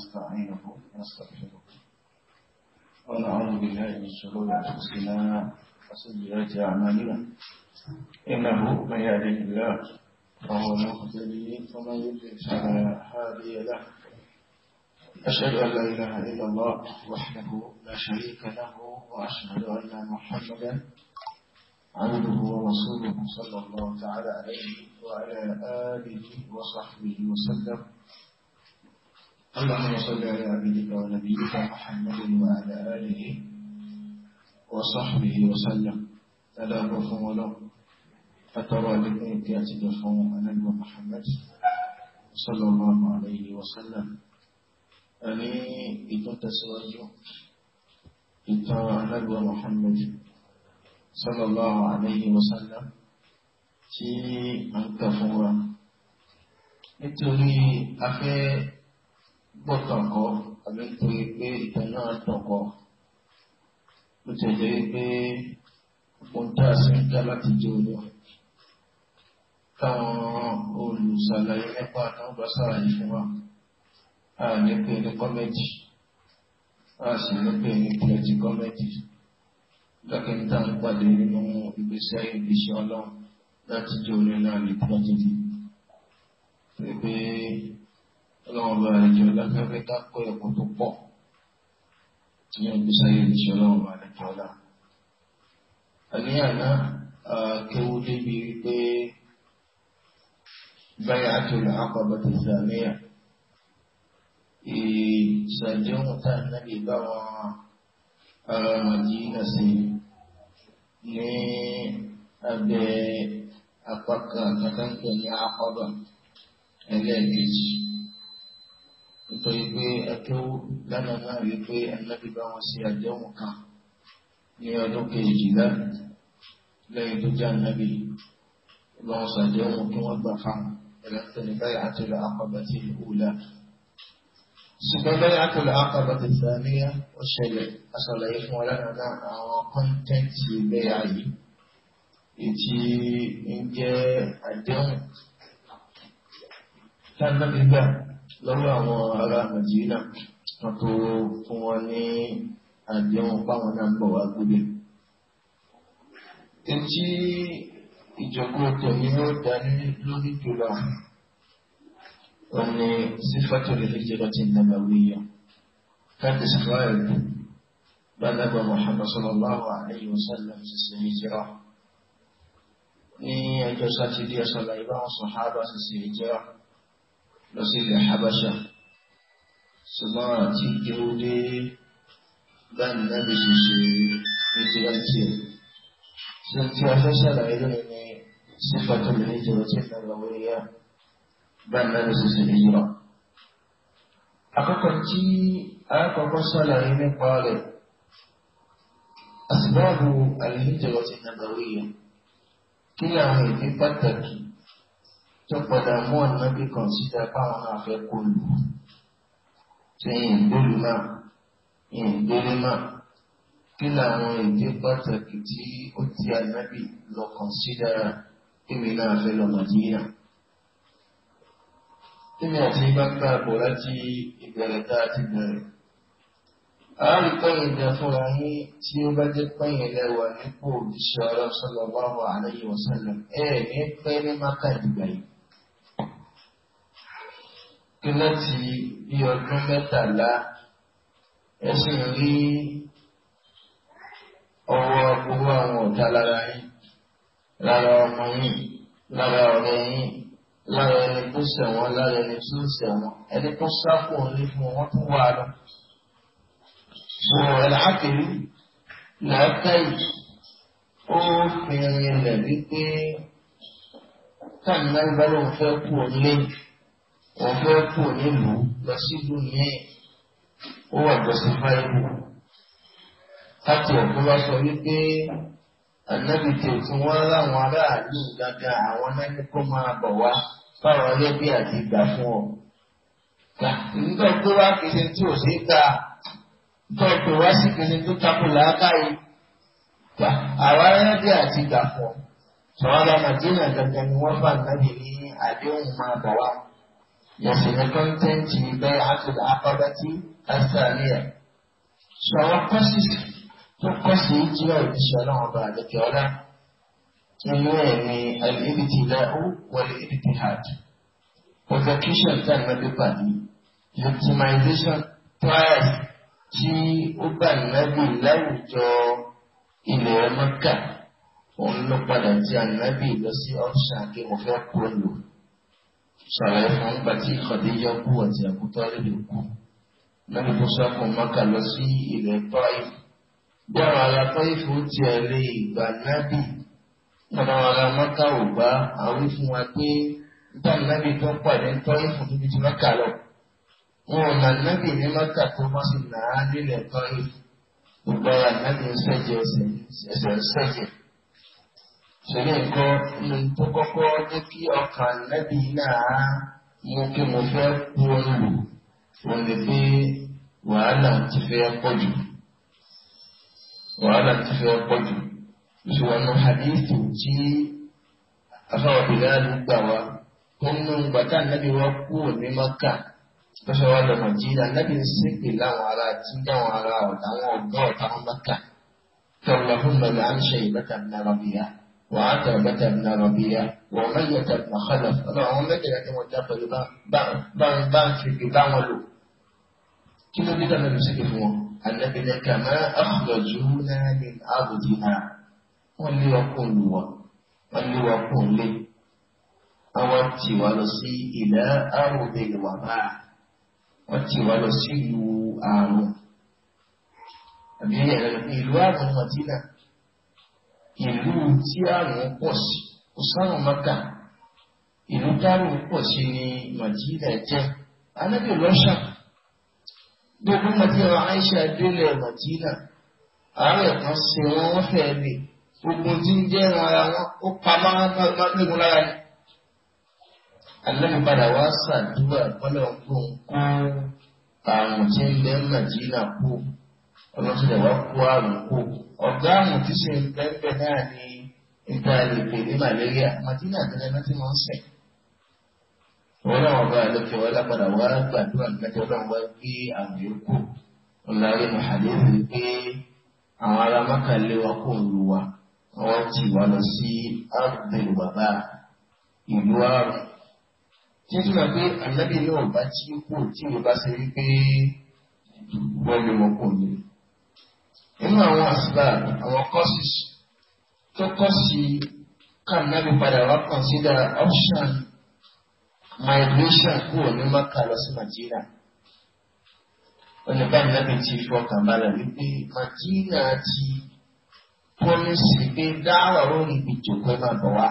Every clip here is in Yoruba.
نستعينه ونستغفره ونعوذ بالله من شرور أنفسنا وسيئات أعمالنا إنه من يهده الله فهو مهتدي ومن يضلل فلا هادي له أشهد أن لا إله إلا الله وحده لا شريك له وأشهد أن محمدا عبده ورسوله صلى الله تعالى عليه وعلى آله وصحبه وسلم اللهم صل على عبدك ونبيك محمد وعلى آله وصحبه وسلم تدابر فمولو فترى للآيات يتدفعون عن محمد صلى الله عليه وسلم أني إذن تسواجه إترى نبوى محمد صلى الله عليه وسلم تي أنت فمولو nítorí أخي gbọ́ tọ̀kọ́ àbí torí pé ìtàn náà tọ̀kọ́ ó tẹ̀lé pé ohun tá a sì ń ká láti jẹ òní káwọn olùsàlàyé nípa àtàwọn bá sàlàyé fún wa a ní pé ní kọ́mẹ́tì a sì ní pé ní pẹ̀lẹ́tì kọ́mẹ́tì dókítà ń pàdé nínú ìgbésí ayé ìgbésí ọlọ́run láti jẹ òní náà ní pẹ̀lẹ́tì ọlọ́run bá àlejò ọlágbẹ́fẹ́ dákọ́ ẹ̀kọ́ tó pọ̀ tí yóò gbé sáyé ìṣẹ́ ọlọ́run bá àlejò ọlá àníyànná kéwú débi wípé báyà tó lọ àkọ́bọ̀ tó sàmìyà ìṣàdéhùn tá a nábì báwọn ará màdínà sí ní abẹ́ apá kan àtàkùn ní àkọ́bọ̀ ẹlẹ́ẹ̀kejì nítorí pé ẹkẹ́wó lánàá náà rí pé ẹnẹ́bí bá wọn ṣe àdéhùn kan ní ọdún kejìlá lẹ́yìn tó jẹ́ ẹnẹ́bí bá wọn ṣe àdéhùn kí wọ́n gbà fáwọn ẹlẹ́tẹ̀lẹ́ báyìí àtẹ̀lẹ́ àkọ́bàtì ìhùlá. ṣùgbọ́n báyìí àtẹ̀lẹ́ àkọ́bàtì ìsàníyà ó ṣẹlẹ̀ aṣàlàyé fún wọn náà àwọn kọ́ńtẹ́ǹtì ìgbéyà yìí ètí ń jẹ́ àdéhùn lọ́wọ́ àwọn ará nàìjíríà wọ́n tó fún wọn ní àdéhùn páwọn náà ń bọ̀ wá gbélé. etí ìjọba tẹ̀lé yóò dání lórí jùlọ wọn ni sífàtò lè fi jẹ́rọ ti nàbà wíyọ káàdì sífàtò bá nàbà Muhammad sallallahu alayhi wa sallam ti ṣe ní ọjọ́ sátidé ọ̀sán láì bá sọ̀hábà ti ṣe lọ sí ilẹ̀ habasha ṣùgbọ́n àti yehudi báyìí nábì ṣe ṣe mẹtìrẹ́tì ṣe tí a fẹ́ ṣàlàyé lónìí ní sífàtò lè níjọba tí ìlànà lọ́wọ́ yá báyìí nábì ṣe ṣe ìjọba. àkọ́kọ́ tí akọ́kọ́ ṣàlàyé nípa rẹ̀ àsìbáàbù àlè níjọba tí ìlànà lọ́wọ́ yá kí ni àwọn ìdí pàtàkì tó padà mú ọ̀nà bí kọ̀ǹsídà báwọn náà fẹ́ kó lù ṣe ìgbélu náà ìgbélu náà kí làwọn èdè pàtàkì tí ó ti ànábì lọ kọ̀ǹsídà èmi náà fẹ́ lọ màdínà. Tẹ́mi àti bá gbà bọ̀ láti ìbẹ̀rẹ̀ tá a ti bẹ̀rẹ̀. Àárín pẹ́yìn ìjà fúnra yín tí ó bá jẹ́ pẹ́yìn lẹ́wà nípò òjíṣẹ́ ọlọ́sọ́lọ́ bá wà aláyé wọ́sálẹ̀. Ẹ ní pẹ́ ní Mákà ìgbà yìí pé láti bí ọdún mẹ́tàlá ẹ sì ń rí ọwọ́ gbogbo àwọn ọ̀tá lára yín lára ọmọ yín lára ọ̀rẹ́ yín lára ẹni tó ṣẹ̀wọ̀n lára ẹni tó ṣẹ̀wọ̀n ẹni tó sáfò ní fún wọn tó wà lọ. Sọ̀rọ̀ ẹ̀ láàkiri làákàyè ó fi rinlẹ̀ wípé káàmì náà bá lóun fẹ́ kú òun lẹ́yìn wọ́n fẹ́ kù nílùú lọ sílùú míì ó wà gbọ́sí fáìlì láti ọ̀gbọ́n bá sọ wípé ànábì tètè wọ́n láwọn aráàlú gàgà àwọn náà kó máa bọ̀ wá báwọn ẹlẹ́bí àti ìgbà fún ọ. nígbà tó wá kìí tí ò sí ta tó tó wá sí kìí tó takò làákàyè àwọn ẹlẹ́bí àti ìgbà fún ọ. sọ̀rọ̀ àdàmàdínà gàgà ni wọ́n bá ànábì àdéhùn máa bọ̀ wá. يصل content في بيعة العقبة الثانية. So our courses tó kọ́ sí jíra òjíṣẹ́ ọlọ́run ọba àdẹ́kẹ́ ọlá inú ẹ̀ ni al-ibtila'u wal-ibtihad provocation tá a nàbí pàdé victimization trials tí ó bá nàbí láwùjọ ilẹ̀ ọmọkà òun ló padà tí a nàbí lọ sí ọ̀ṣà kí mo fẹ́ kó lò ṣàlàyé fún gbà tí Khadija kú àti Abu Talib kú lẹ́nu tó sákò Mákà lọ sí ilẹ̀ Taif bí àwọn ará Taif ó tiẹ̀ lè gbà nábì tọ́nà ará Mákà ò bá àwí fún wa pé níta nábì tó pàdé Taif tó fi ti lọ wọn ò nà nábì ní Mákà tó má sì nà á nílẹ̀ Taif gbogbo ará nábì ń sẹ́jẹ̀ ẹsẹ̀ ń sẹ́jẹ̀ sọ̀rọ̀ nǹkan nínú tó kọ́kọ́ jẹ́ kí ọkàn nẹ́bí náà mú kí mo fẹ́ kú ọ̀nà lò ó ní pé wàhálà ti fẹ́ pọ̀ jù wàhálà ti fẹ́ pọ̀ jù ṣùgbọ́n hadithi tí afáwọn bìláàlú gbà wá tó nínú gbàtà nẹ́bí wọn kú ní mọ́kà lọ́sọ̀ wa lọ nàìjíríà nẹ́bí ń ṣépè láwọn ará tí dáwọn ará ọ̀tá àwọn ọ̀gbọ́n ọ̀tá mọ́kà tọ́lọ́ mẹ́lẹ̀ à ń ṣe ìbẹ́ta ní وعتبة بن ربيع وأمية بن خلف طبعا أمية لكن متأخر بان بان في بان ولو كيف بدأ من المسكين هو أن كما أخرجونا من أرضها واللي وقول هو واللي وقول لي أوتي ولصي إلى أرض الوراء أوتي ولصي أرض أبي يعني الوراء المدينة ìlú tí àrùn pọ̀ sí kò sáwọn mọ́kà ìlú dárùn pọ̀ sí ni màdínà jẹ́ anábì lọ́ṣà gbogbo màdínà Aisha délẹ̀ màdínà àárẹ̀ kan ṣe wọ́n wọ́n fẹ́ lè gbogbo tí ń jẹ́ wọn ara wọn ó pa máa ń bá gbégun lára ni. anábì padà wá ṣàdúrà pọ́nlẹ̀ ọ̀gbọ́n kó àrùn tí ń bẹ màdínà kú ọlọ́sọ̀rọ̀ wá kó àrùn kó ọ̀gá àrùn tí ṣe ń bẹ́ẹ̀ náà ní nípa ìpè ní malaria madina àtẹ́lẹ́ náà tí wọ́n ń sẹ̀. wọ́n láwọn bá lókè wọ́n lápadà wá gbàdúrà lẹ́jọ́ náà wá gbé àrùn yòókù ọ̀làrí mahadum pé àwọn ará mákàlẹ́ wa kò ń lu wa wọ́n ti wá lọ sí àrùbẹ̀rù bàbá ìlú àrùn. tí ó túnmọ̀ pé ànábì náà bá tí kò tí ò bá ṣe wípé wọ́n lè mọ̀ kò ní nínú àwọn àṣìbá àwọn courses tó kọ́sì kànáàbí padà wá consider option migration kúrò ní Maka lọ sí Nàìjíríà onígbà nàbì ti fọkàn balẹ̀ wípé Nàìjíríà ti pọ́lísì pé dáhà lórí ìjòkó ẹ̀ máa bọ̀ wá.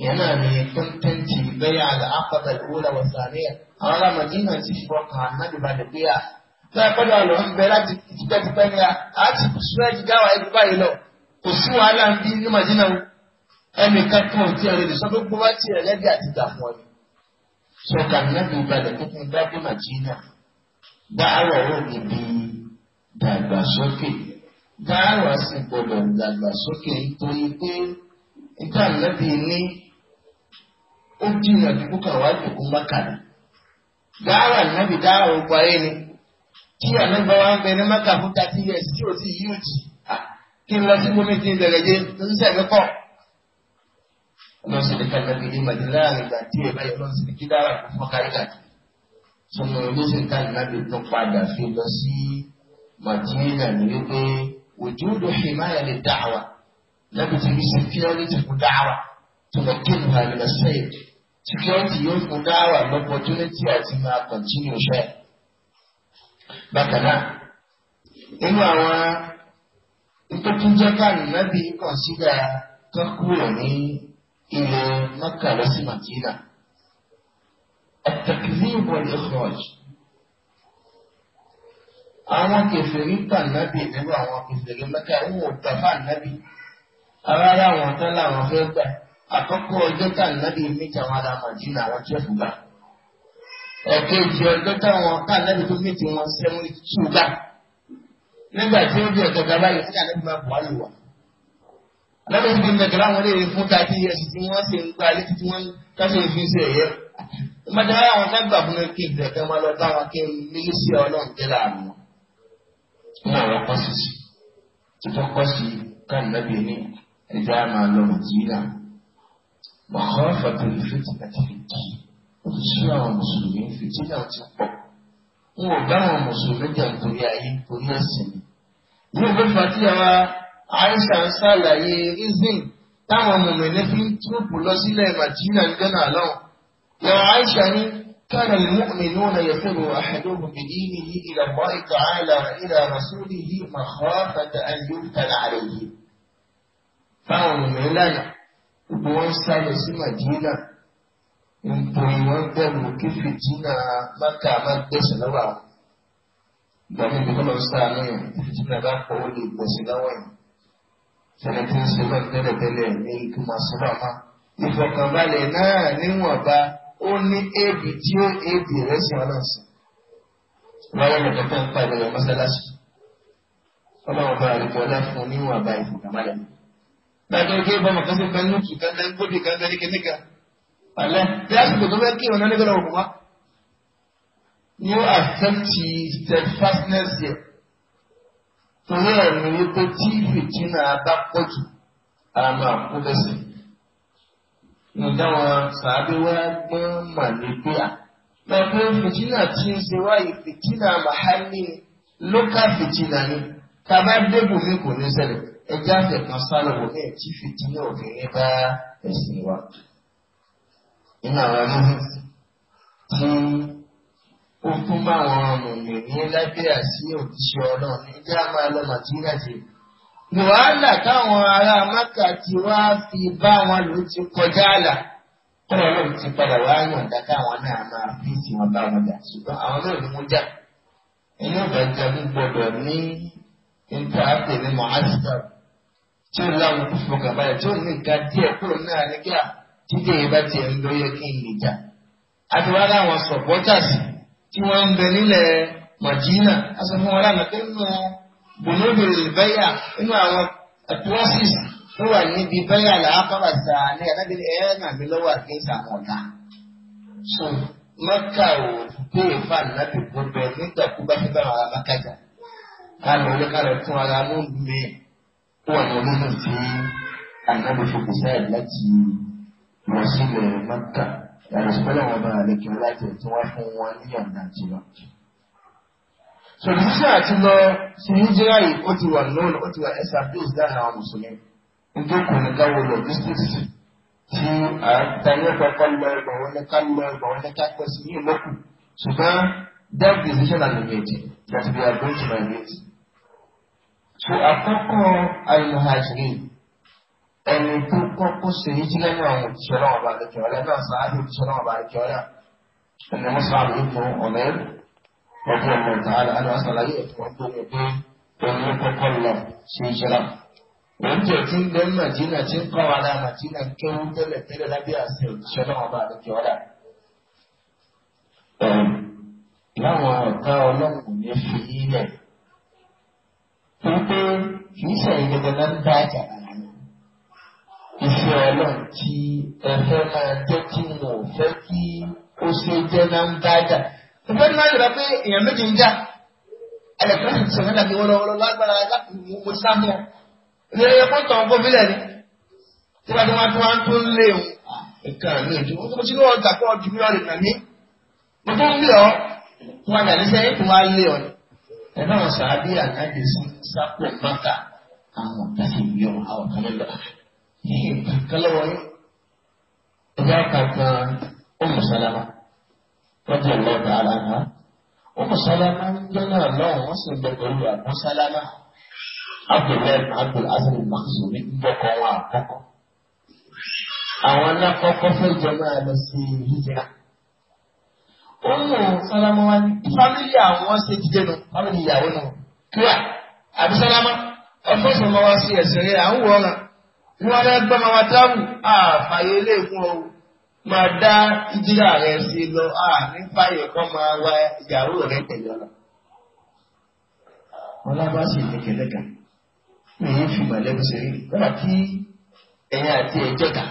ìyẹn náà ni kọ́ńtẹ́ǹtì bẹ́yà àlàáfàdà ìwúlẹ̀ wọ̀sán ní ẹ̀ àwọn alámọ̀dínà ti fọkàn náà balẹ̀ bẹ́yà tó ẹ kọ́dọ̀ àlọ́ ń bẹ láti tipẹ́tipẹ́ ni a ti sún ẹ́ jíjá wa ẹbí báyìí lọ kò sí wàhálà ń bí ní màdínà o ẹnìkan kan ò tí ẹ lè sọ pé gbogbo bá tiẹ̀ lẹ́bi àti dà fún ni. sọ kàmínà bí balẹ̀ tó fún dábò màdínà dáhàrọ̀ ó ní bí dàgbàsókè dáhàrọ̀ sì gbọdọ̀ dàgbàsókè nítorí pé nígbà lẹ́bi ní ó dìnnà kíkú kàwá ìdòkú mákàlà dáhàrọ̀ ànábì dáhàrọ̀ gbọ́ ayé ni tí ànágbà wa ń bẹ ní mẹ́ta fún thirty years tí o sì yíò jì kí n lọ sí gómìnà tí n bẹ̀rẹ̀ jẹ tó ń sẹ̀mí pọ̀. ọlọ́sìn ní kàkàkì ní màdìlá àgbà tí ẹ̀ báyìí ọlọ́sìn ní kílára kò fọ́ káríkàtì. sọmọ olóṣèlú kàlùmábì tó padà fi lọ sí màdìlá ní wípé òjò odò hìmáyà lè dá àwà tí mi sì ti kú dá tó lọ kí ìlú àlùmọ̀ sẹ́yìn security yóò fún dá lọ́pọ̀ bákan náà nínú àwọn ìtọ́túnjẹ́ká nìyẹ́bí kọ̀ǹsídà tó kúrò ní ilẹ̀ Mẹ́kà lọ sí Màdínà àtàkìlì ìwọlé ìkhraj àwọn kẹfìrí kan nábì nínú àwọn kẹfìrí Mẹ́kà ń wò tàfà nábì aráàlú àwọn tán láwọn fẹ́ gbà àkọ́kọ́ ọjọ́ kan nábì méjì àwọn ará Màdínà àwọn tí ó ẹ̀kejì ọjọ́ táwọn káàlẹ́bí tó fi ti wọn sẹ́wọ́n túgbà nígbà tí ó di ọ̀gọ̀gà báyìí fún káàlẹ́bí máa bọ̀ wáyé wà. alábẹ́ ti di mẹ́gàlá wọn lè fún tàbí ẹ̀sìn tí wọ́n sì ń gba létí tí wọ́n káṣe fi ṣe ẹ̀yẹ. ìmọ̀jọ́ àwọn sábà fún kí n bẹ̀rẹ̀ máa lọ táwọn kí n mílí sí ọlọ́run jẹ́ láàmú. ní ọ̀rọ̀ sí títọ́ kọ́sì káàlẹ́bí ní ẹ̀dá máa ti ṣí àwọn mùsùlùmí fìtílà ti pọ̀ n ò bá àwọn mùsùlùmí jà nítorí ayé torí ẹ̀sìn mi. ní ìlú fatíyàwá Aisha ń ṣàlàyé rizin táwọn ọmọ mẹ́lẹ́ fi ń túrùpù lọ sílẹ̀ Madina ń gánà lọ́wọ́. yàrá Aisha ní كان المؤمنون يفر أحدهم بدينه إلى الله تعالى وإلى رسوله مخافة أن يبتل عليه. فهم من لنا وبوان سالس مدينة gbogbo wọn bẹ̀rù kí fìtínà máka máa gbẹ̀sẹ̀ lọ́wọ́ àwọn ìgbàlódé ibi kọ́lọ̀ ń sáànù yẹn fìtínà bá pọ̀ ó lè gbẹ̀sẹ̀ lọ́wọ́ yẹn sọ̀rọ̀ tí ń ṣe bá tẹ́lẹ̀tẹ́lẹ̀ ní ikú máa sọ bá má. ìfọ̀kànbalẹ̀ náà níwọ̀nba ó ní éèdì tí ó éèdì rẹ̀ sí wọn náà sí. wáyé nìkan tó ń pàdé rẹ̀ mọ́sálásì ọlọ́run bá àlùkò ọlá fún níwọ̀nba ìfọ̀kànbalẹ̀. bàtà ó gé bọ́mọ̀ kásìkan ní òtù kankan kóbì kankan ní kẹ́míkà pẹ̀lẹ́ bí àsìkò tó fẹ́ kí ìrun náà nígbàdàn òkú wá ni ó accept steadfastness yẹ torí ẹ̀ ní wípé tí fìtínà bá pọ̀ jù ara máa kú lẹ́sẹ̀ ní táwọn sàábé wá gbọ́n mà ní pé à máa pé fìtínà tí ń ṣe wáyé fìtínà màhálì local fìtínà ni tàbá débùn mi kò ní ṣẹlẹ̀ ẹjẹ́ àfẹ̀kan sálọ̀ wọ̀ ní ẹ̀ tí fìtínà òfin ní bá ẹ̀sìn wa nínú àwọn mímú tí ó tún bá àwọn ọmọ ènìyàn ní lábẹ́rẹ́ sí òjíṣẹ́ ọlọ́run ní bí a máa lọ màtíríà sí. wàhálà táwọn ará Mákà ti wá fi bá wọn lò ti kọjá àlà ọlọ́run ti padà wá yọ̀ǹda káwọn náà máa fi sí wọn bá wọn jà ṣùgbọ́n àwọn náà ni wọ́n jà inú ìbàjẹ́ mi gbọ́dọ̀ ní nípa àpè ní mọ̀ tí ó láwọn kúfọ̀ kàbáyà tí ó ní nǹkan díẹ̀ kúrò náà nígbà. títí èyí bá tiẹ̀ ń lọ yẹ kí n lè jà àti wá láwọn supporters tí wọ́n ń bẹ nílẹ̀ Madina aṣọ fún wọn lánàá pé nínú bùnúbìrì bẹ́yà nínú àwọn atrocities tó wà níbi bẹ́yà làákọ́rà sàá ní mi lọ́wọ́ so mọ́kà ò dé ìfà láti gbọ́dọ̀ nígbà tó bá ti bá lọ sílẹ̀ mọ́tà yàtọ̀ sí pẹ́lú àwọn ọba àlejò láti ẹ̀ tí wọ́n fún wọn ní ọ̀nà àjùlọ. sòdìsíṣẹ́ àti lọ sí níjíríà yìí ó ti wà lónà ó ti wà established láàrin àwọn mùsùlùmí ndókòwò gáwó lọ tí à ń tani ọ̀pọ̀pọ̀ lọ ẹgbọ̀n wọn ní ká lọ ẹgbọ̀n wọn ní ká sí ní ìlọ́kù ṣùgbọ́n that decision and image that we are going to migrate. so àkọ́kọ́ àìmọ̀ hajj ẹni tó kọ́kọ́ ṣe ìjìnlẹ̀ ní àwọn òṣìṣẹ́ náà ọba àdìjọ ọ̀la náà sàájú òṣìṣẹ́ náà ọba àdìjọ ọ̀la ẹni wọ́n sábà ń fún ọ̀nà ẹ̀rù ọdún ọmọ ìtàhálà àti wọ́n sàlàyé ẹ̀fọ́ tó ń gbé ẹni kọ́kọ́ lọ sí ìjìnlẹ̀. wọ́n jẹ́ tí ń bẹ́ màjínà tí ń kọ́ wa náà màjínà kéwú tẹ́lẹ̀ tẹ́lẹ̀ lábẹ́ àṣẹ òṣìṣẹ́ náà ọba àdìjọ ọ̀la. láwọn ọ̀tá iṣẹ́ ọlọ́run tí ẹ fẹ́ máa jẹ́ tí mo fẹ́ kí ó ṣe jẹ́ náà ń bá dà. ìfẹ́ ní máa yọ̀rọ̀ pé èèyàn méjì ń jà ẹ̀lẹ́fẹ́ ti sọ̀rọ̀ dàbí wọ́lọ́wọ́lọ́ lágbára láti mú sábọ̀. ìrẹ̀lẹ̀ ẹ̀kọ́ tàn kó bílẹ̀ ni tí wọ́n ti wá tó wá tó ń lé òun nǹkan mi ò dùn. mo ti ní ọjà kọ́ ju mi ọ̀rẹ́ nàní. mo tó ń lé ọ tó wá dàbí sẹ́yìn tó wá lé ọ ni. ẹ náà sàá bí àkájẹ sí sápò máta àwọn ọ̀gá ti yọ àwọn ọ̀gá mẹ́lẹ̀ ìgbà kan lọ́wọ́ yín ẹ̀dá kankan Ummu Salama lọ́jọ́ ìlọ́ọ̀dà ara náà Ummu Salama ń jọ́nà lọ́wọ́ wọ́n sì ń bẹ pẹ̀lú Abu Salama Abdullahi Abdul Aziz Makhzumi ń bọ̀ kọ́ wọn àkọ́kọ́ àwọn alákọ̀ọ́kọ́ fẹ́ jọ máa lọ sí hijira. Ummu Salama wa ní fámìlì àwọn ṣe jíjẹ́ nù fámìlì ìyàwó nù Abu Salama ẹ̀fọ́ sọ̀rọ̀ wá sí ẹ̀sìn rẹ̀ à ń bí wọ́n fẹ́ gbọ́ máa dáhùn àfàyè ilé ìfún ọ máa dá ìjìyà rẹ sí lọ àní fàyè kan máa wá ìyàwó rẹ tẹ̀lé ọ̀la. ọlábà sì ní kẹlẹ́gà èyí fi mọ̀lẹ́bí ṣeré nígbà tí ẹ̀yin àti ẹ̀jẹ̀ kà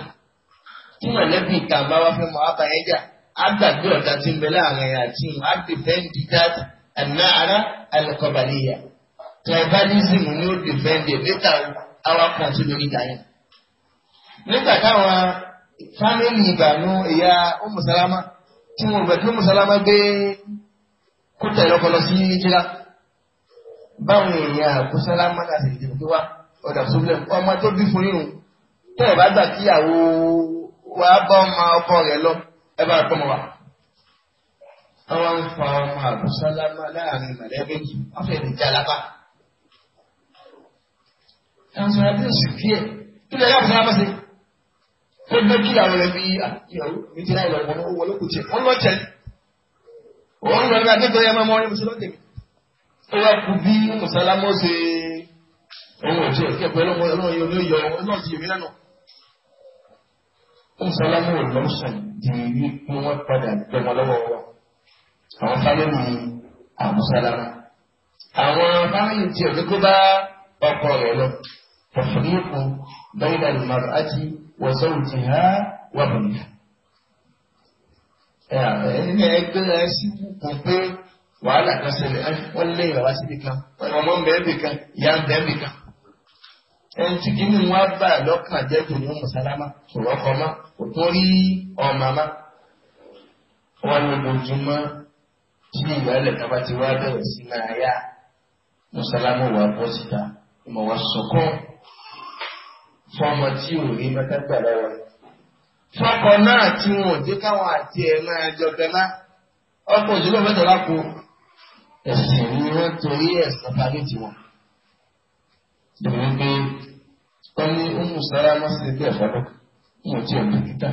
tí mọ̀lẹ́bí ìta bá wá fẹ́ mọ abàyẹn jà á gbàgbé tí ń bẹ láàrin àti ìhùn á dìfẹ́ǹdì dáàtì tribalism ni ó dìfẹ́ǹdì níta awakọ̀ àti lórí dàáyà nígbà táwọn fámìlì ìbànú ìyá ọmọsálámà tí wọn gbà tó ọmọsálámà gbé kúta ìlọpọlọ sí jíra báwọn èèyàn àgbósálámà náà sì dìbò tó wá ọ̀dà sóbìlẹ̀ ọmọ tó bí fún yìí tẹ́ ẹ̀ bá gbà kíyàwó wa bá ọmọ ọkọ rẹ̀ lọ ẹ bá tọmọ wa. Àwọn ń fa ọmọ àbúsálámà láàrin mọ̀lẹ́bí wọ́n fẹ́ lè já lápá. Àwọn sọ̀rọ̀ bí oṣù kí ẹ̀ kí lè yá àbúsálámà ó fẹ́ kí àwọn ẹbí mi ti láì lọ wọn ó wọlé kò tiẹ̀ wọ́n lọ tẹ̀ wọ́n lọ bí akẹ́kọ̀ọ́ yẹn máa mọ ọ̀rẹ́ mùsùlùmí tèmi ó wá kú bí mùsàlámọ́ ṣe òun ò tiẹ̀ kẹ́kọ̀ọ́ ẹlọ́mọ ẹlọ́mọ yẹn ló yọ ọ náà ti yèmí lánàá. mùsàlámọ́ ò lọ sùn di wípé wọ́n padà gbẹmọ lọ́wọ́ wa àwọn fámìlì àmùsàlámọ́ àwọn fámìlì tiẹ̀ ló kó bá ọkọ rẹ̀ lọ tọ̀fọ̀lẹ́kùn bẹ́ẹ̀ وزوجها وابنها ẹni ẹgbẹ́ ẹ sí kò pé wàhálà kan ṣẹlẹ̀ wọ́n lé ìyàwó síbi kan ọmọ ń bẹ́ẹ̀ bì kan ìyá ń bẹ́ẹ̀ bì kan ẹni tí kìíní wọn bá lọ́kàn jẹ́ kò ní mùsálámà kò lọ́kọ̀ má kò tó rí ọmọ má wọn ní ojoojúmọ́ tí ìyàlẹ̀ kan bá ti wá bẹ̀rẹ̀ sí máa yá mùsálámà wà bọ́ síta ìmọ̀ wá sọ̀kọ́ fọmọ tí ò rí mẹ́tẹ́gbà lọ́wọ́ fọkọ náà tí wọn ò dé káwọn àti ẹ̀ máa jọ bẹ́lá ọkọ̀ òṣèlú mẹ́tọ̀ lápò ẹ̀sìn ni wọ́n torí ẹ̀sìn parí tiwọn. Dùnú pé ó ní Umu Salama sí ilé ẹ̀fọ́ lọ́kọ̀ mo ti ọ̀dọ̀ kíkà.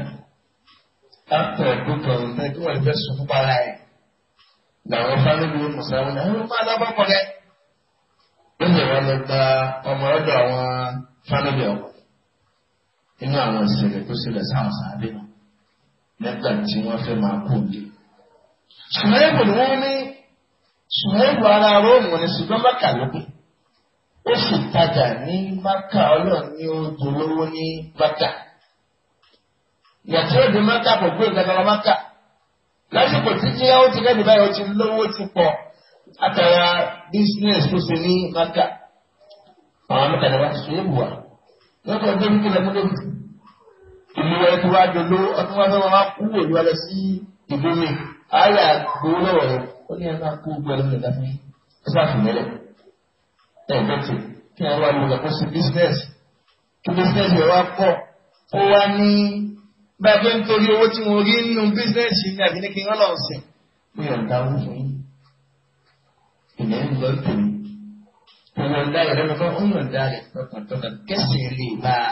After ẹ̀kọ́ kan náà kí wọ́n lè fẹ́ sùn fún bàrà ẹ̀. Làwọn fámìlì Umu Salama náà ẹ̀rọ máa lábọ́ kọ́ rẹ̀. Ó lè wọ́n lọ gba ọmọ ọ̀dọ̀ àwọn fámìlì ọkọ̀ inú àwọn ìṣẹ̀lẹ̀ tó ṣẹlẹ̀ sáwọn sàádé nù nígbà tí wọ́n fẹ́ máa kó lé. Sùmẹ́ẹ̀bù ni wọ́n ní Sùmẹ́ẹ̀bù ara Róòmù ni ṣùgbọ́n Mákà ló pè. Ó sì tajà ní Mákà ọlọ́run ní ó dolówó ní Mákà. Yàtí òde Mákà kò gbé ìgbàgbọ́ Mákà. Lásìkò títí ó ti gẹ́gẹ́ báyìí ó ti lówó ti pọ̀ àtàrà bísíǹnẹ̀sì tó ṣe ní Mákà. Àwọn mẹ́ta ni wọ́n ti sùn ébùwà lọ́kọ̀ ẹgbẹ́ ní kílẹ̀ múlẹ̀ mú. Ìlú ẹ ti wá dodo ọdún wá sọ́wọ́n wá kú òdu wa lọ sí ìlú mi. Ayé àgbòó lọ́wọ́ rẹ̀ ó ní ẹ̀ka kó gbọ́ ẹ̀rọ ìdá fún ẹ̀sà fìmẹ́lẹ̀. Ẹ bẹ́tẹ̀ kí ẹ wá lọ kó sí bísínẹ́sì. Kí bísínẹ́sì rẹ̀ wá pọ̀ ó wá ní bàbá ń owó tí mo rí nínú bísínẹ́sì mi àbí ní kí n rán lọ́ọ̀sìn. Mi ò dáwọ́ fún yín. Ìlẹ̀ ń lọ ìtòlú wọ̀lá ìrẹ́nu fún ọ̀yọ̀ǹda rẹ̀ tọkàntọkàn kẹ́sì lè bá a.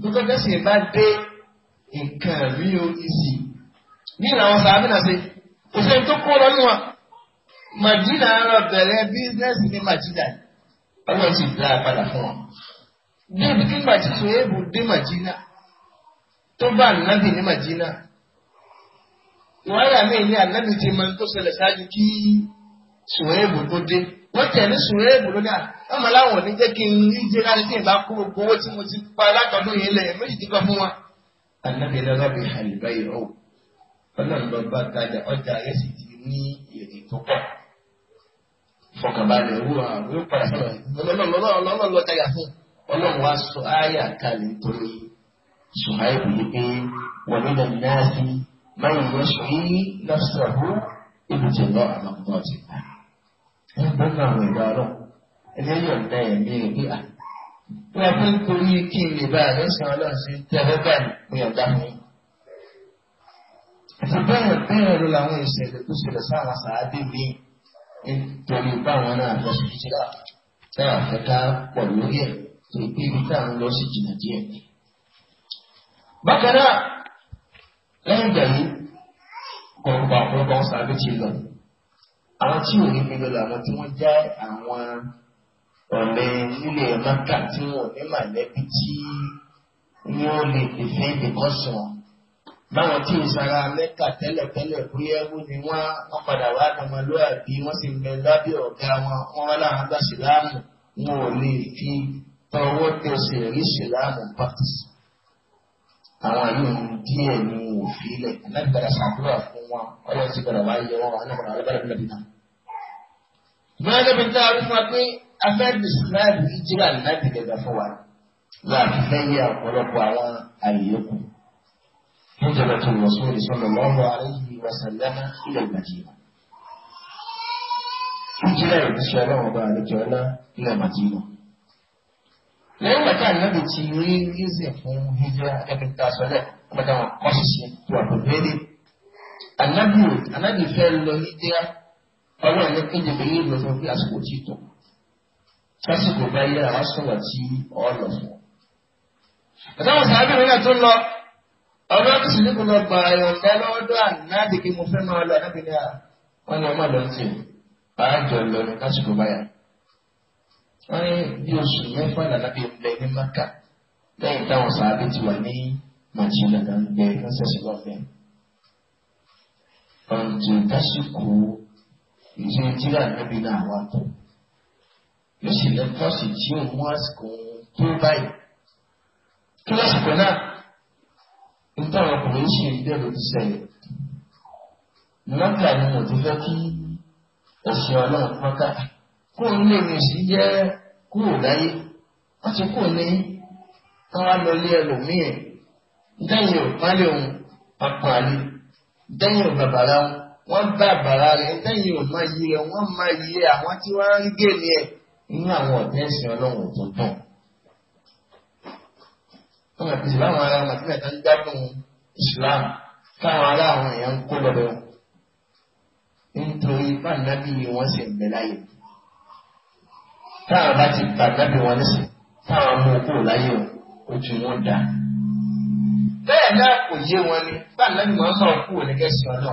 Tókọ́ kẹ́sì bá dé nǹkan mi ò ìsì. Bí làwọn sàmì náà ṣe, kò sẹ́ni tó kó lọ níwọ̀n. Màdínà lọ bẹ̀rẹ̀ bísínẹ́sì ní Màdínà. Ọlọ́run sì dá a padà fún wọn. Débi kí Màdínà èèbù dé Màdínà. Tó bá ànábì ní Màdínà. Ìwáyà mi ní ànábì ti máa ń tó ṣẹlẹ̀ ṣáájú kí Sùwẹ́ẹ̀bù tó dé. wọ́n tẹ̀lé sùúrù ẹ̀bùn lónìí à ah, wọ́n mọ̀ láwọn ò ní jẹ́ kí n rí jẹ́ láti tí ì bá kó tí mo ti pa látọ̀dún yìí lẹ̀ méjì ti kọ́ fún wa. anábì lọ́la bí àlùbá yìí ó ọlọ́run lọ bá tajà ọjà rẹ̀ sì ti ní èrè tó pọ̀. fọkànbalẹ̀ owó àwọn yóò padà sọ̀rọ̀ tajà fún ọlọ́run wa sọ ayé àkàlẹ̀ yìí pé nígbà àwọn ìgbà ọlọ́run ẹgbẹ́ yọ̀ǹda ẹ̀mí rẹ̀ pé à bí a fẹ́ torí kí n lè bá àlẹ́ sàn ọlọ́run sí tẹ́lẹ̀ báyìí pé ọ̀dà fún yín. àti bẹ́ẹ̀ bẹ́ẹ̀ ló làwọn ìṣẹ̀lẹ̀ tó ṣẹlẹ̀ sáwọn sàádé mi nítorí báwọn àwọn tí ò rí mi lọ làwọn tí wọ́n já àwọn ọ̀rẹ́ nílẹ̀ mọ́kà tí wọn ò ní màlẹ́bí tí wọ́n lè pèsè ìdíkọ́sọ̀ báwọn tí ìsara mẹ́kà tẹ́lẹ̀tẹ́lẹ̀ bóyá wọ́n ni wọ́n wọ́n padà wá ọmọlúwàbí wọ́n sì bẹ lábẹ́ ọ̀gá wọn wọ́n wá láwọn gbà síláàmù wọn ò lè fi tọwọ́ tẹsẹ̀ rí síláàmù pàtàkì àwọn yìí díẹ̀ ní òfin lẹ̀ alágbàdà sàdúrà fún wa ọlọ́run sì gbọdọ̀ wáyé wọn wà nígbàdà alágbàdà fún nàbìnà. ìgbọ́n níbi tá a rí fún wa pé afẹ́ describe ìjírà láti gẹ̀gà fún wa láti fẹ́ ọ̀pọ̀lọpọ̀ àwọn àyèkù. níjọba tó lọ sí orí sọ́nà lọ́wọ́ aláìyí wa ilẹ̀ Màdínà. ìjírà ìdíṣẹ́ lẹ́yìn ìgbà tí ànábì ti rí yíṣẹ́ fún hijira ẹgbẹ́ tí a sọ lẹ̀ ọmọdé àwọn kọ́ṣíṣe tó wà pẹ̀lú èdè ànábì ànábì fẹ́ lọ hijira ọwọ́ ẹ̀ lẹ́kẹ́jẹ̀ lè yí lọ́sọ̀ pé àsìkò tí tó sásìkò bá yẹ àwọn sọ̀rọ̀ tí ọ lọ fún. àtàwọn sàábìrin náà tó lọ ọdún àti sùnìkù lọ gba ìwọ̀nba lọ́wọ́dọ́ ànábì kí mo fẹ́ máa lọ ànábì náà wọn ni ọmọ lọ sí i àjọ wọ́n ní bí oṣù mẹ́fà làlábí ń bẹ ní maka lẹ́yìn táwọn sàábé ti wà ní màjìlá náà ń bẹ lọ́sẹ̀sẹ̀ lọ́fẹ̀. ọ̀njẹ́ dásìkò ìṣe tíra níbi náà wà tó yóò sì lẹ́kọ́ sí tí ó mú àsìkò tó báyìí. kí lásìkò náà ń tọrọ ọkùnrin ṣe ìbẹ̀rù ti sẹ̀yìn. mọ́tà ni mo ti fẹ́ kí ẹ̀sìn ọlọ́run pọ́n kó o lè rìn sí jẹ́ kúrò láyé wọ́n ti kú ní káwá lọ lé ẹlòmíì dẹ́yìn òpálẹ̀ òun papọ̀ àlè dẹ́yìn òbàbàrà wọn bá àbàrà rẹ̀ dẹ́yìn òmáyé rẹ̀ wọ́n máa yẹ àwọn tí wọ́n ń gé ní ẹ̀ inú àwọn ọ̀tẹ́ ọlọ́run tó wọ́n àti ìsìn láwọn ará màtí mẹ́ta ń gbádùn Islam káwọn ará àwọn èèyàn ń kó lọ́dọ̀ nítorí bá nàbí wọn sì ń bẹ láyé. táwọn bá ti gbà wọn nísìn táwọn láyé ojú wọn dá. bẹ́ẹ̀ náà kò yé wọn ni sọ̀rọ̀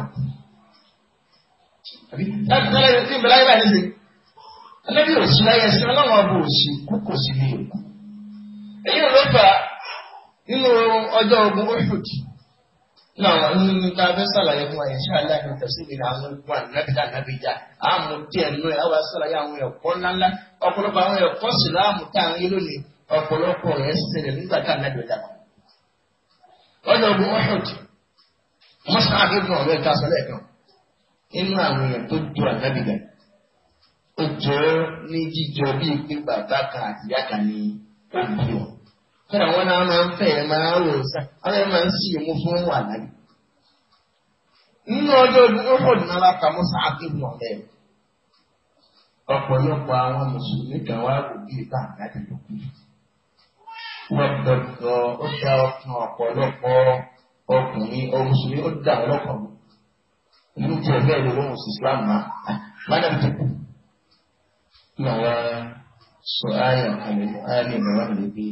láti báyìí ẹlẹ́bí láyé ẹsẹ̀ ọlọ́run ọba kú kò sí ní èkó. èyí ò ló fà nínú ọjọ́ ogun oṣù kìí. na nínú tá a fẹ́ sàlàyé fún wa insha Allah ní tẹ̀síbi àwọn ogun ànábìjà ànábìjà àmú ya nù ẹ̀ àwọn sàlàyé àwọn ẹ̀kọ́ ńláńlá ọ̀pọ̀lọpọ̀ àwọn ẹ̀kọ́ sílá àmú tá à ń yé lónìí ọ̀pọ̀lọpọ̀ rẹ̀ ṣẹlẹ̀ nígbà tá ànábìjà ọjọ́ ogun ọ̀rẹ́ inú àwọn èèyàn tó ànábìjà ó jọ kódà wọn náà máa ń fẹ́ ẹ máa ń rò sá àwọn ẹ máa ń sì mú fún wà láyé. nínú ọjọ́ olùdókòwò náà la kà mọ́sá àdébùn ọ̀rẹ́ rẹ̀ àwọn mùsùlùmí kan wá rò bí ibà àgbàdo ó dá ọkàn ọkùnrin ó dá inú ìlú lóhùn sí Islam náà tó kù. sọ ayé ayé lóbi.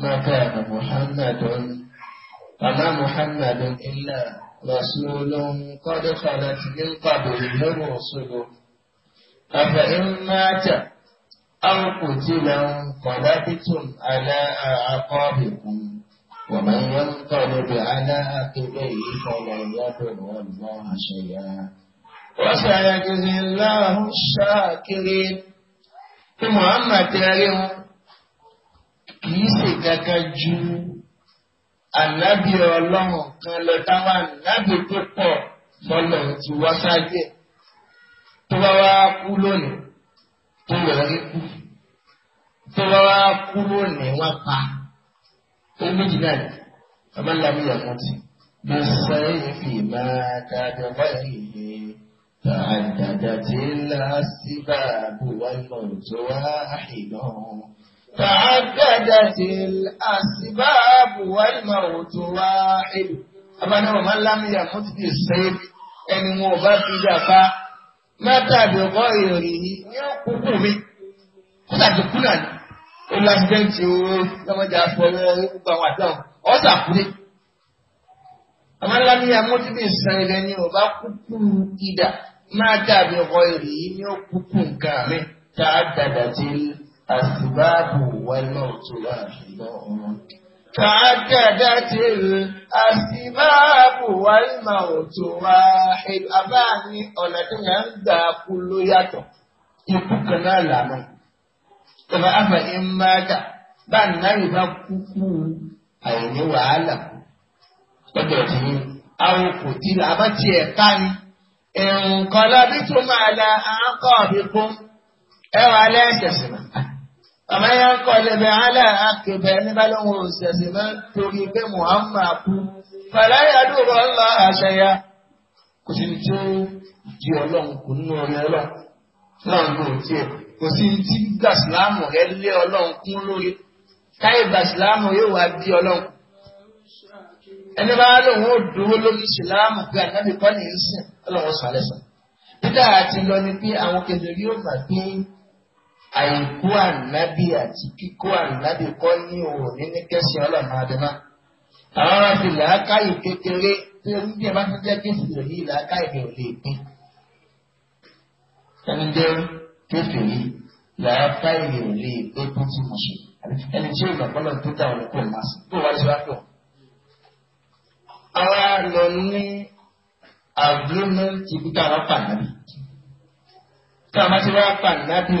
ما كان محمد وما محمد إلا رسول قد خلت من قبل الرسل أفإن مات أو قتل انقلبتم على أعقابكم ومن ينقلب على عقبيه فلن يضر الله شيئا وسيجزي الله الشاكرين في محمد يريهم kìí ṣe kankan ju ànábì ọlọ́run kan lọ táwọn ànábì tó pọ̀ lọ́nà tí wọ́n ṣáájú ẹ̀ tó bá wá kú lónìí tó yọ̀ ẹ́ kú tó bá wá kú lónìí wọ́n pa ó méjì náà ni bàbá ńlá mi yàn mọ́tì bí sẹ́yìn fi máa dáadáa báyìí ni tàdàdà tí ń lásìbà bùwá lọ́jọ́ wá àìlọ́run. تعددت الأسباب والموت واحد أبنا ومن لم يمت بالسيف ẹni wọn bá fi dàbá mẹ́tàdé ọkọ ìròyìn ní òkúkú mi kọ́sàtì kú náà ni ó lásìdẹ́ǹtì owó lọ́mọdé àfọwọ́ gbogbo àwọn àdáhùn ọ̀sà kúlé. amálámíyà mọ́tìmí ìsàn ẹni ọba kúkú ìdá mẹ́tàdé ọkọ ìròyìn ní òkúkú nǹkan mi tá a dàdà ti rí. السباب والموت واحد تعددت الأسباب والموت واحد أباني ọ̀nà tí yẹn ń gbà kú ló yàtọ̀ ikú kan náà lànà tọ́ba afa ìmáàdà bá nàbì bá kúkú àìní wàhálà tọ́jọ́ tí àwọn kò tí la bá tiẹ̀ ká ni nǹkan lọ bí tó máa la àákọ́ bí kún ẹ wà lẹ́sẹ̀ sí náà. Àmọ́ yẹn ń kọ́ lẹ́bẹ̀ alẹ́ àkẹ́bẹ̀ níbà lóhun òṣèṣẹ̀ mọ́ torí pé Muhammad kú. Fàlẹ́ àdúgbò ńlá àṣẹyà kò sí tí ó di ọlọ́run kò nínú ọ̀rẹ́ ọlọ́run náà ló tiẹ̀. Kò sí tí gbà sílámù rẹ lé ọlọ́run kún lórí. Káyé gbà sílámù yóò wá di ọlọ́run. Ẹni bá lóhun ò dúró lórí sílámù pé ànábì kọ́ ní sìn ọlọ́run sàlẹ̀ sàn. Dídá àti lọ ni pé àwọn kẹ̀lẹ́ àìkú ànábì àti kíkó ànábì kọ́ ní òní ní kẹ́sì ọlọ́run adẹ́má. àwọn ará fi làákàyè kékeré tí ó ń bí ẹbá tó jẹ́ kéfìrí yìí làákàyè rẹ̀ ò lè pín. ẹni jẹ́ kéfìrí làákàyè rẹ̀ ò lè pé tó ti mọ̀ ṣe. ẹni tí ó lọ kọ́ tó dà wọ́n kò máa sùn tó wá sí wákò. àwa lọ ní agreement ibi tá pàdánù. tá a ti wá pàdánù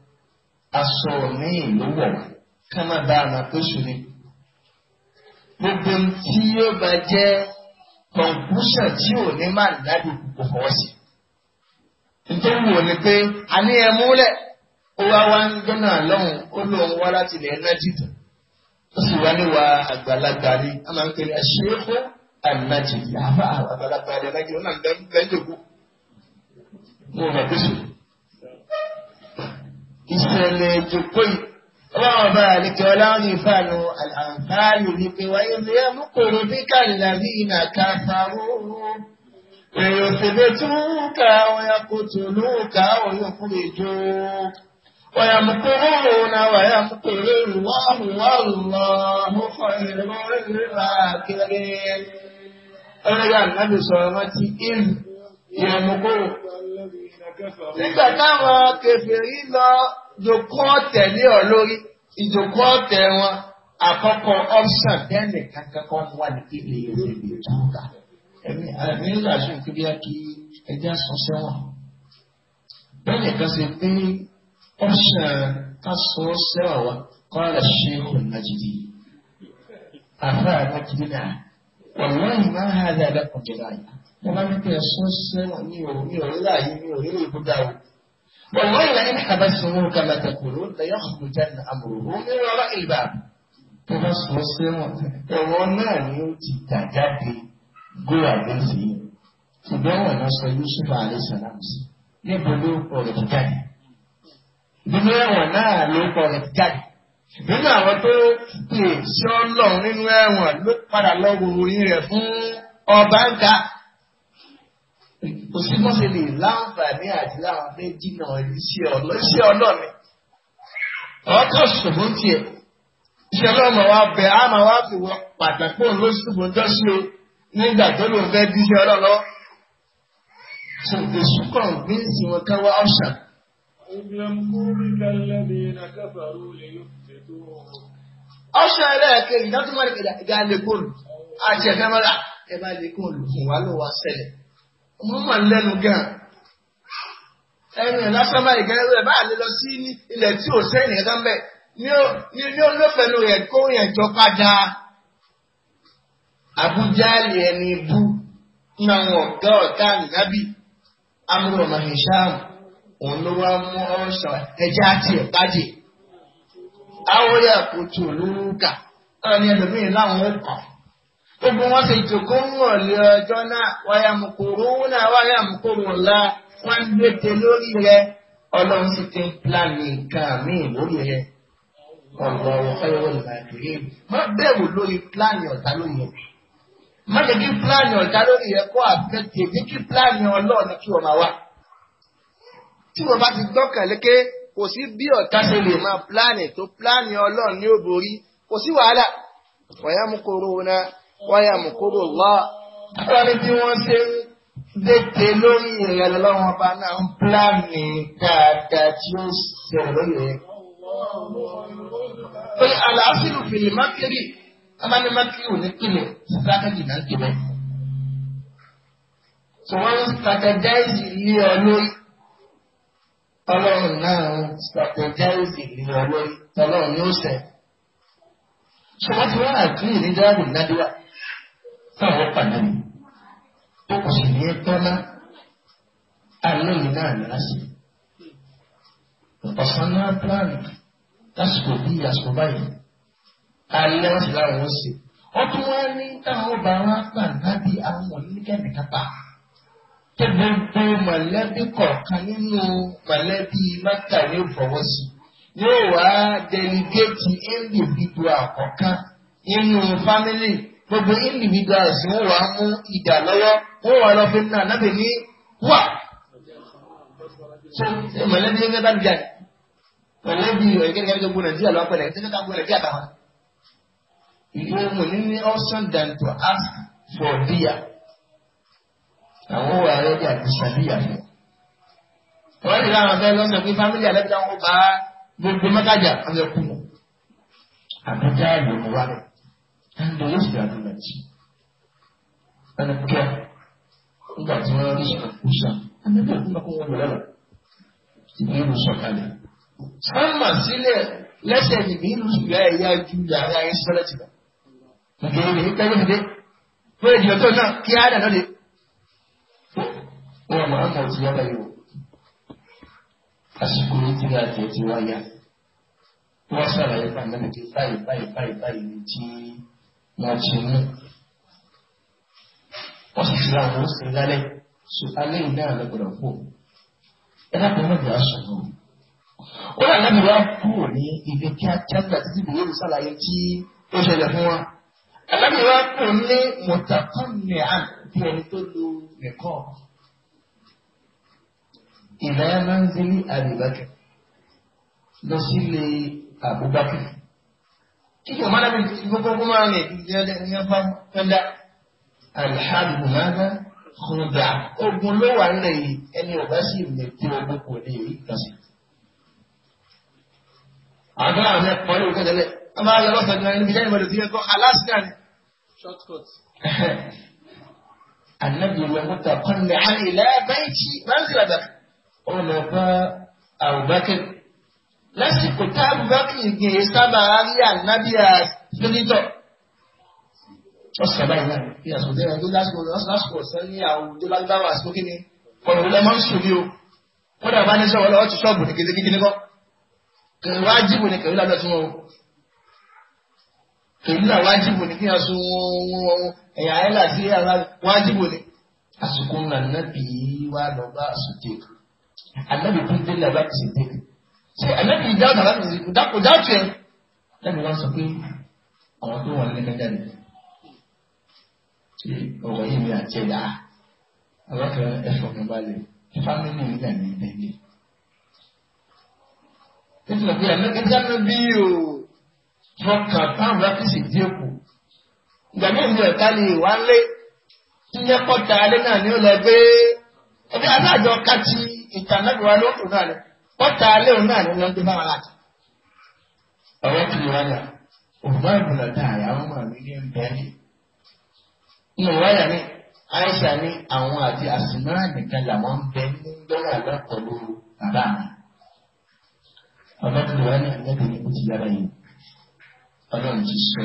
aṣọ míì ló wọ̀ wá ká má bá àmà péṣù ni. gbogbo tí yóò bá jẹ́ conclusion tí ò ní má dájú kò fọwọ́ sí. nítorí wò ni pé a ní ẹ múlẹ̀ ó wá wá ń gbọ́nà lọ́hùn ó lóun wá láti ilẹ̀ nájìdì ó sì wá níwà àgbàlagbà ni a máa ń pè ní aṣèwéfó ànájìdì àbá àgbàlagbà ni ànájìdì ó náà ń bẹ́ẹ̀ jókòó. mo rà péṣù ìṣẹ̀lẹ̀ ìjòkó yìí ọlọ́run ọba àlejò ọlọ́run ìfànù àǹfààní wípé wáyé ní ẹmúkòrò bí kàlàbí ìnà káfàró èrò òṣèlè túkà ọ̀yà kòtò lóòkà ọ̀yà òkúrè jò wàyà mùkúrò òun àwàyà mùkúrò ìwọ́hùn wàlúwà mọ́kọ̀ ìrìnà ìrìnà kéré ọlọ́yà nàbì sọ̀rọ̀ rántí ìlú ìyẹn nígbà táwọn kẹfẹ́ yìí lọ ìjòkó ọ̀tẹ̀ lé ọ lórí ìjòkó ọ̀tẹ̀ wọn àkọ́kọ́ ọ̀sán tẹ́lẹ̀ kankan kan wà ní ilé ìwé ìtura ẹ̀mí àmì ńlá ṣe nǹkan bí kí ẹja sọ sẹ́wọ̀n bẹ́ẹ̀ kan ṣe pé ọ̀sán ká sọ sẹ́wọ̀n wa kọ́ ẹ̀ ṣe òun nàìjíríì àfẹ́ àgbàjìdínà wàlúwàyí máa ń ha dáadáa kọjá láàyè wọ́n bá ní pé ẹ̀sọ́ sẹ́wọ̀n ní òun ní òun láàyè ní òun والله لئن حبسهم كما تقولون ليخرجن امره من وراء الباب tó bá sọ sẹ́wọ̀n ẹ̀wọ̀n náà ni ó ti tà jáde góra lẹ́sẹ̀ yìí ṣùgbọ́n wọn lọ sọ Yusuf alayisalaam sí níbo ló ọ̀rọ̀ ti jáde nínú ẹ̀wọ̀n náà ló ọ̀rọ̀ ti jáde nínú àwọn tó pè sí Ọlọ́run nínú ẹ̀wọ̀n ló padà lọ wo oyin rẹ̀ fún ọba kò sí bó ṣe lè láǹfààní àti láwọn méjì náà iṣẹ́ ọ̀nà iṣẹ́ ọ̀nà ni àwọn kan ṣòfò tiẹ̀ iṣẹ́ ọlọ́mọ wa bẹ̀ á máa wá fi wọ pàtàkì òun ló ṣùgbọ́n jọ́sí o nígbà tó lòun fẹ́ di iṣẹ́ ọlọ́lọ́ ṣòfò kọ̀ǹgbìnsì wọn ká wá ọ̀ṣà. ọ̀ṣà ẹlẹ́ẹ̀kejì dátúmọ̀ ìgbàlè kóòlù àti ẹ̀fẹ́ mọ́lá ẹ̀ bá lè kóòlù fún wa ló wá ṣẹlẹ̀ ọmọ mà ń lẹ́nu gan ẹnu lásán báyìí gan ẹ bá lè lọ sí ilẹ̀ tí ò sẹ́yìn nìkan bẹ́ẹ̀ ni ó ní olófẹ́nu rẹ̀ kó yẹn jọ padà Àbújá lè ẹni bú nínú àwọn ọ̀gá ọ̀gá ànábì amúrò màhìnsáàmù òun ló wá mú ọ̀sán ẹja àti ẹ̀pájì. Àwọn yà lórúkà, àwọn ẹlòmíràn láwọn ó gbogbo wọn sì jòkó ń wọ̀ lé ọjọ́ náà wáyà mùkúrú náà wáyà mùkúrú ńlá wọn ń gbèdé lórí rẹ ọlọ́run sì ti ń pilani nǹkan míì lórí rẹ ọ̀rọ̀ ọ̀fẹ́wọ̀ ìbàdìrí má bẹ̀rù lórí pilani ọ̀tá lórí rẹ má jẹ́ kí pilani ọ̀tá lórí rẹ kó àfẹ́tì ní kí pilani ọlọ́run kí wọ́n máa wá. tí wọ́n bá ti gbọ́kàn lékè kò sí bí ọ̀tá ṣe lè máa pilani tó pilani ọlọ́run ní òbórí kò sí wàhálà wàyà mùkúrú náà wáyà mùkúrò lá. Sọ́ni tí wọ́n ṣe ń dédé lórí ìrìn lọ́wọ́ ọba náà ń pílánì dáadáa tí ó ṣẹlẹ̀ lónìí. Pẹ̀lú àlàáfíà òfìlì mákìrì, abáni mákìrì ò ní kílè, strategy náà kílè. So wọ́n ń strategize ilé ọ lórí. Ọlọ́run náà ń strategize ilé ọ lórí. Ọlọ́run ni ó sẹ̀. Sọ wọ́n ti wá àkíyè ní dáàbò náà táwọn pàdé mi ó kò sì ní tọ́lá àlóyè náà ní láti ọ̀sán náà pílánì lásìkò bí àsìkò báyìí alẹ́ wọn sì láwọn ó sè ọtún wá ní táwọn ọba wa gbà lábí àwọn oníkẹ́mi kápá tó gbogbo mọ̀lẹ́bí kọ̀ọ̀kan nínú mọ̀lẹ́bí mẹ́ta ní ìfọwọ́ sí yóò wá dẹligéètì individual kọ̀ọ̀kan nínú fámílì gbogbo individuals wọ́n wàá mú ìdà lọ́wọ́ wọ́n wàá lọ fi ń náà lábẹ́ ní wà. so mọ̀lẹ́bí ẹgbẹ́ bá ń jà ní mọ̀lẹ́bí ẹgbẹ́ gbogbo nàìjíríà lọ́wọ́ pẹ̀lẹ́ ẹgbẹ́ gbogbo nàìjíríà táwọn. ìlú ọmọ ní ní option than to ask for beer. àwọn wà rẹ́dí àti sàbíyà fún un. wọ́n rí láwọn abẹ́ lọ́sọ̀ pé fámílì àlẹ́ bí wọ́n bá gbogbo mẹ́tàjà ọ̀sẹ̀ kùnú. àbújá ìlú wa Anda lọ yóò sì rà lọ́la jì ẹnu kíá nígbà tí wọ́n rí sọ̀rọ̀ kú sàn àbẹ̀bẹ̀ òkú máa kó wọn lọ́la ìbéèrè sọ̀kalẹ̀ sánmà sílẹ̀ lẹ́sẹ̀ ìbéèrè ìyá ẹ̀yà ju yàrá ẹ̀ sọ́lẹ̀ tìlọ̀ ìbéèrè yìí kẹ́lẹ́ fìdé fún èdè ọjọ́ náà kí á dàná lé wọn máa ń mọ̀ sí yàrá yìí àsìkò yìí ti rí àjẹ ti wáyà wọ́n sàlàyé fún àmì báyìí báyìí báyìí báyìí ní tí wọ́n ti mú wọ́n sì ti ra àwọn òsè lálẹ́ so alẹ́ yìí náà lọ́gbọ̀dọ̀ pò ẹ lápẹ́ mọ́jọ́ aṣọ́nù ó dà lẹ́nu wá kúrò ní ibi kíákíá títí bí yóò sàlàyé tí ó ṣẹlẹ̀ fún wa alábìyẹ wa kò ní mọ̀tàkùn ní à bí ẹni tó lu nìkọ́ ìnáyà máa ń zeli àbíbákẹ́ lọ sílé àbúbákẹ́. Iko malamin ko kuma ne ya fanda alhadu hada khuda ogun ló wà nílẹ̀ yìí ẹni ọ̀gá sì lè tí ogun kò lè rí kan sí. Àgbà àwọn ẹ̀kọ́ ní òkè tẹ́lẹ̀ a máa yọ lọ́sọ̀ọ́ ìgbà níbi jẹ́ ìmọ̀lẹ̀ ìdílé kan Alaska ni. Shortcut. Ànábì ìwé mọ́ta kan ní àlè ilẹ̀ bẹ́ẹ̀ tí máa ń sì lọ́dà. Ó lọ bá Abubakar lásìkò tá abubakar gbìn yé sábà rí ànábì àfẹ́rítọ̀ ọ̀sán báyìí náà fi àsùn dẹ́rẹ́ tó lásìkò lásìkò ọ̀sán ní àwọn tó lágbára àsìkò kí ni kọ̀ọ̀rọ̀ lẹ́mọ́ ń sùn ní o kódà bá ní sọ̀rọ̀ lọ́wọ́ ti sọ́ọ̀bù ní kété kíkíní kọ́ kẹ̀rù wájìbù ni kẹ̀rù lálọ́ tún wọn o kẹ̀rù náà wájìbù ni kí wọ́n sun wọn ẹ̀yà ayélujára sí ara wájìbù ni àsìkò nànàbì wà lọ́ bá àsìkò ànábì tó dé làbá ti sì dé ṣé ẹlẹ́bi ìdá àdàlà mi kò dá tiẹ̀ lẹ́nu wá sọ pé àwọn tó wà nílẹ̀ kẹjá nìyẹn ṣe ọ̀rọ̀ yìí ni àjẹdá alákẹ́ ẹ̀fọ́ kan balẹ̀ fámìlì mi náà ní ìdẹ́gbẹ́. Ètò ìgbà yẹn lẹ́gbẹ́ jáde bí o fọkàn táwọn rákìsì díẹ̀ kù. Ìgbà míì ní ẹ̀ka lè wá lé tíyẹ́ kọ́ta alẹ́ náà ní ó lọ gbé ẹgbẹ́ aláàjọ kájí ìtàn náà wà lóòtú náà lẹ́kọ̀ọ́ ọ̀tá lẹ́hìn náà ni wọ́n gbé bá wọn láti. ọ̀rọ̀ ti wá yà òfúmá ìbùnà tá àyà wọn máa ní ní bẹ́ẹ̀lì. nínú wáyà ni Aisha ní àwọn àti àsìmọ́ra nìkan làwọn ń bẹ ní dọ́là lọ́pọ̀lọ́ bàbá mi. ọ̀rọ̀ ti wá ní àgbẹ̀dẹ̀ ní kò ti yára yìí ọlọ́run ti sọ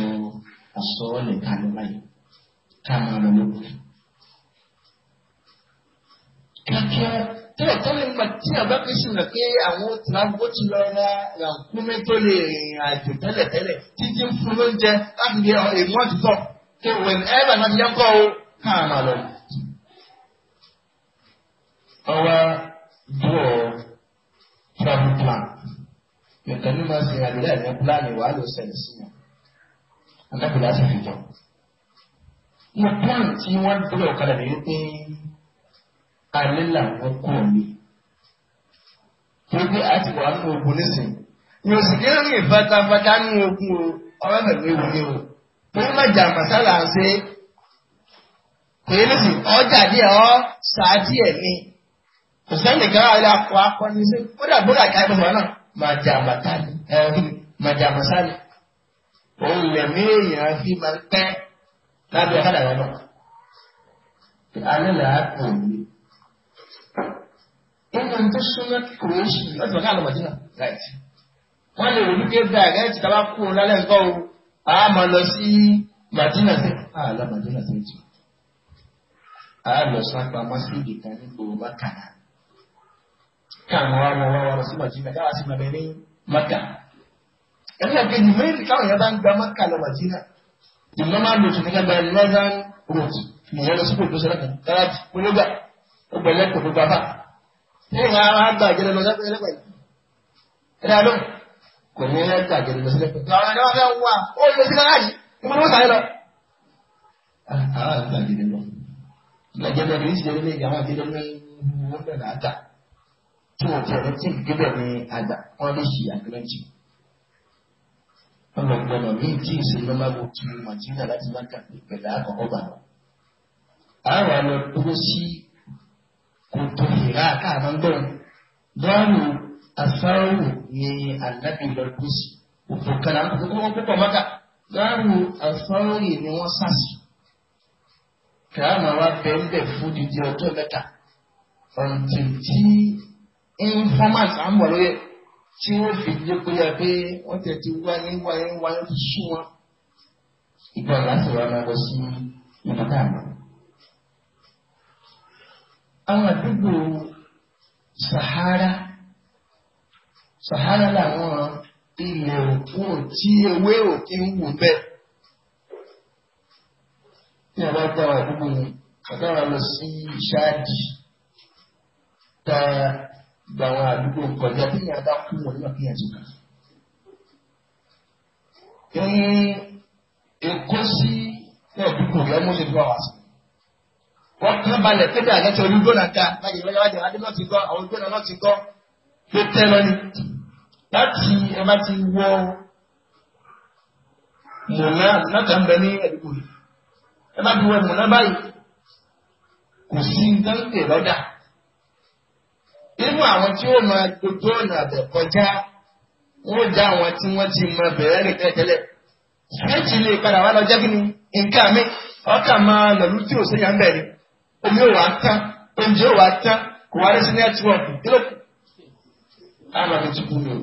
àsọ̀ọ́lẹ̀ kánú báyìí ká máa lọ lóko. kíkẹ́ tẹ́lẹ̀ tẹ́lẹ̀ nígbà tí àgbà kan ṣùnà pé àwọn tìlábù ti lọ ra rànkúmí tó lè rìn àjò tẹ́lẹ̀ títí ń fún lóúnjẹ láti ọ èèmọ̀ àtúntọ̀ kí wẹ̀n ẹ̀rọ náà ti yẹ kọ́ o káà máa lọ. ọwọ́ dúró travel plan nǹkan ní máa ṣe àlùlẹ̀ ní pílánì wàá lọ sẹ̀lẹ̀ sí wọn adábìlá sì fi jọ. mo plan tí wọ́n dúró kalẹ̀ ní pé. alẹ́ làwọn kú mi. Torí a ti wà nínú ogun nísìnyí. Mi ò sì kí ń rìn fatafata nínú ogun o, ọ̀rọ̀ bẹ̀rẹ̀ ewu ni o. Torí má jà màsálà ń ṣe. Kò yẹ nísìnyí, ọjà díẹ̀ ọ́ sàájì ẹ̀ ni. Kò sẹ́ni kan àwọn akọ akọni ṣe kódà bóra ká ẹgbẹ́ wọn náà má jà màtàlì ẹ̀ má jà màsálà. Òun lẹ̀mí èèyàn fi máa ń pẹ́ lábẹ́ ọ̀kadà wọn náà. Alẹ́ làá kò ní nínú tó súnmọ́ kìrìẹ́sì wọ́n ti mọ̀ káàlù mọ̀dínà láìsí. wọ́n lè rí pé dàgẹ́tì tá a bá kú un lálẹ́ nǹkan o a máa lọ sí mọ̀dínà sí àlọ́ mọ̀dínà sí ètò. a lọ sápá mọ́sídìí kan ní gbogbo mákàrà. káwọn wá wọn wọn sí mọ̀dínà káwọn sì máa bẹ ní mọ́kà. ẹ̀ka kejì méjì káwọn yẹn bá ń gba mọ́kà lọ mọ̀dínà. ìgbọ́n máa lò tún ní kágbá lẹ́yìn ara gbà jẹrẹ lọ sẹ́pẹ́ ẹlẹ́pẹ́ yìí ẹ̀dá ló kò ní ẹ̀ gbà jẹrẹ lọ sẹ́pẹ́ àwọn ẹ̀dá fẹ́ wà ó lọ sí náà yìí kí wọ́n sáré lọ. ara gbà jẹrẹ lọ gbà jẹrẹ lọ kì í ṣe ní ìyàwó àti ẹgbẹ́ wọn bẹ̀rẹ̀ àgbà tí wọ́n ti ẹ̀rọ tí ìgbébẹ̀ ní àgbà wọn lè ṣì àgbẹ̀rẹ̀jì. ọlọ́gbọ̀nà mi tí ì ṣe lọ́mọ bò tu màtíńdà láti má kà pẹ̀lú àkọ́kọ́ gbà lọ. àwọn àlọ́ dúró sí kùtùfìrà káàmọ́ gbọ́n dọ́ọ̀nù asáwù ni ànábì lọ bí sí òfò kan àti kókó púpọ̀ mọ́ta dọ́ọ̀nù asáwù ni wọ́n sàṣì káàmọ́ wa fún ọjọ́ mẹ́ta tí informant lóye tí wọ́n fi dé pé wọ́n tẹ̀ ti àwọn àdúgbò Sahara Sahara làwọn ilẹ̀ òkun tí ewé òkè ń wù bẹ́ẹ̀ tí a bá dára àdúgbò yìí kàdára lọ sí ṣáàdì tá a gba àwọn àdúgbò kọjá tí a bá kú wọn náà kí a tún kà. ní Èkó sí àdúgbò yẹn lè bá wa sọ wọ́n kán balẹ̀ pé dàgẹ́ tí olú gbóná ta láti ìwé wájú adé náà ti gbọ́ àwọn gbóná náà ti gbọ́ ló tẹ́ lọ ni. láti ẹ bá ti wọ mùnà láti ń bẹ ní ẹ̀dùkù yìí ẹ bá ti wọ mùnà báyìí kò sí dáńtẹ̀ lọ́dà. nínú àwọn tí ó máa gbogbo ọ̀nà àbẹ̀ kọjá wọ́n dá àwọn tí wọ́n ti mọ bẹ̀rẹ̀ nìkan tẹ́lẹ̀. méjì lè padà wá lọ jẹ́ kí ni nǹkan mi ọkà máa lọ̀lú tí ò sí yàn bẹ̀rẹ̀ omi ò wá tán oúnjẹ ò wá tán kò wá ní sí nẹ́tíwọ̀kì kílókù àmà mi ti kú mi o.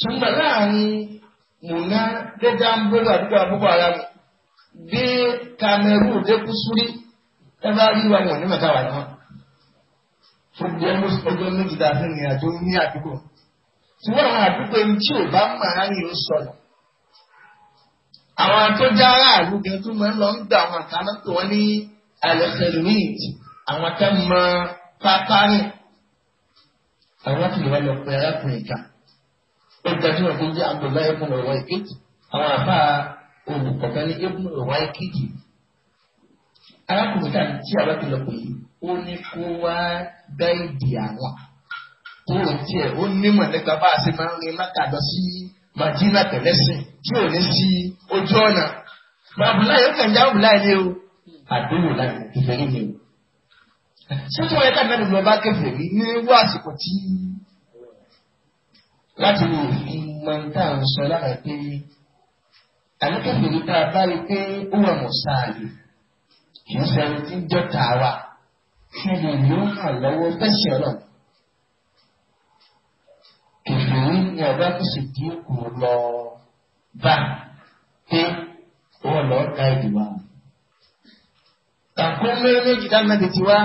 ṣùgbọ́n láàrin múná dédá ń bọ́lá àdúgbò àbúkọ ara mi bí Cameroon dékú súrí ẹ bá rí wa ní ọ̀nà mẹ́ta wà náà. Gbogbo ọjọ́ méjì fún ìrìn ní àdúgbò. Ṣùgbọ́n àwọn àdúgbò ẹni tí ò bá mọ̀ á ní ìlú sọ̀rọ̀ àwọn tó já aráàlú gan tó máa ń lọ ń gbà àwọn àtàlọ́ tó wọ́n ní alẹ́sẹ̀lúmíìtì àwọn tá mọ pápánì àwọn láti lè wá lọ pé arákùnrin kan ó gbajúmọ̀ tó jẹ́ àgbọ̀lá ẹ̀kún ọ̀rọ̀ ìkéjì àwọn àbá olùkọ̀kan ní ẹ̀kún ọ̀rọ̀ ìkéjì arákùnrin kan tí àwọn ti lọ pè é ó ní kó wá gáìdì àwọn tó ń tiẹ̀ ó nímọ̀ nípa bá a ṣe máa ń rin lákàdọ́ sí màjínà tẹ̀lẹ́sìn tí ò ní sí ojú ọ̀nà abdullahi ó kàn já abdullahi ní o àdéhùn láti kẹfẹ́rí ni o. ṣé tí wọ́n yẹ káàdì náà lọ bá kẹfẹ́rí ní wọ́n àsìkò tí láti wo ìmọ̀ tá à ń sọ lára pé àní kẹfẹ́rí tá a bá rí pé ó wà mọ̀ sáàlì kì í ṣe ẹni tí ń jọ́ta wa kí ni yóò hàn lọ́wọ́ fẹ́sẹ̀ náà kẹfẹ́rí ni ọba kò sì dín kù lọ bá pé wọ́n lọ ka ìdìbò àwọn. Tàkùn lórí méjì dáná ti ti wá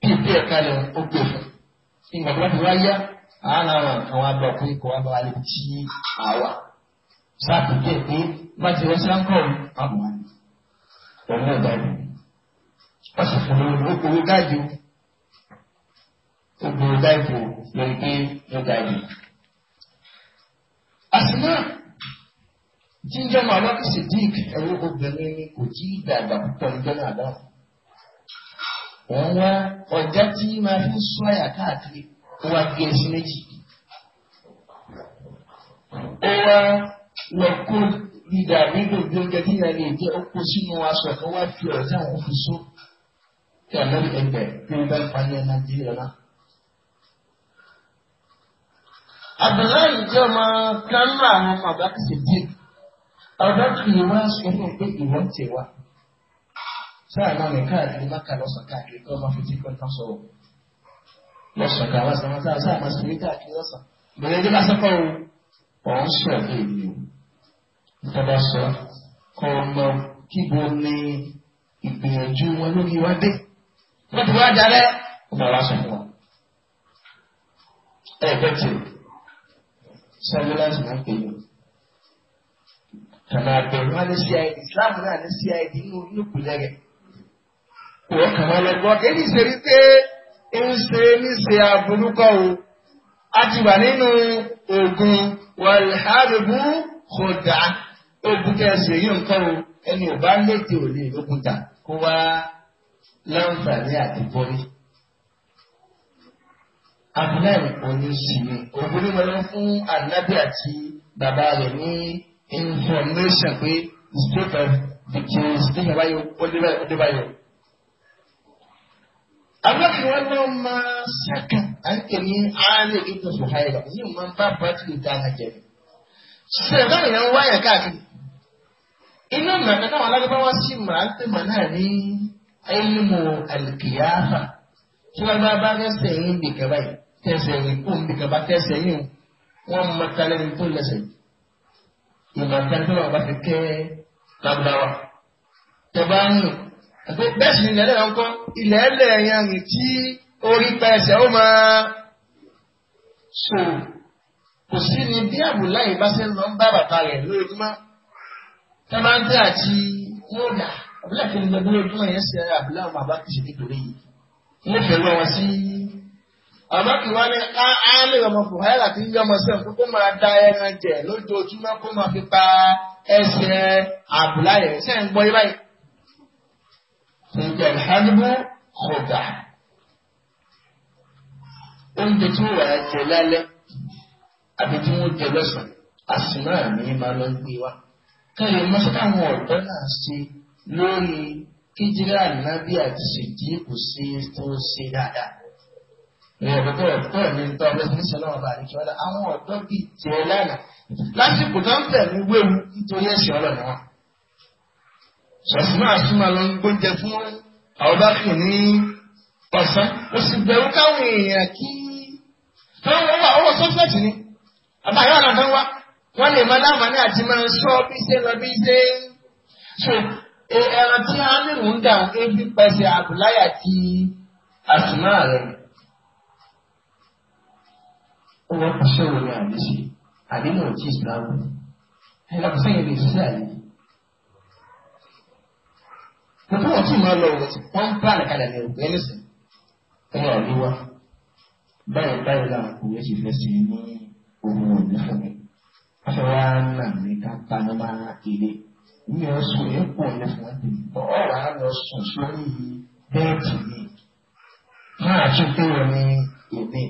bí ìpín ẹ̀ka lẹ̀ ó gbè fún. Ìgbà tó bá ti wá yá, àánà àwọn abẹ́ ọ̀pẹ́ kò wá bá wa lè ti àwà. Sáàpù díẹ̀ pé má ti wọ́n sáńkọ̀ àbọ̀ wá ní. Òun náà dájú. Wọ́n sì fún mi owó gáàjì o. Ó gbòòrò dáìbò lórí pé ó gáàjì. Àsìmọ́ jíjọ́ máa lábí sèdík ẹ̀rọ obìnrin ni kò tí ì dàgbà púpọ̀ níjọ́ náà dáhùn. wọ́n wá ọjà tí máa fi ń sọ àyà káàkiri ó wá gé ẹsẹ̀ méjì. ó wá lọ kó ìdá nínú ìdí oúnjẹ tí ìyá lè jẹ́ ó kó sínú aṣọ ẹ̀kọ́ wá fi ọ̀rọ̀ tí àwọn fi so kí àlọ́ ẹgbẹ́ kí wọ́n bá ń pa ní ẹ̀ nàìjíríà náà. Abdullahi jẹ́ ọmọ kan náà àwọn ọmọ àgbà díẹ̀ arákùnrin wa sọ fún un pé ìwọ́n ti wá sáà náà ní káàkiri máka lọ́sàn káàkiri tó máa fi tíkọ́ tán sọ̀rọ̀ lọ́sàn ká wá sọ̀rọ̀ sáà sáà máa sọ̀rọ̀ káàkiri lọ́sàn bẹ̀rẹ̀ ní bá sọ́kọ́ o ọ̀ ń sọ̀ ní ìlú ìjọba sọ kọ́ ọmọ kíbo ní ìgbìyànjú wọn lórí wa dé wọ́n ti wá jalẹ́ ọmọ wa sọ fún wa. ẹ tí sọ́dọ́lá sì kana bẹ̀rù hàn si CID Islam náà si CID inú kùlẹ̀ rẹ̀. Wọ́n kàn wọ́n lọ gbọ́ kéde ṣe rí pé ń ṣe níṣe aburúkọ o. A ti wà nínú oògùn wàlhábìbù kọ̀dà oògùn kẹsì èyí nǹkan o. Ẹni ò bá léde ò lè lókun tà kó wá láǹfààní àti bọ́lí. Abúlé òní ṣì ni ògùn ní wọn fún ànábì àti bàbá rẹ̀ ní information pé the state of the case ní ìyàwó ayò ó dé báyò. Abúlé wọn lọ máa ṣàkà àǹkè ní àálẹ̀ ìgbà fún Haida, yìí máa ń bá pàtó ìta àjẹ. Ṣèlú ìyẹn ń wáyà káàkiri. Inú màmá náà alágbábáwá sí màá pé màá náà ní ẹ̀yìnmọ̀ àlùkìyáfà. Tí wọ́n bá bá lẹ́sẹ̀ yín bìkẹ́ báyìí, tẹ̀sẹ̀ yín kún bìkẹ́ bá tẹ̀sẹ̀ yín, wọ́n mọ talẹ́ni tó lẹ́sẹ̀ yìí ìmọ̀tẹ́ tó wà bá fi kẹ́ lágbára. Tẹ̀bá ń lò. Àti bẹ́ẹ̀ sì ni ilẹ̀ ẹ̀rọ ńkọ́ ilẹ̀ ẹ̀lẹ̀ yẹn rìn tí orí pa ẹsẹ̀ ó máa sòrò. Kò sí ni bí àbùláyé bá ṣe ń lọ ń bá bàbá rẹ̀ lójoojúmọ́. Tẹ̀bá ń tẹ́ àti wọ́n dà àbúlá kí n lọ lójoojúmọ́ yẹn ṣe àbúlá àwọn bàbá kìí ṣe kékeré yìí. Mo fẹ́ lọ sí àmọ́ kì wá ní áálé ọmọ buhari àti yíyọmọ sẹ́wọ̀n kó máa da ẹran jẹ lójoojúmọ́ kó máa fi pa ẹsẹ̀ àbúláyẹ̀ ṣe ń gbọ́ ibáyìí. ǹjẹ́ ìhánibú kọ̀dà oúnjẹ tí wọ́n wàá jẹ lálẹ́ àbí tí wọ́n jẹ lọ́sàn-án àsìmọ́ àmì máa lọ gbé wa. káyọ̀ mọ́sálà àwọn ọ̀dọ́ náà ṣe lórí kíjìlá ànábì àti ṣèjì kò ṣe tó ṣe dáadáa. àwọn ọ̀dọ́ bíi tiẹ̀ lánàá lásìkò tó ń tẹ̀lé wéwu nítorí ẹ̀sìn ọlọ́run wa. sọ̀sìmọ́ àsúnmọ́ ló ń gbóúnjẹ fún àwọn ní ọ̀sán ó sì bẹ̀rù káwọn èèyàn kí owó sọ́fẹ̀tì ni àbáyọ̀ àlàfẹ́ wa wọ́n lè máa àti máa sọ bí ṣe lọ bí ṣe tí a nílùú ń dà ń ti wọ́n kò ṣe òun ní àdísì àdínà tí ìsìláàmù ẹ̀yà kò sẹ́yìn lè ṣiṣẹ́ àyè. Gbogbo wọn tún máa lọ wọ́n ń bá àlàkalẹ̀ ní ògbé ẹlẹ́sìn ẹ̀yà òníwá. Báyọ̀ báyọ̀ láwọn kò wé ti fẹ́ sí ní ohun òní fún mi. Afẹ́ wa nà mí ká paná máa kéde. Mi ò sùn yẹn kú òní fún wa tèmi. Ọ̀rọ̀ á lọ sùn sórí bẹ́ẹ̀tì mi. Máa tún pé wọn ní ìdí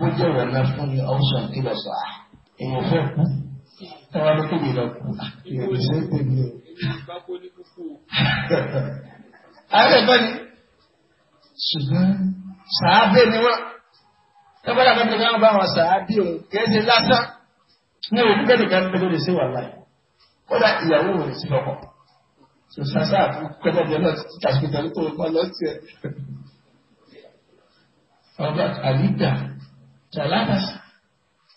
bó jẹ́ ìrànlá fún ni ọ̀sán kí lọ sọ à ah, èèyàn fẹ́ kú ẹwà ló kéde lọ kú ah, èèyàn ṣe é pè mí o. ààrẹ bá ní ṣùgbọ́n sàábé ni wọ́n tọ́gbọ́dá bẹ́ẹ̀ ni wọ́n bá wọn sàábé òun kéde lásán ní òun bẹ́ẹ̀ nìkan bẹ́ẹ̀ ló lè ṣe wà láì kódà ìyàwó òun sí lọ́kọ̀ sòsàsà àti kọ́dà bẹ́ẹ̀ lọ sí tàṣkìtà nítorí wọn lọ ọba àlídà sàlátà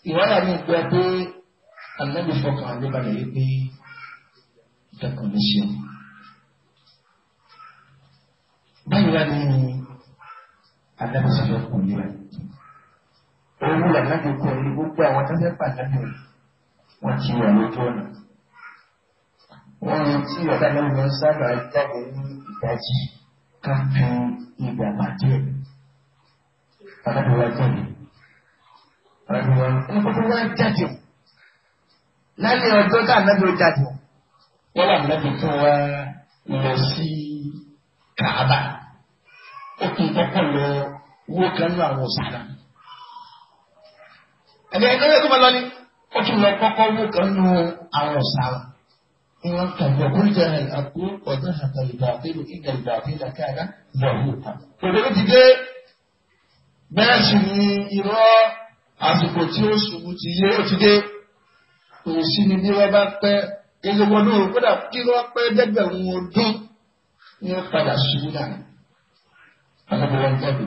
ìwádà mi gbọ́ pé ànábì fọkàn àlébàlẹ̀ yìí pé ìtàkùn lè ṣe. báyìí wá ní ànábì sọ̀rọ̀ kù níra owó ànábì kọ ní gbogbo àwọn tó fẹ́ pàdánù wọn ti wà lójú ọ̀nà wọn ní tí ọ̀dà náà lọ sábà jáde ní ìdájí ká fi ìgbà pàdé ànábì jáde. Nkúkú wá jáde o. Lálẹ́ ọjọ́ ká ànábì ó jáde o. Wọ́n lọ ànábì tó wá lọ sí Kàábà. Ó tún kọ́kọ́ lọ wó kanú àwọn òṣàlá. Ẹ̀dẹ̀ ẹ̀dẹ̀ ẹ̀dẹ̀ tó bá lọ ní. Ó tún lọ kọ́kọ́ wó kanú àwọn òṣàlá. Ìwọ̀n kan bọ̀ kúrú jẹ́ àkú ọ̀dọ́ àtàlùbọ̀ àbẹ́lú ìgbà ìgbà àbẹ́lú àkàrà lọ́wọ́ kan. Òdòdó ti dé bẹ́ẹ̀ sì ni irọ́ àsìkò tí ó ṣubú ti yé ó ti dé kò sí ni bí wọ́n bá pẹ́ ilé wọn náà kódà kí wọ́n pẹ́ dẹ́gbẹ̀rún ọdún ni ó padà ṣubú náà. alábọ̀wá jáde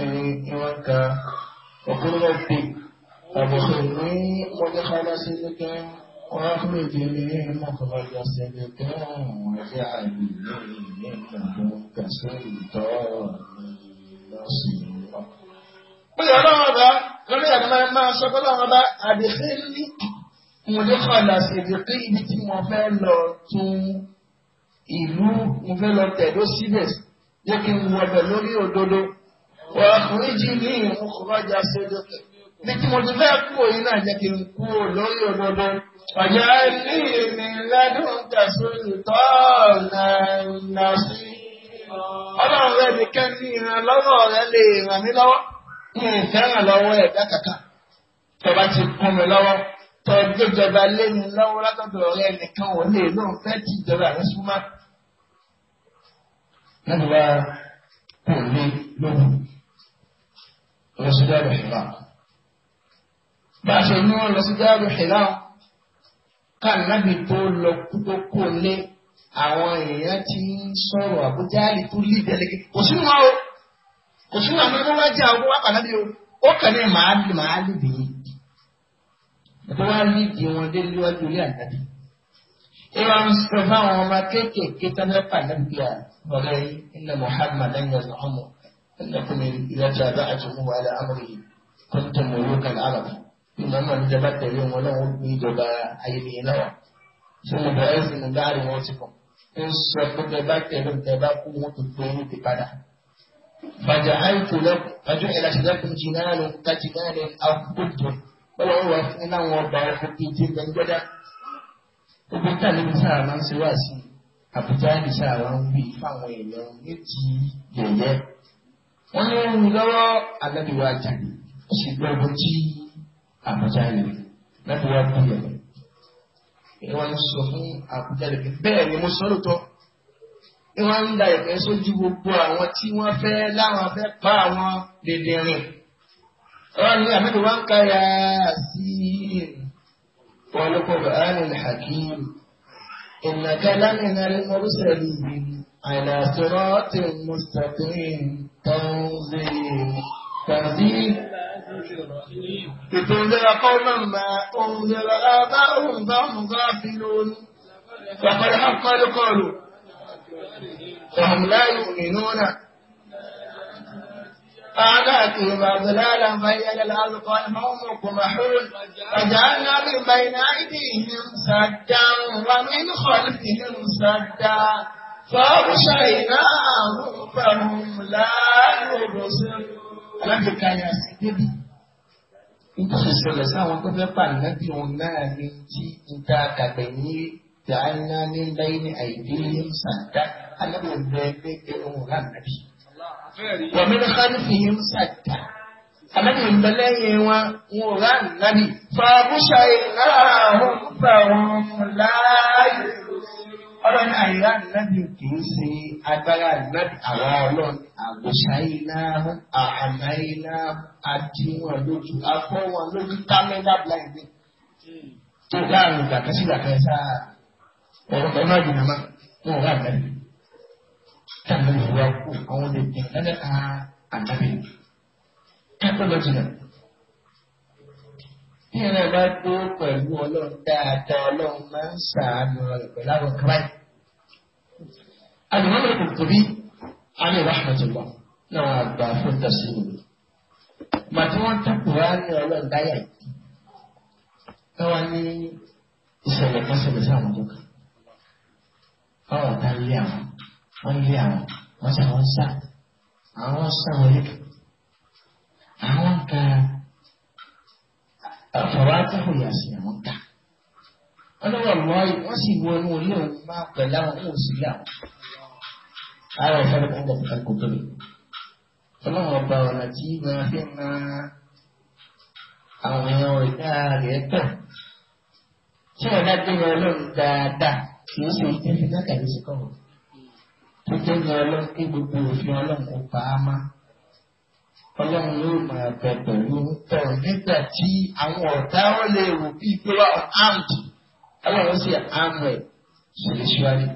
ẹni ni wọ́n ka ọ̀pọ̀lọpọ̀ pé àbùkù ní mọ́lẹ́kọ́lá sí lókè wọ́n á fún èdè ní mọ́kànlá sí lókè wọ́n fi àìlè ní ìlú ìgbàgbọ́ kẹsàn-án ìtọ́ ọ̀rọ̀ lọ́sìn pé ọlọ́run ọba lórí ẹ̀rọ máa máa sọ pé ọlọ́run ọba àdìsí ní mo lè kọlà síbi pé ibi tí mo fẹ́ lọ tún ìlú mo fẹ́ lọ tẹ̀dó síbẹ̀ jẹ́ kí n wọbẹ̀ lórí òdodo wọ́n ọkùnrin jí ní ìmúkọ́jà sódò ní tí mo ti fẹ́ kú òyìn náà jẹ́ kí n kú lórí òdodo. ọ̀jọ̀ ní èmi lẹ́dùn tẹ̀sùn ìtọ́ nàìjíríà ọlọ́run rẹ̀ nìkan ní ìrànlọ́wọ́ rẹ̀ lè ràn mí lọ́wọ́ nǹkan lọ́wọ́ ẹ̀dá kàkà tọba ti kún mi lọ́wọ́ tọ gbẹjọba lé mi lọ́wọ́ látọ̀dọ̀ ọ̀rẹ́ nìkan ò lè lóun fẹ́ ti ìjọba mi súnmọ́. Nàbí wa kò lé lóhùn. Lọ sí dáàbò ìlà. Bá a ṣe ní wọn lọ sí dáàbò ìlà ká nábì tó lọ kú tó kó lé àwọn èèyàn ti ń sọ̀rọ̀ àbújá àlè ìdẹ́lẹ́gẹ́. Kò sínú wa o kò sínú àwọn ẹgbẹ́ wá jẹ́ àwọn wá pàdánù o ó kàn ní màá màá lùbí yìí ẹgbẹ́ wá rí ìdí wọn dé lójú orí àgbàdì ìwà ń sọ fáwọn ọmọ kéékèèké tó ní pàdánù bíi àbọ̀dá yìí ilẹ̀ Muhammad ẹ̀yìn ọ̀sán ọmọ ẹ̀lẹ́kùn ìrẹ́jà bá àjùmọ̀ wà lẹ́ amúrí yìí kó ń tẹ̀mọ̀ owó kan àràbà ìmọ̀ọ́mọ̀ níjọba tẹ̀lé wọn lọ́wọ́ gbé ìjọba ayẹyẹ náà tí mo bẹ̀rẹ̀ sí ní dáàrí wọn ti kọ̀ ń sọ pé bẹ́ẹ̀ bá tẹ̀lé bẹ́ẹ̀ bá kú wọn tó gbé yín ti padà. فجعلت لكم فجعلت لكم جنان كجنان أو قلتم bọ́lá ń wá fún iná wọn bá òkè tí ń gbẹ́dá gbogbo táàlì ní sáà máa ń ṣe wá sí àbújá ní sáà wá ń wí fáwọn èèyàn méjì yẹ̀yẹ́ wọ́n ní ń lọ́wọ́ alábìwá àjàdì ó sì gbọ́ ọdún tí àbújá yẹ láti wá bí ẹ̀ wọ́n sọ fún àbújá lè fi bẹ́ẹ̀ ni mo sọ lóòótọ́ ni wọ́n ń da ìfẹ́ sójú gbogbo àwọn tí wọ́n fẹ́ láwọn fẹ́ pa àwọn dèdèrìn. wọ́n ní àmì wọn ká ya sí wọn ló kọ́ bàá ní hakim ìnàkà lámìnà rẹ̀ mọ́rúsẹ̀ lùbí àìlà sọ̀rọ̀ tí mo sàtìrìn tọ́ǹzì tàbí. لتنذر قوما ما أنذر آباؤهم فهم غافلون فقد حق القول فهم لا يؤمنون أعناكهم أغلالا فهي للأذقان فهم مقمحون وجعلنا من بين أيديهم سدا ومن خلفهم سدا فأغشيناهم فهم لا يبصرون alájọ káyà sí débi nítorí ìṣẹ̀lẹ̀ sáwọn tó fẹ́ pàdánù bí òun náà ní tí níta àgbẹ̀yìn جعلنا من بين أيديهم سدا أنا من بينهم النبي ومن خلفهم سدا أنا من بلين النبي فبشرناهم فهم لا ọlọ́run àìrá nàbì kì í ṣe agbára nàbì àwa ọlọ́run àgbòṣáìlá àmàìlá àdìwọ̀n lójú afọ́wọ̀n lójú kámẹ́lá bláìdì tó dáhùn ìgbàkẹ́sìgbàkẹ́ sáà ọ̀rọ̀ náà yìí nàmá wọn wà lẹ́nu táwọn ọmọ ìwà kú àwọn lè dín lẹ́nu ká àdábì kápẹ́ lọ jìnnà. bí ẹ̀rọ bá tó pẹ̀lú ọlọ́run dáadáa ọlọ́run máa ń sàánú rẹ̀ pẹ̀lú àwọn kíláì. àdìmọ́ lọ́dún tóbi alẹ́ rahmatullah náà àgbà fún tẹ̀síwò. màtí wọ́n tàkùrọ̀ á ní ọlọ́run dáyà yìí. káwọn ní ìṣẹ̀lẹ̀ kan ṣẹlẹ̀ sáwọn tó kàn báwo ta lé àwọn wọ́n lé àwọn wọ́n sá wọ́n sá àwọn sá wọlé àwọn ka àfọwọ́ àtàkù yàsí àwọn ká wọ́n ní wọ́n lọ́ọ́ wọ́n sì wọ inú ilé òun máa pẹ̀lú àwọn òun sì lé àwọn. àwọn ìfọdù kan kì í ṣe ìtẹ́lẹ̀ dákàlẹ̀ sí kọ̀wọ̀ tó jẹ́ ní ọlọ́run kí gbogbo òfin ọlọ́run kó pa á má ọlọ́run yóò máa bẹ pẹ̀lú tọ̀ nígbà tí àwọn ọ̀tá wọn lè rò bí ìgbéra armed ọlọ́run sì armed ẹ̀ spiritually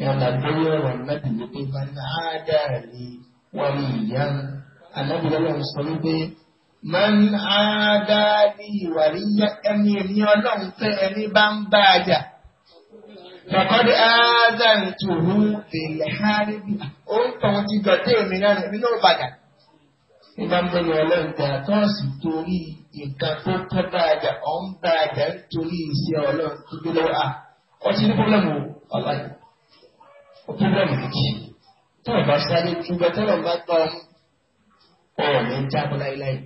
yàrá lórí ọ̀rọ̀ nàbì wípé máa ná àádáa lè wọ́n ìyá ànábì lọ́lọ́run sọ wípé máa ń àádáa lè wàrí yá ẹni ẹni ọlọ́run fẹ́ ẹni bá ń bá a jà. Fàkọ́dé Ádám tòrú bèlè hárìbì. Ó ń tàn ti dọ̀tí èmi náà èmi náà bàjá. Nígbà ń bẹ̀rẹ̀ ọlọ́run tẹ̀ àtọ́sí torí nǹkan tó tọ́ dáadáa, ọ̀ ń dáadáa nítorí iṣẹ́ ọlọ́run tó gbé lọ́wọ́ à. Ọtí ní pọ́blẹ́mù ọ̀làyé. Ó pọ́blẹ́mù kìí. Tọ́lọ̀ bá sáré túbọ̀ tọ́lọ̀ bá gbọ́ ọ̀rọ̀ ní jábọ̀ láíláí.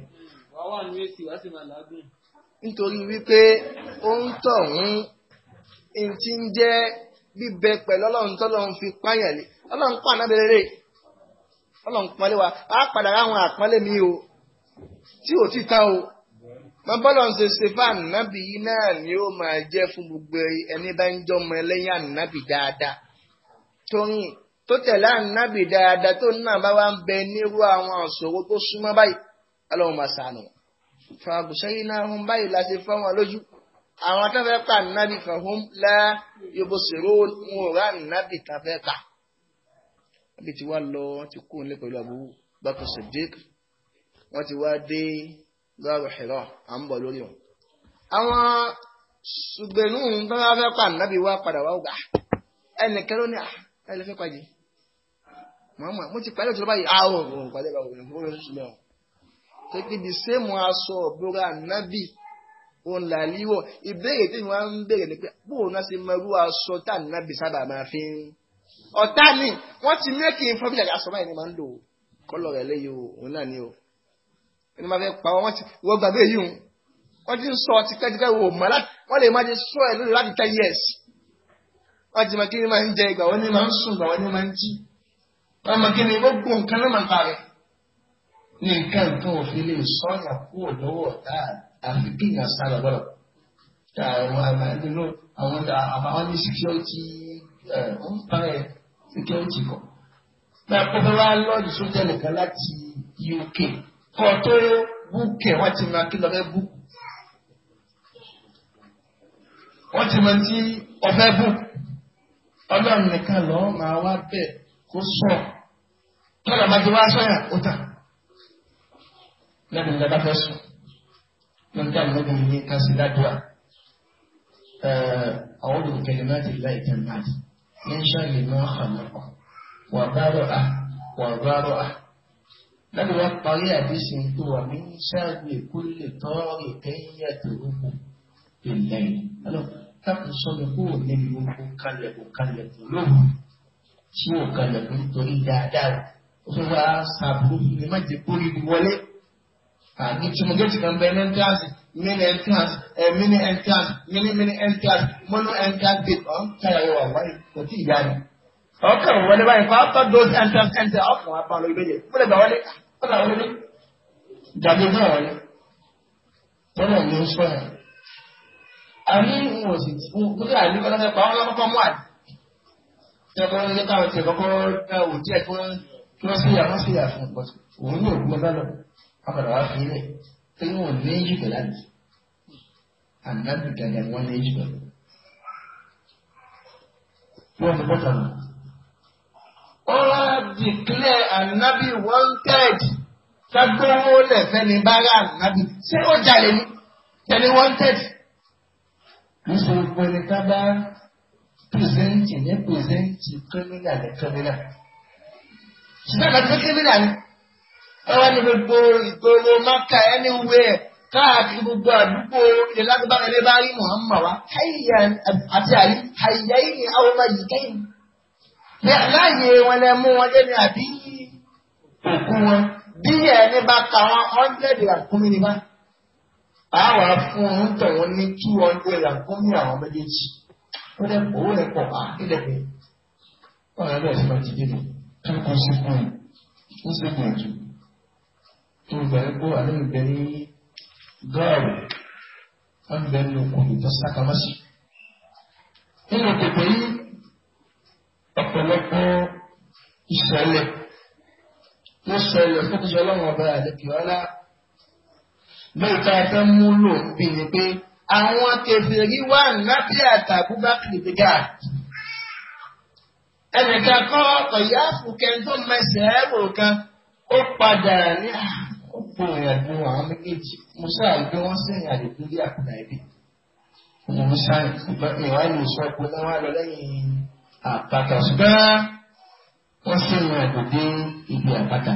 Wàá wà ní èsì wá sí màlágùn. Nítorí wípé ó ń tọ̀ ntí ń jẹ́ bíbẹ pẹ̀lú ọlọ́run tọ́lọ́run fi pààyàn lé ọlọ́run pa bẹ̀rẹ̀ ọlọ́run wa á padà ráwọn mi o tí ò ti o ma bọ́lọ̀ ṣe stephen nábì yìí náà ni ó máa jẹ́ gbogbo ẹni bá ń jọ ọmọ ẹlẹ́yìn ànábì dáadáa tóyìn tó tẹ̀lé ànábì dáadáa tó náà bá wá ń bẹ nírú àwọn tó súnmọ́ báyìí ọlọ́run máa fún àgùsẹ́yìn náà ń báyìí àwọn tó fẹ́ pa nàbì fẹ̀hún lẹ́ yóò ṣèrò wọn ò rà nàbì tó fẹ́ pa. nàbì tí wọ́n lọ wọ́n ti kú nílé pẹ̀lú Abu Bakr Siddiq wọ́n ti wá dé lọ́rọ̀ Hira à ń bọ̀ lórí wọn. àwọn ṣùgbẹ́nù tó bá fẹ́ pa nàbì wá padà wá gbà ẹnìkan ló ní ẹ lè fẹ́ pàjẹ́ màmá mo ti pàdé òtún báyìí àwọn òun pàdé báwọn òun pàdé òtún báwọn. òun là líwọ ìbéèrè tí wọn ń béèrè ni pé bóun náà ṣe mọ irú aṣọ tá à nábì sábà máa fi ń ọ̀tá ni ti mẹ́kì aṣọ báyìí ni máa ń lò ó kọ́lọ̀ rẹ̀ o òun ni o ẹni máa fẹ́ pa wọ́n ti wọ́n yìí o wọ́n ti ń sọ ọtí pẹ́ẹ́tipẹ́ wò mọ́ láti wọ́n lè má ti sọ ẹ̀ lórí láti ten years wọ́n ti mọ kí ni máa ń jẹ ìgbà wọ́n ní máa ń sùn ìgbà àfi kí èèyàn sá lọ lọ́rọ̀ àwọn àwọn ní security ń parẹ́ security kan bẹ́ẹ̀ kó fẹ́ wá lọ́ọ̀dì sójà nìkan láti UK kọ́ tó búkẹ̀ wọ́n ti máa kí lọ fẹ́ búkù wọ́n ti máa ti ọ̀fẹ́ búkù ọlọ́run nìkan lọ́ máa wá bẹ̀ kó sọ tọ́lá máa ti wá sọ́yà ó tà lẹ́nu ìjọba fẹ́ sùn mọ́tà lọ́gùn ní kásí ládùá àwọn olùkẹ́lẹ̀ láti láì tẹ̀lé ń ṣàlè máa hànàkọ̀ wà bárò à wà bárò à láti wá parí àdísì tó wà ní ṣáàgbé kúlè tọ́rì kẹ́yà tó rúkú ìlẹ̀ ọlọ́ táàkùn sọ́nà kúrò níbi gbogbo kalẹ̀kùn kalẹ̀kùn lóhùn tí ò kalẹ̀kùn torí dáadáa ó fẹ́ wá sàbúrú ní má jẹ́ kórìí wọlé. Ani tumugeti kan bẹ ní entrance, mini entrance, ẹ mini entrance, mini mini entrance, mono entrance gate ọ̀ ń kára yẹ wà wáyé kò tí ì dára. Ọkàn wọlé báyìí kó after those entrance entrance ọkàn wa pa lórí bẹ́yẹ. Kúlẹ̀ bá wọlé, ọ̀là wọlé. Jàdé náà wọlé. Tọ́lá mi ń sọ yẹn. Àní n ò sì kú sí àní kọ́lá fẹ́ pa ọ́n lọ́kọ́kọ́ mú àdé. Tẹ́kọ̀ ń lé káwọn tiẹ̀ kọ́kọ́ dá òjì ẹ̀ kí wọ́n sí ìyá wọ́n sí ìyá fún ọ̀pọ̀ òun yóò gbọ́ sálọ̀ ọkọ̀dọ̀ wá fi ilẹ̀ pé wọ́n méjì pẹ̀lú àbí ànábì gàdà wọ́n méjì pẹ̀lú. wọ́n ti bọ́ta nù. ọ̀rọ̀ declare ànábì wanted sagbowó lẹ̀fẹ́ ní bára ànábì ṣé ó jalè ní tẹ̀lé wanted. kì í ṣe gbogbo ẹni tá bá pìrìsẹ́ǹtì ní pìrìsẹ́ǹtì kírímìnà ní kírímìnà. ṣùgbọ́n àgbàdo kírímìnà ni ẹ wá ní gbogbo ìgboro maka anywhere káàkiri gbogbo àdúgbò ilẹ̀ lágbàbára ilé bá rí muhammad wa káyà àti àlí káyà yìí ni àwọn ọmọ yìí kẹ́yìn ní aláàyè wọn lẹ mú wọn jẹ ní àbí òkú wọn bí ẹni bá ka wọn hundred ràkúnmí ni bá àwọn afún un tọ̀ wọn ní two hundred ràkúnmí àwọn méjèèjì ó lẹ pọ̀ ó lẹ pọ̀ á ilẹ̀ pẹ̀ ọ̀rẹ́ bẹ́ẹ̀ sọ́ọ́ ti dé mi kí n kó síkú yìí kó síkú yìí ìgbà pé àlejò bẹ ní gáàrù wọn bẹ ní okùn ìtọ́sákamọ́sí. nínú kòtò yìí ọ̀pọ̀lọpọ̀ ìṣẹ̀lẹ̀ ló ṣẹlẹ̀ fún tíṣẹ́ ọlọ́run ọba àdékìọ́lá mẹ́ta fẹ́ mú lò bí ni pé àwọn kẹfìrí wà nàbí àtàbúgbà kìlìgà ẹnìkan kọ́ ọ̀yáfù kẹ́ńtọ́ mẹsẹ̀ ẹ̀rọ kan ó padà ní àná. Ah, ó pè ìrìn àjò àwọn méjèèjì musa àgbẹ wọn sí ìrìn àjò tó dé àkùdà ẹbí ọmọ musa ìwádìí sọ pé wọn wá lọ lẹ́yìn àpáta ṣùgbọ́n wọn sí ìrìn àjò dé ibi àpáta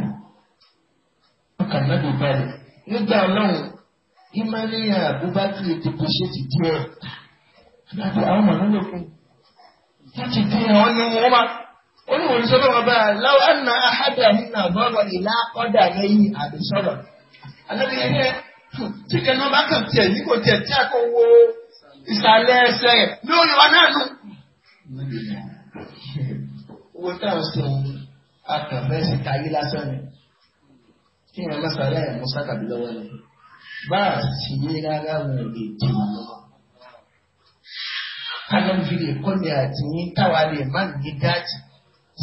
wọn kà náà lè balẹ̀ nígbà ọlọ́run ìmọ̀lẹ́yà abubakar ìdìbò ṣe ti díẹ̀ láti àwọn ọmọ láti dín àwọn ní wọn máa olùwòrán sọ́dọ̀ ọba láwọn ẹ̀nà àhádà nínú àgọ́rọ̀ ìlà ọ̀dà lẹ́yìn àdìsọ́rọ̀ alábi yẹn yẹn tí kẹ́nà bá kàn tiẹ̀ ní kò tiẹ̀ tí a kò wo ìsàlẹ̀ ẹsẹ̀ rẹ̀ lórí wa náà nù. owó tá a sọ akànfẹ́sì káyé lásán ni kí ni ọmọ sàlẹ̀ ẹ̀ mú sákàbí lọ́wọ́ ni bá sì ní rárá wọn ò lè dì fi lè kọ́ni àti táwa lè má ní dájì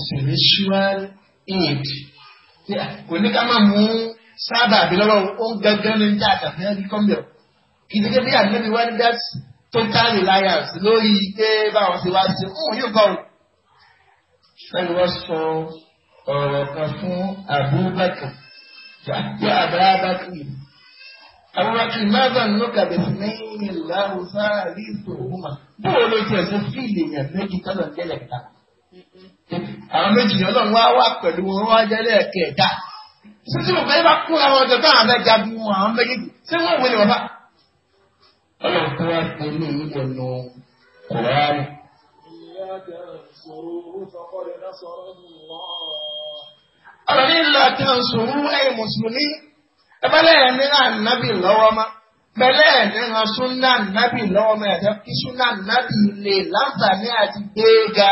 spiritual aid kò ní ká máa mú sábà bí lọ́wọ́ ó gángan ní ní àtàfẹ́ bí kọ́mbẹ̀ kìdíkẹ́ bí àdínẹ́bí wá ní that total reliance lórí pé báwọn ṣe wá ṣe fún yóò kọ́ sẹ́ni wọ́n sọ ọ̀rọ̀ kan fún Abubakar yàtọ̀ Abubakar Abubakar mẹ́fà ló kàbẹ̀ sí lẹ́yìn ìlànà sáà rí ìṣòro mà bó o lè tẹ̀sí fíìlì yẹn méjì tọ́lọ̀ ń dẹ́lẹ̀ ká. àwọn méjì yẹn ọlọ́run wá wá pẹ̀lú wọn wá jẹ́lẹ̀ kẹta sísè wọn bẹ́ẹ̀ bá kó àwọn ọjọ́ táwọn bẹ́ẹ̀ já wọn àwọn méjèèjì ṣé wọ́n wọlé wọn bá. ọlọ́run tó kọ̀ọ̀rọ̀. ọ̀rọ̀ ní ìlú àti ọ̀sùnrù ẹ̀yìn mùsùlùmí ní ànábì lọ́wọ́ ní lọ́wọ́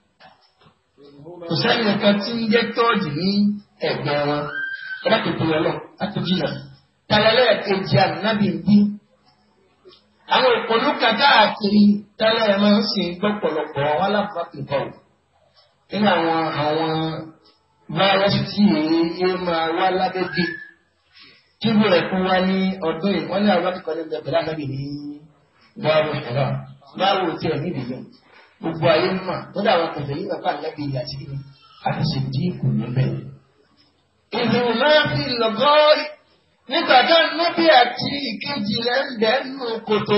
kò sẹ́ni nǹkan tí ń jẹ́ tọ́ọ̀dì ní ẹ̀gbẹ́ wọn ẹ̀dá kòtò rẹ̀ lọ láti jìnnà tàlẹ́lẹ́ kejì ànábì ń bí. àwọn ìpọ̀lú kàkà àkiri tẹ́lẹ̀ ẹ̀ máa ń sìn gbọ́pọ̀lọpọ̀ àwọn alábàápìnkọ̀ nínú àwọn àwọn fáyọ́sì tí èyí máa wá lábẹ́dẹ́ kí ló rẹ̀ fún wa ní ọdún yìí wọ́n ní àwọn akẹ́kọ̀ọ́ ní bẹ̀rẹ̀ ànábì ní báwo ṣẹlẹ̀ báwo tiẹ̀ níbi yẹn gbogbo ayé ń mà tó dà wọn kẹfẹ yìí bàbá àlẹbí ìyá sí ni àfẹsẹ dínkù níbẹ̀. ìdùnnú máa fi lọgọrì nígbà tó níbi àti ìkejì rẹ ń bẹ nù kòtò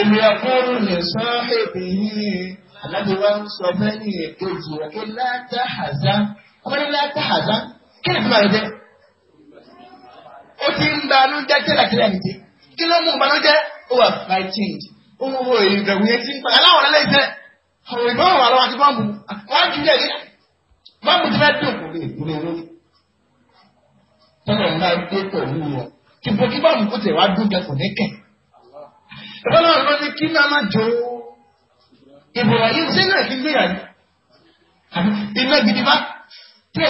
èmi àkóró lè sán èbè yìí alábi wa ń sọ mẹ́rin èkejì rẹ kí láta àzá ọmọdé láta àzá kí ni fúnra rẹ jẹ. ó ti ń banú jẹ́ tẹ́lẹ̀ tẹ́lẹ̀ nìjẹ́ kí ló mú banú jẹ́ ó wà fighting ohun ìbẹ̀wò yẹn ti ń pa aláwọ̀ lẹ́lẹ́sẹ̀ àwọn ìbọn wà lọ́wọ́ àti bọ́ọ̀mù wọ́n ju ilé yìí bọ́ọ̀mù ti fẹ́ dùn kò lè dùn lè lórí. tọ́lọ̀ ńlá gbé pẹ̀lú wọn kí bọ́ kí bọ́ọ̀mù kò tẹ̀ wá dùn kẹ́ kò ní kẹ̀. tọ́lọ̀ ló ní kí náà má jó ìbòrò yìí ṣé náà fi gbéyàwó iná gidi bá tí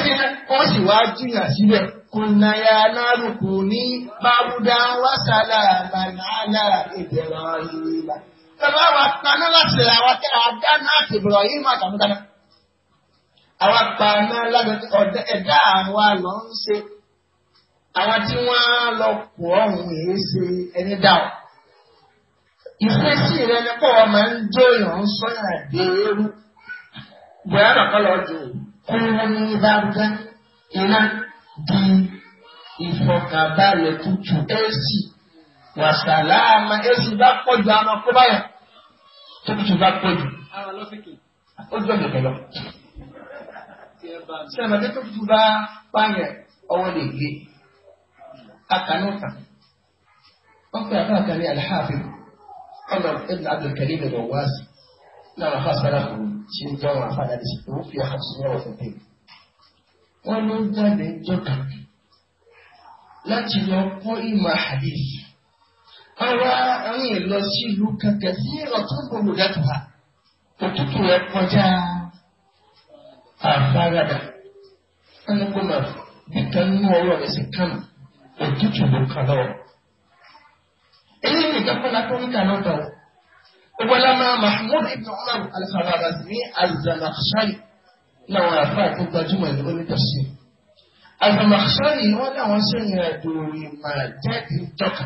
ẹ قلنا يا نار كوني بردا وسلاما على إبراهيم Bàbá wa paná láti ra wa kí àdá náà ti bọ̀rọ̀ yìí máa tàbí Àwa paná láti lọ ń ṣe. Àwọn ṣe ẹni rẹ ni ọmọ ń jó ń dé kúrú ní iná di ìfọkànbalẹ̀ tutù ẹ̀sì wàsàlámà ẹ̀sì bá pọ̀jù àmọ́ kó báyà tó tutù bá pọ̀jù. ó jọ gẹ̀gẹ̀ lọ. sẹ́mẹ̀tẹ́ tó tutù bá pààyàn ọwọ́ lè gbé akànúta. wọ́n pè àbá kan ní alhafi ọ̀nà ibn abdulkarim al-Ghawazi náà wà fásitì alákùnrin tí ń jọ wọn àfàdà lè ṣe tó fi wọn ló ń jáde jọ́kàn. láti lọ kọ́ ìmọ̀ hadith. Ara àwọn èèlọ sílùú kankan sí ọ̀tún gbogbo dàtúwà. Òtútù rẹ̀ kọjá àfaradà. Ẹnu gbọ́dọ̀ nìkan nínú ọ̀rọ̀ rẹ̀ sí Kánò. Òtútù ló kàn lọ. Eléyìí nìkan kọ́lá tó ń kà lọ́dọ̀. Ọgbọ́lámà mahmud ibn Umar al-Farabazini al-Zamakhshari náà wà fún àti gbajúmọ̀ ní onítọ̀sí. àgbàmọ̀sánì wọ́n láwọn sẹ́yìn àjò ìmọ̀ jáde jọkà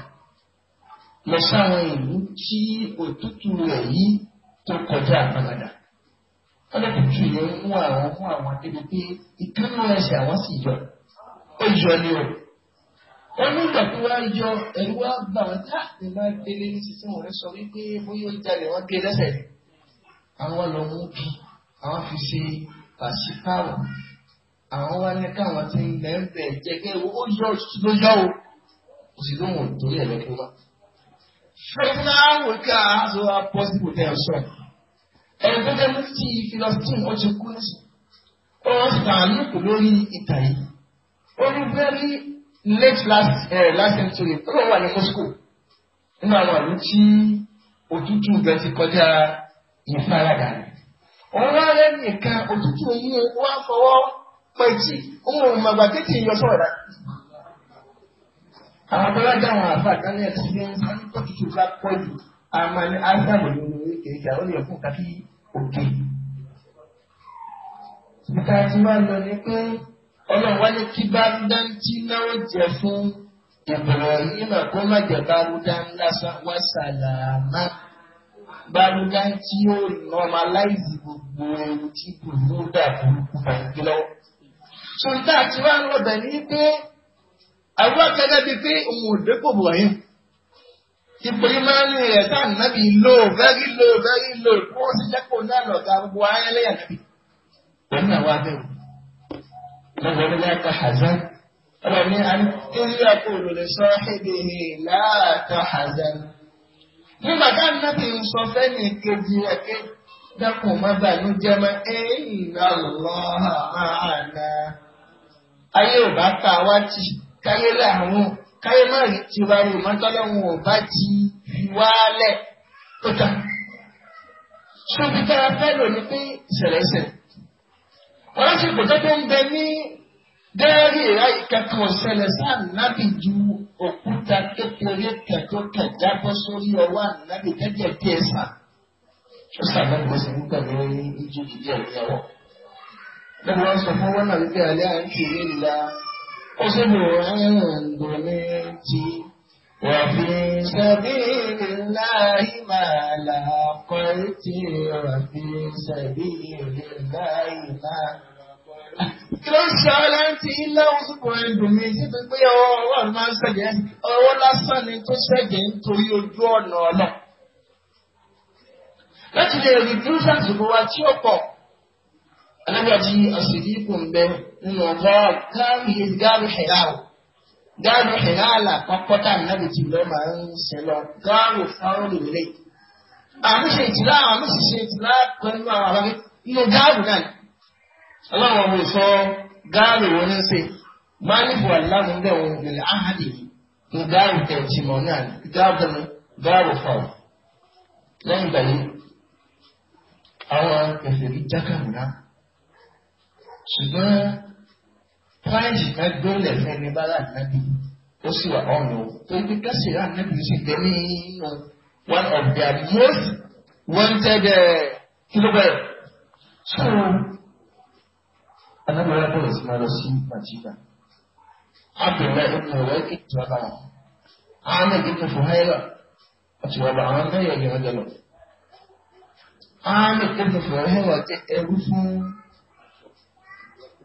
lọ sáwọn ìlú tí òtútù rẹ̀ yìí tó kọjá àpàgàdà. ọlọ́kùnrin yìí ń mú àwọn mú àwọn débi pé ìkánná ẹsẹ̀ àwọn sì yọ ó yọ ni o. wọ́n ní ìgbà tó wá yọ ẹ̀rú wá gbà wọ́n tá ìgbà délé ní sísẹ́ wọn sọ wípé bóyá ó jalè wọ́n gé lẹ́sẹ̀. àwọn lọ mú bí àwọn fi ṣe pàṣípààrọ̀ àwọn wá ní káwọn ti ń bẹ̀ ń bẹ̀ jẹ́ pé ó yọ ló yọ o kò sì lóhùn torí ẹ̀ lẹ́kọ́ wa. fẹ́ẹ́nà wò ká aṣọ apọ́sibò tẹ̀ sọ ẹ̀rọ tó fẹ́ mú ti philistine ó ti kú nísìn ó wọ́n sì tàn lùkù lórí ìtà yìí ó ní very late last uh, last century ó lọ wà ní Moscow nínú àwọn àlù tí òtútù ibẹ̀ ti kọjá ìfaradà rẹ̀ òun wá lẹ́nu nìkan òtútù yìí wá fọwọ́ pẹ̀tì òun màgbà kéèkì yọ sọ̀rọ̀ rẹ̀. àwọn abọ́lájà àwọn àfa kan ní ẹ̀sìn ní ẹni tó tutù bá pọ̀ jù àmà ní ásáàmù ní orí kèékà ó lè fún kàkí òkè. ìta ti máa lọ ní pé ọlọ́run wá ní kí bá dáńtí náà jẹ fún ìbẹ̀rẹ̀ yìí mà kó má jẹ bárúdá lásán wá sàlàmà bárúdá tí ó normalize gbogbo ohun tí kò ní dà burúkú fàyè lọ́wọ́ so ìta àti wá ń lọ́bẹ̀ ní pé àwọn akẹ́kẹ́ bíi pé òun ò dépò bọ̀ yẹn ipò ìmọ̀ràn rẹ̀ tá nàbì lò very low very low kó o sì dẹ́kun náà lọ̀gá gbogbo ayé lẹ́yìn nàbì òun àwọn abẹ́wò lọ́wọ́ ní láìka hazan ọ̀rọ̀ ní ilé ẹ̀kọ́ olùlẹ̀ sọ ẹ́bìrì láàkà hazan nígbà tá nàbì ń sọ fẹ́ni kejì ẹ̀kẹ́ dẹ́kun má bàánú jẹ́ mọ́ ẹ̀yìn náà lọ́ọ́ àná ayé ò bá ta wá tì káyé láàrún káyé má rí tiwa rí mọ́tọ́lọ́hún ò bá ti fi wálẹ̀ tó tà. sóbi tá a fẹ́ lò ní pé ìṣẹ̀lẹ̀ ìṣẹ̀lẹ̀ wọ́n sì kò tó tó ń bẹ ní dẹ́rẹ́rì ìráyè kankan ọ̀sẹ̀lẹ̀ sáà ju òkúta kékeré kẹ̀tọ́ kẹ̀jábọ́ sórí ọwọ́ ànábì kẹ́kẹ́ bí ẹ̀sà. ó sàbẹ̀wò sí nígbà tó ń bí ju lẹ́nu wá sọ fún wọ́nà wípé alẹ́ à ń tì í la ó sì lò ẹ̀rùn domi ti wà fi sẹ́bí láì máa là kọ́ etí wà fi sẹ́bí láì máa. Kí ló ń ṣe ọ́lá ń ti ilé ọ̀sùnkùn ẹ̀dùnmí síbi pé ọwọ́ ló máa ń ṣẹ̀jẹ̀ ọwọ́ lásán ni tó ṣẹ̀jẹ̀ nítorí ojú ọ̀nà ọ̀nà. Láti lè rí dúró sàtìmọ́ wa tí ó pọ̀. anaghị ọsịdịkwu mgbe nnọkọ gáàrù gáàrù hìláàlù gáàrù hìláàlù àkọ́kọ́tà nàbì tí lọ́ máa ń sẹ́lọ̀ gáàrù fáwọn ìrẹ́ àmúṣe ìtura àmúṣe ìtura pẹ̀lú àwọn àbábí inú gáàrù náà ọlọ́run ọmọ sọ gáàrù wọn ń ṣe máa ní fún aláàmú bẹ́ẹ̀ wọn gbèrè áhàdì ní gáàrù tẹ̀sí mọ́ náà gáàrù ṣùgbọ́n pàìsì kan gbélé fún ẹni bá rà nábì ó sì wà ọ̀nà o torí pé kẹ́sì rà nábì sì gbé nínú one of their most wanted eh, kilogram. so anábìrẹ́ bẹ̀rẹ̀ sí máa lọ sí nàìjíríà abdullahi ibn ọ̀rẹ́ kì í tọ́ bá wọn àmì ìdíkù fún hẹ́rà àti ọ̀rọ̀ àwọn mẹ́rin ọ̀gẹ̀rẹ̀ lọ àmì ìdíkù fún hẹ́rà jẹ́ ẹrú fún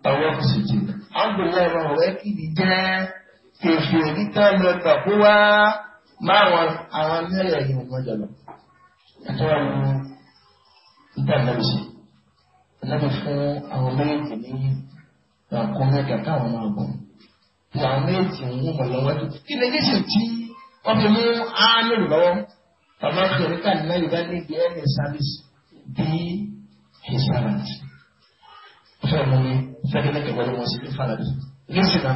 àwọn kùsìtì àbúlọ̀ ọ̀rọ̀ rẹ̀ kìdí jẹ́ kèfì onítàn lọ́tọ̀ kó wá máwọn àwọn mẹ́rẹ̀ yìí nǹkan jọlọ. ẹ̀tọ́ wọn ni níta lẹ́bùsì lẹ́bù fún àwọn méjì ní ọkọ̀ mẹ́ta káwọn máa bọ̀. bí àwọn méjì ń wọ́n lọ́wọ́ tó kí ni méjì tí wọ́n fi mú áánú lọ́wọ́ bàbá kẹrìkà náà yóò bá níbi ẹni sábìsì bí his parents. ọ̀sẹ̀ mi ni fẹ́ẹ́ lẹ́kẹ̀ wọlé wọn sí fànàbí lóṣù náà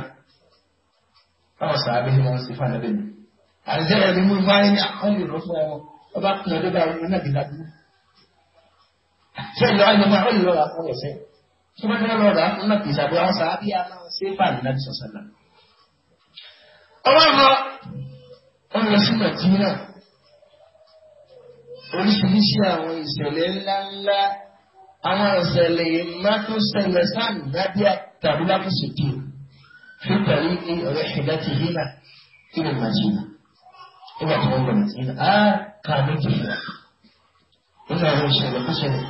báwọn sàábé ni wọ́n sí fànàbí ni àdìsẹ́rẹ̀ ni mú wáyé ní àkọ́lù rọ fún ẹwọn ọba kùn ọdọ bá wọn náà dìgbà dúró sẹ́yìn lọ́wọ́ ni àkọ́lù lọ́la fún ọ̀sẹ̀ tó bá ní lọ́la ńlá kìsà bí wọ́n sàábé àná sí fànàbí sọ̀sọ̀lá ọwọ́ lọ wọ́n lọ oríṣiríṣi àwọn ìṣẹ̀lẹ̀ ńláńlá àwọn ìṣẹ̀lẹ̀ ìmọ̀tòṣẹlẹ̀ sáàmùdábí tàbí lákòsókè fífẹ̀rí ní ọ̀rẹ́ ìdẹ́tì hílà ìlú màjìnà nígbà tí wọ́n gbọ́ màjìnà á kà méjì fún wa nínú àwọn ìṣẹ̀lẹ̀ tó ṣẹlẹ̀.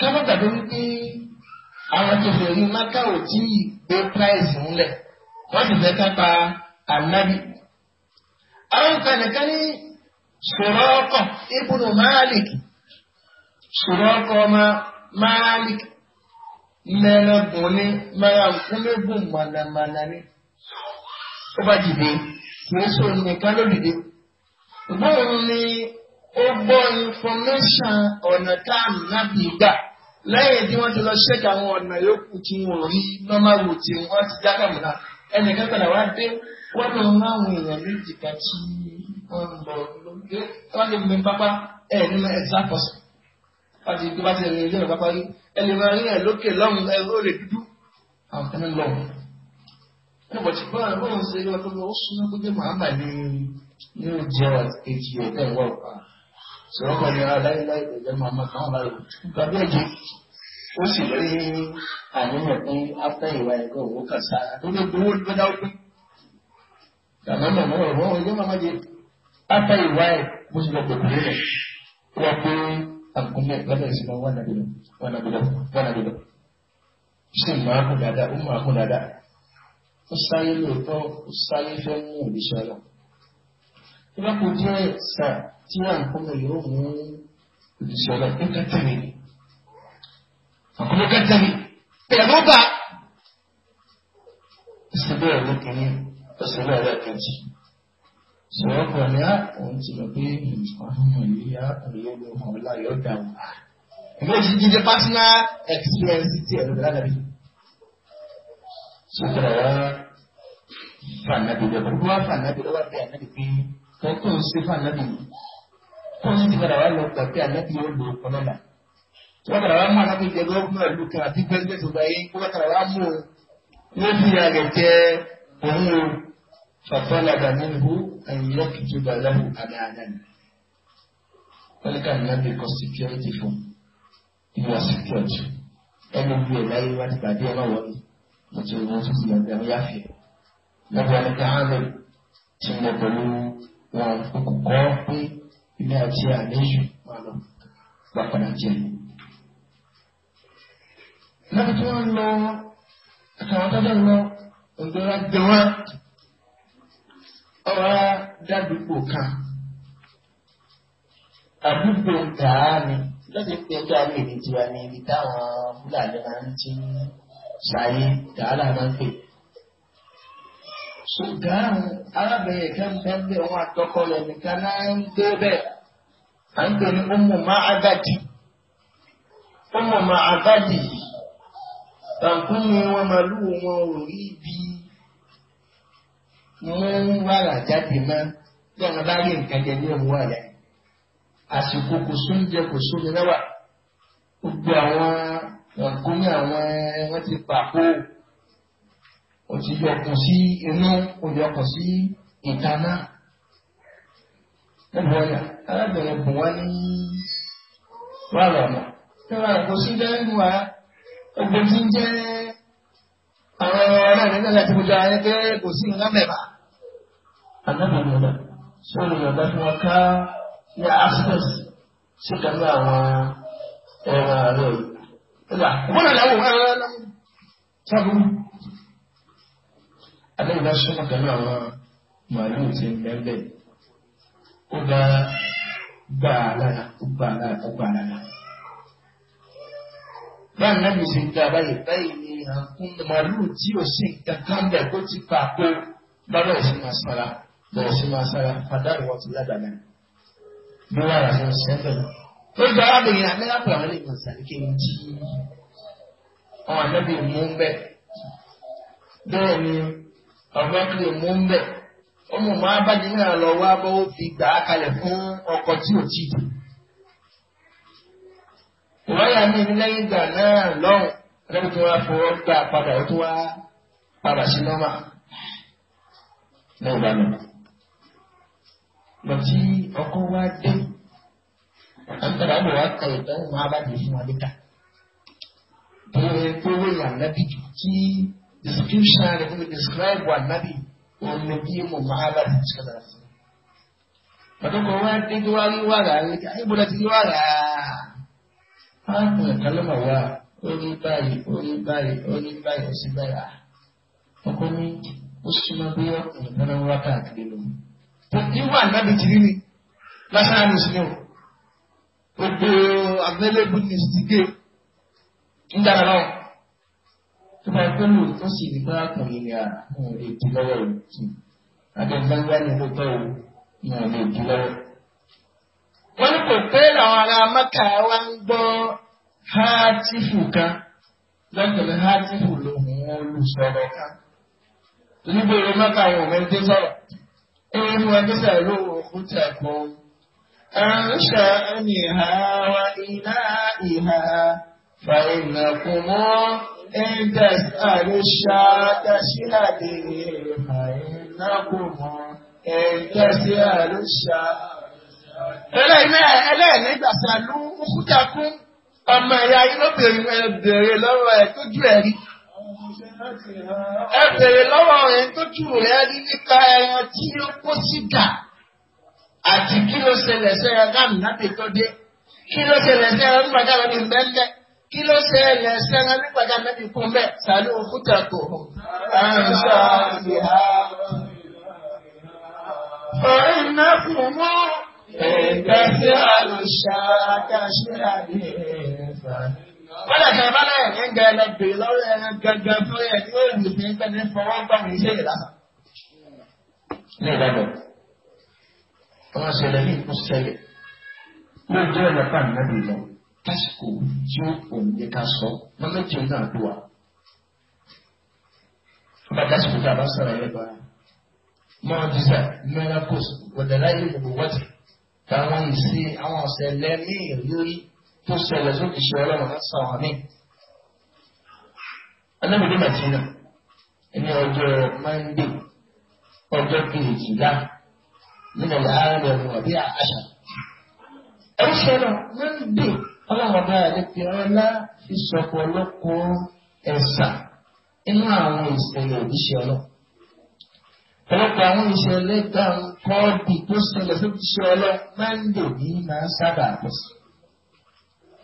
kábọ̀ tàbí wípé àwọn kẹfẹ̀rí mákà ò wọ́n sì fẹ́ kápá ànábì. àwọn kan nìkan ní Suraqa ibnu Malik ṣùgbọ́n kọ́ ọmọ Malik mẹ́rẹ̀gùn ní mẹ́rẹ̀gùn lẹ́gùn mọ̀nàmọ́ná ní. ó bá dìde kìí ṣe òun nìkan ló dìde. bóun ni ó gbọ́ information ọ̀nà táàmù láti gbà lẹ́yìn tí wọ́n ti lọ ṣẹ́ka àwọn ọ̀nà yòókù tí wọ́n rí normal route wọ́n ti dákàmù náà ẹnìkan padà wá dé wọ́n lọ rán àwọn èèyàn méjì kan wọ́n ń lọ lókè wọ́n lè mú pápá ẹ̀ nínú ẹ̀sán pọ̀sán láti tó bá ti rìn ìjọba pápá rí ẹni máa rí ẹ̀ lókè lọ́run ẹ̀rọ rẹ̀ dúdú àwọn kan lọ. ẹnìbọ̀ tí bá àwọn ọmọ ṣe yọ lọ́wọ́ ó súnmọ́ pé màmá ní ní ó jẹ́ èjì ẹ̀ka ìwà ọ̀pá sọ̀rọ̀ kan ní aláìláì ẹ̀jẹ̀ màmá kan wà lọ gbàgbé ẹ̀jẹ̀ ó sì rí àníyàn pé afẹ́ ìwà ẹ̀kọ́ òwò kan sá àtúndé gbowó ló ó pé agunbẹ lọ́dọ̀ ìsinmi wọn nàbìlọ wọn nàbìlọ wọn nàbìlọ ṣe máa kú dáadáa ó máa kú dáadáa ó sáyé lóòótọ́ ó sáyé fẹ́ mú òbíṣẹ́ lọ. nígbà tó jẹ́ sà tí àǹkómi yóò mú òbíṣẹ́ lọ ó kẹ́tẹ́ mi ni àǹkómi kẹ́tẹ́ mi pẹ̀lú bá. ìsìnkú ẹ̀rọ kìíní ọ̀sẹ̀ náà rẹ̀ kejì sọ̀rọ̀kọ̀ ní á òun ti lọ pé ìfọ̀hún ìyá òyìnbó hàn ọ̀la yóò dà wọ́n. Ìgbẹ́ yìí jíjẹ personal experience ti ẹ̀rọ ìlànà bí. Sọ̀rọ̀ wá fànàbí lọ pẹ̀lú wá fànàbí lọ́wọ́ bí ànábì pé kọ́kọ́ ń ṣe fànàbí yìí. Kọ́kọ́ ń ti padà wá lọ pẹ̀lú ànábì yóò lò فطلب منه أن يكتب له أمانا ولك النبي كسكيورتي فون you are secured ẹni bí ẹláyé wá ti gbàdé ẹlọ wọlé ètò ìwọ tó ti yàgbé ẹmí yáfẹ lọ́dọ̀ ẹni ká hàmì tí mo pẹ̀lú wọn kọ́kọ́ pé ilé àti àlejò wà lọ wà padà jẹ. lọ́dọ̀ tí wọ́n lọ àtàwọn tó dẹ̀ lọ òǹdó rà gbé wọn ọ̀rá dádúgbò kan àdúgbò tàá ni lọ́sẹ̀ pé ọjọ́ àwọn èdè tiwa ni ibi táwọn fúlàní máa ń ti ṣàyé tààlà máa ń pè. ṣùgbọ́n arábìnrin kan bẹ́ẹ̀ bẹ́ẹ̀ wọn àtọkọ rẹ̀ nìkan náà ń gbé bẹ́ẹ̀ à ń pè ní ọmọ máàgádì ọmọ máàgádì yìí tàǹkú ni wọn màlúù wọn ò rí bíi mọ́ ń wàrà jáde mọ́ bí wọn bá rí nǹkan jẹ ní òun wàrà yìí àsìkò kò sóúnjẹ kò sómi lẹ́wà gbogbo àwọn ọ̀gọ́mí àwọn ẹran ti pàkó o ti yọkùn sí inú o yọkùn sí ìtaná níbo ọ̀yà arábìnrin bùn wá ní wàrà ọ̀nà níwọ̀n kò sí dẹ́nu wa gbogbo ti ń jẹ́ àwọn ọ̀rẹ́ mi nílẹ̀ tí mo jọ ayé pé kò sí nǹkan mẹ́fà. Ànábì mi lọ, ṣé o lè yọ̀ǹda fún wọn ká yá access sí kan ní àwọn ẹ̀rọ rẹ̀ yìí? Ìgbà wọ́n lọ wọ́n lọ lọ sábú. Ànábì kan ní àwọn màálù tí ń bẹ́ẹ̀ bẹ́ẹ̀. Ó bá gbà ó gbà ó gbà báyìí náà mi sì ń ga báyìí báyìí ni àǹkún màlúù tí ò sí nǹkan kan bẹ̀ kó ti pa kó lọ́dọ̀ sí máa sára lọ́dọ̀ sí máa sára fàdáàrì wọ́n ti yàgbà náà bí wọ́n rà fún sẹ́fẹ̀ lọ. ó gba arábìnrin àmẹ́rà pẹ̀lú àwọn ènìyàn sàríkè ní tí àwọn àmẹ́bí mú ń bẹ̀. bẹ́ẹ̀ ni ọ̀gbẹ́ kiri mú ń bẹ̀. ọmọ màá bá náà lọ wá bọ́ ó fi gbà á kalẹ̀ fún ọkọ̀ tí ò tí ì ìwáyà ní ìlẹ́yìn ìgbà náà lọ́hùn lẹ́yìn tí wọ́n fọwọ́ gbà padà ó tún wá padà sí nọ́mà lẹ́yìn ìbámu. lọ sí ọkọ wa dé àǹtàrà bò wá kàwé tó ń máa fún wa níta. Bẹ́ẹ̀ gbówó yà nábì jù kí description rẹ̀ fún mi describe wà nábì wọn lè bí mo máa bá dé sọ́dọ̀ fún mi. Bàtọ́kọ̀ wa dé kí wá rí wàrà rẹ̀ ayébọ̀dá ti rí wàrà rẹ̀ á pè ẹ̀ka lọ́mọ wa ó ní báyìí ó ní báyìí ó ní báyìí ó sì báyìí à ah, ọkọ ní ó súnmọ́ bí ọkùnrin náà wá káàkiri lòun. níwọ̀n àgbàdo ti rí ni lásán àrùn sí ni o gbogbo available news ti gé ń dára náà tó bá pẹ́ lò tó sì ní bá ọkùnrin ni àwọn ah, èdè lọ́wọ́ rẹ̀ tù àgbẹ̀gbẹ̀ wá ní lóòótọ́ o ní àwọn èdè lọ́wọ́ wọ́n ní kò pé làwọn ará mẹ́ka wa ń gbọ́ hátífù kan lọ́gbẹ̀rẹ̀ hátífù lòun olùsọ̀rọ̀ kan nígbà èrò mẹ́ka yẹn ò mẹ́jẹ sọ̀rọ̀ èrò ní wọn gbèsè lóhùn òkú tẹ̀ kọ́ ẹ̀ránṣẹ́ ẹni ìhà wa iná ìhà فإنكم إن تسألوا الشاة شهديه فإنكم إن تسألوا الشاة ẹlẹ́ẹ̀ni gbàsàlú kúkúdàkún ọmọ ẹ̀yà irúbìnrin ẹ bèrè lọ́wọ́ ẹ̀ tójú ẹ̀ rí. ẹ bèrè lọ́wọ́ ẹ̀ tójú rẹ̀ rí nípa ẹran tí ó kó sígà àti kí ló ṣẹlẹ̀ sẹ́yà gáàmù láti tó dé kí ló ṣẹlẹ̀ sẹ́yà nígbà dára ní mẹ́lẹ́ kí ló ṣẹlẹ̀ sẹ́yà nígbà dára ní kún bẹ́ẹ̀ sàlú kúkúdàkún. فإنكم Ìgbẹ́sẹ̀ àlùṣà kàṣírà ní ìfẹ́. Wọ́n lè fẹ́ bálẹ̀ ẹ̀yìn gẹ̀ẹ́lẹ̀ bè lọ́rọ̀ ẹ̀yìn gẹ̀gẹ̀ fún ẹ̀ tí ó lù mí pẹ́ ní fọwọ́ gbà mí ṣe ìlànà. Ní ìdájọ́, wọ́n ṣẹlẹ̀ ní ìkúṣẹ́lẹ̀. Lóòjọ́ ìlọ́pàá nìyẹn lọ lásìkò tí òun yẹ ká sọ lọ́lọ́jì náà tó wa. Ọba lásìkò tí a bá sọ̀rọ̀ yẹn bá. Mọ́ọ̀dísà, mẹ́rákòsì, wọ̀dàláyé ìbò wọ́tì àwọn ìṣe àwọn ọ̀sẹ̀lẹ̀ ní ìrírí tó ṣẹlẹ̀ sókè ṣe ọlọ́run ní sàwọn ní. anábìdí màtínà ní ọjọ́ mọ́ndé ọjọ́ kejìlá nínú ìhárẹ̀ ọ̀rọ̀ àbí àṣà. ẹ ṣẹlẹ̀ mọ́ndé ọlọ́run bá yà lẹ́pẹ́ ọlá fi sọ̀pọ̀ ọlọ́kọ̀ ẹ̀sà inú àwọn ìṣẹ̀lẹ̀ òbí ṣe ọlọ́run. ọ̀pọ̀lọpọ̀ àwọn ìṣẹ̀lẹ̀ gbàrún kọ́ọ̀dì tó ṣẹlẹ̀ tó ti ṣe ọlọ́run mọ́ndé ní máa sábà pọ̀ sí.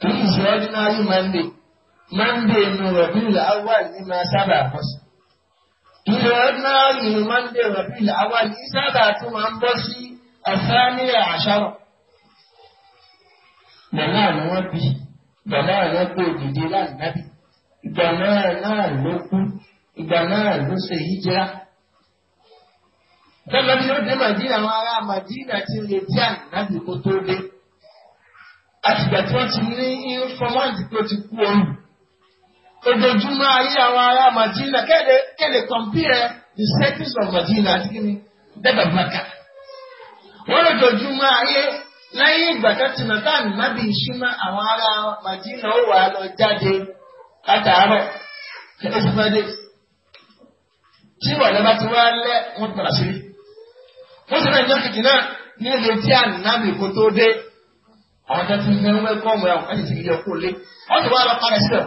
kì í ṣe ordinary mọ́ndé mọ́ndé inú rọ̀bìlì awal ní máa sábà pọ̀ sí. ìrẹ̀ ordinary mọ́ndé rọ̀bìlì awal ní sábà tó máa ń bọ́ sí àfáàníyà àṣàrọ̀. bàbá ni wọ́n bí bàbá àwọn gbé òdìdí láǹdábì ìgbà náà ló kú ìgbà náà ló ṣe hijira. Tẹ́lẹ̀ tí ó dé Màdínà àwọn ará Màdínà ti ń retí ànábì kó tó dé. Àtìgbà tí wọ́n ti ní ínfọ́máǹtì tó ti kú ọ̀run. Ojoojúmọ́ ayé àwọn ará Màdínà kéde kéde compare the settings of Màdínà àti kíni Dẹ́gbà Bàkà. Wọ́n lójoojúmọ́ ayé láyé ìgbà tó ti nàtà ànábì ìṣúná àwọn ará Màdínà ó wà lọ jáde látàárọ̀ kẹ́lẹ́sìmọ́dé. Tí ìwà ìjọba ti wá lẹ́ wọ́n padà sílé wọ́n sì náà ìjọ kejì náà ní ilé tí ànábì kò tó dé àwọn tó ti fẹ́ wẹ́ kọ́ ọmọ ẹ̀ wọ́n sì ti yọ kó lé wọ́n sì wá lọ parẹ́ sílẹ̀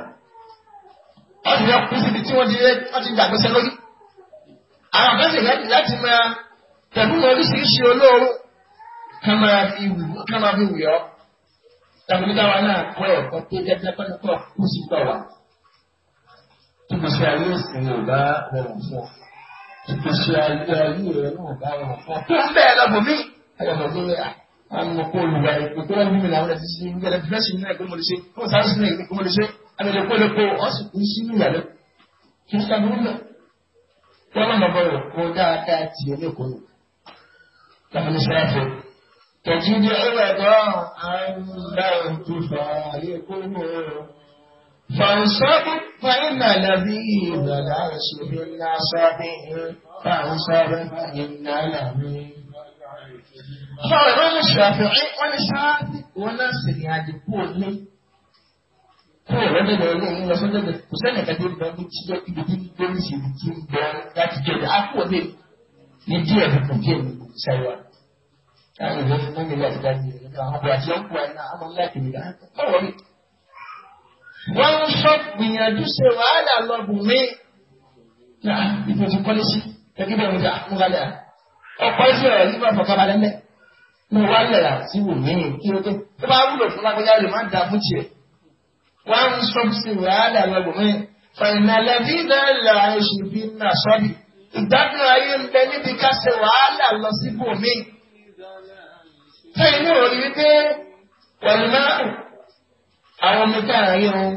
wọ́n sì yọ kú síbi tí wọ́n ti yẹ wọ́n ti gbàgbésẹ́ lórí. àwọn àgbẹ̀sẹ̀ lẹ́yìn láti máa tẹ̀lú mọ oríṣiríṣi olóoru ká máa fi wù ká máa fi wù yọ. tàbí nígbàwá náà kọ́ ẹ̀kọ́ tó jẹ́jẹ́ pẹ́ẹ́nìkọ́ kú sí gbà wá. tó gbèsè ayé ìgbésí ayé ayé rẹ náà bá wọn a ń bẹ́ẹ̀ lọ bò mí. ẹ̀rọ tó lẹ́yà àwọn ọkọ olùwà ètò tó wà nínú àwọn ẹ̀sìn sí ìgbẹ́ ẹ̀fẹ́ sí ní ẹ̀kọ́ mọ̀lẹ́sẹ̀ wọ́n sáré sí ní ẹ̀kọ́ mọ̀lẹ́sẹ̀ àbẹ̀lẹ̀ kó lè kó ọ̀sùn kú sí ìyà lọ. kí ló sábà wúlò. wọ́n lọ́nà bọ̀ rẹ̀ kó dáadáa tì ó lẹ́kọ̀ọ́ lọ. láwọn ìṣẹ́ra fẹ́. tọ́jú ní ọ̀rẹ́ ẹ̀dọ́ àwọn ìlànà tó fà á yẹ kó mọ̀ ọ́. فانصبر فإن الذين ليسوا بالناصبين فانصبر فإن الذين Báwo ló ń ṣàfihàn wọ́n ní ṣáàbì wọn náà sì ní àjò kúrò ní kúrò lọ́dọ̀dọ̀ ilé yìí lọ sọ́dọ̀ bẹ̀ wọ́n ń sọ gbìyànjú ṣe wàhálà lọ́gùn mí. náà ìfẹ́ ti kọ́lé sí gẹ́gẹ́ bí ọ̀gá ńlá ọ̀pọ̀ ẹ̀sìn rẹ̀ nígbà fọ̀kàbalẹ̀ mẹ́. mo wá lẹ̀ra sí wò mí kí ló dé. tó bá wúlò fún lágbájá lè má da fún tiẹ̀. wọ́n ń sọ ṣe wàhálà lọ́gùn mí. fàìnàlẹ́bí náà là ń ṣe bí nà sọ́bì. ìgbádùn ayé ń bẹ níbi ká ṣe wàhálà lọ sí bòmí. fẹ́ẹ̀ ní òrí wípé pẹ̀lú náà àwọn ọmọ tá à ń ríran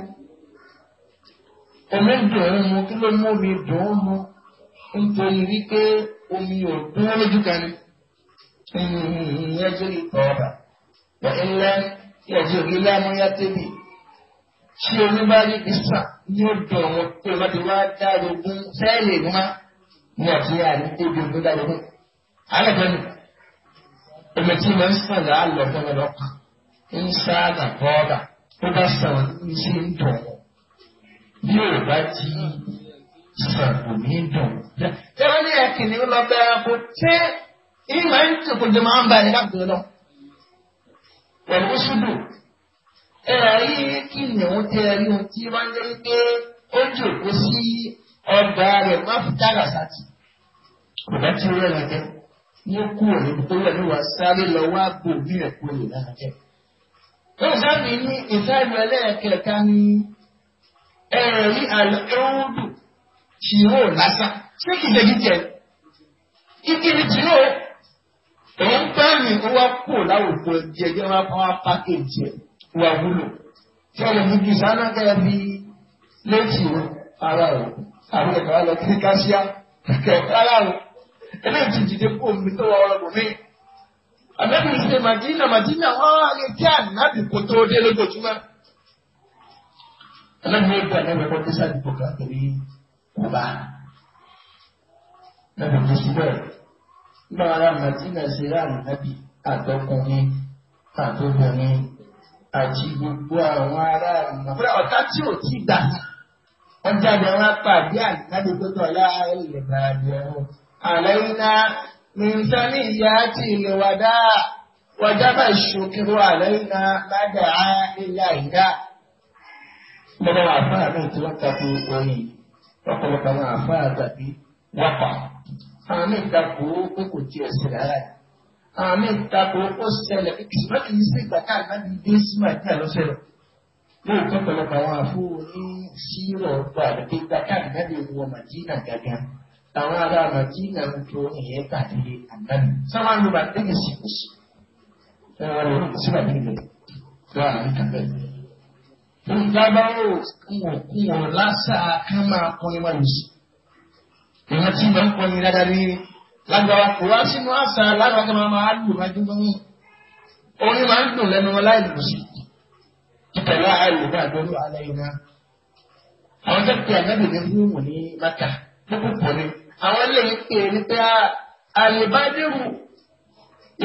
omi dùn ún mu kí ló mú omi dùn ún mu nítorí wípé omi ò dúró lójú kan ní ìyẹn tó lè kọ ọba pẹ̀lú ńlá yàtọ̀ òkè láàmú yá tẹ́lẹ̀ tí omi bá rí ìsà ní ọ̀dọ̀ wọn tó o bá ti wá dá ogun sẹ́ẹ̀lì mọ́ ní àti àrí débi ogun dá ogun alẹ́ pẹ̀lú tí mo ń sàn láàlọ́ fún ọlọ́pàá ń sáà nà kọ́ tó bá sàn ní ṣe ń dùn bí ò bá ti sàn kò ní dùn. Tẹ́wọ́n ní ẹ̀kìn ni lọ bẹ ẹranko ṣé ìmọ̀ ń tòkò jẹ máa ń ba ẹni láti lọ. Pẹ̀lú ṣùdù ẹ̀rọ yìí kí ìyẹ̀wò tẹ ẹ̀rí ohun tí wọ́n ń lé pé ó jòkó sí ọgbà rẹ̀ wọ́n fi dára sátì. Kò bá ti rẹ̀ rẹ̀ jẹ́ ní kúrò níbi tó wẹ̀ ní wàá sáré lọ wá gbòmí ẹ̀kọ́ yìí lára jẹ́. Ìsáàmì ní ìsáàmì ẹlẹ́ẹ̀kẹta ní ẹ̀rí àlọ́ọ̀dù tìró lásán. Ṣé kìí ṣe jíjẹ? Ìkiri tìró òun pẹ́ẹ́mì ó wá kó láwùjọ jẹjẹ wá fún wa pákéjì ẹ̀ wà wúlò. Tí wọ́n lè fi ju sánákẹ́ bí létí o ara o àwọn ẹ̀ka lọ kí káṣíá kẹ̀ ara o. Ẹlẹ́yìn ti dìde omi tó wà ọ̀rọ̀ mi ànábì ń ṣe màdínà màdínà wọn á lè jẹ ànábì kò tó dé lójoojúmọ́. ànábì yóò gbé ànábì ẹ̀kọ́ tẹ́sán ìdìbò kan pẹ̀lú bàbá ànábì tó síbẹ̀ nígbà wọn ará màdínà ṣe rá ànábì àtọkùnrin àtọkùnrin àti gbogbo àwọn ará àmàfúrà ọ̀tá tí ò tí gbà wọn jáde wọn pàdé ànábì tó tọ̀ láàárín ìlẹ̀ من ثنيات الوداع وجب الشكر علينا ما دعا لله لا lọ́wọ́ àfáà náà tí wọ́n takò oyin ọ̀pọ̀lọpọ̀ àwọn àfáà tàbí wápà àwọn míì takò pé kò tí ẹ̀ sí rárá yìí àwọn míì takò ó ṣẹlẹ̀ pé kìsìmọ́ kìí sí ìgbà ká àgbàdì dé sí màdí àlọ́sẹ̀rọ̀ yóò tọ́pọ̀lọpọ̀ àwọn àfóò ní sírọ̀ ọ̀pọ̀ àdàdé ìgbà ká àgbàdì wọ màdí nàgàgà àwọn ará Màdínà ń tó ìyẹn pàdé ànábì sáwọn àgbà ẹgbẹ́ sì kù sí ẹ̀rọ síbà nílẹ̀ lọ́wọ́ àwọn kàbẹ́. Olùdábáwò kúwòkúwò lásàá ká máa kọrin wá lùsì. Ìyẹn tí mo ń kọrin dáadáa ní lágbára kò wá sínú àṣà lágbára kí wọ́n máa lù máa dúró ní. Orin máa ń dùn lẹ́nu wọn àwọn lè pè wípé àlìbádìrù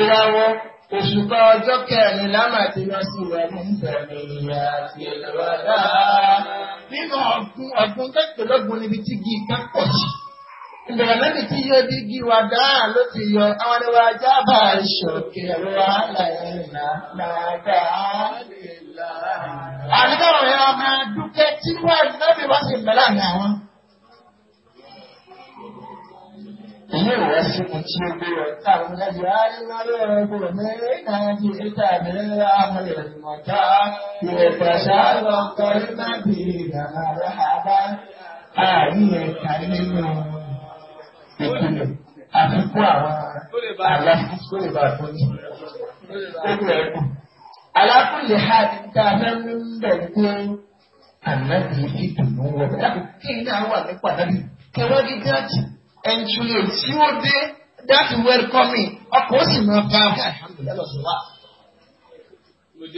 ìràwọ̀ òṣùpá ọjọ́ kẹrin lámàtí lọ sí ìwà nígbàgbé àti ìlúwàdà nínú ọ̀gbun ọ̀gbun kẹpẹ̀lọ́gbun níbi tí igi kan pọ̀ sí ìbẹ̀rẹ̀ lẹ́bi tí yóò di igi wà dáa ló ti yọ àwọn ẹni wa já bá a ṣòkè wàhálà ìrìnà dáadáa. àdúgbò yẹn ọmọ dúkẹ́ tí wọ́n lẹ́bi wá sí ìbẹ̀rẹ̀ àná àwọn. èyí ò wá sí mi tí ó gbé ọ táwọn ẹgbẹ́ ayé máa lọ rẹ kúrò ní ẹ̀ka ẹbí ẹ̀ka ìbílẹ̀ ńlá àwọn ènìyàn ká ìrẹ̀pàṣà lọ kọrí náà bí ìdàgbà rẹ̀ àbá àárín ẹ̀ka nínú ìpìlẹ̀ àfikún àwọn àlàfo tó lè bá tó ní ojú ẹ̀ kù. alákùnlé ha ti ta fẹ́mi ń bẹ̀ pé ànábì fi dùnú wọ̀ bí kí ni àwọn àmì pàtàkì kẹwàá gíga jù ẹ̀ǹtùnú tí ó dé that welcoming ọkọ̀ ó sì máa bá ọ̀gá alhamdulilayi lọ sọ̀rọ̀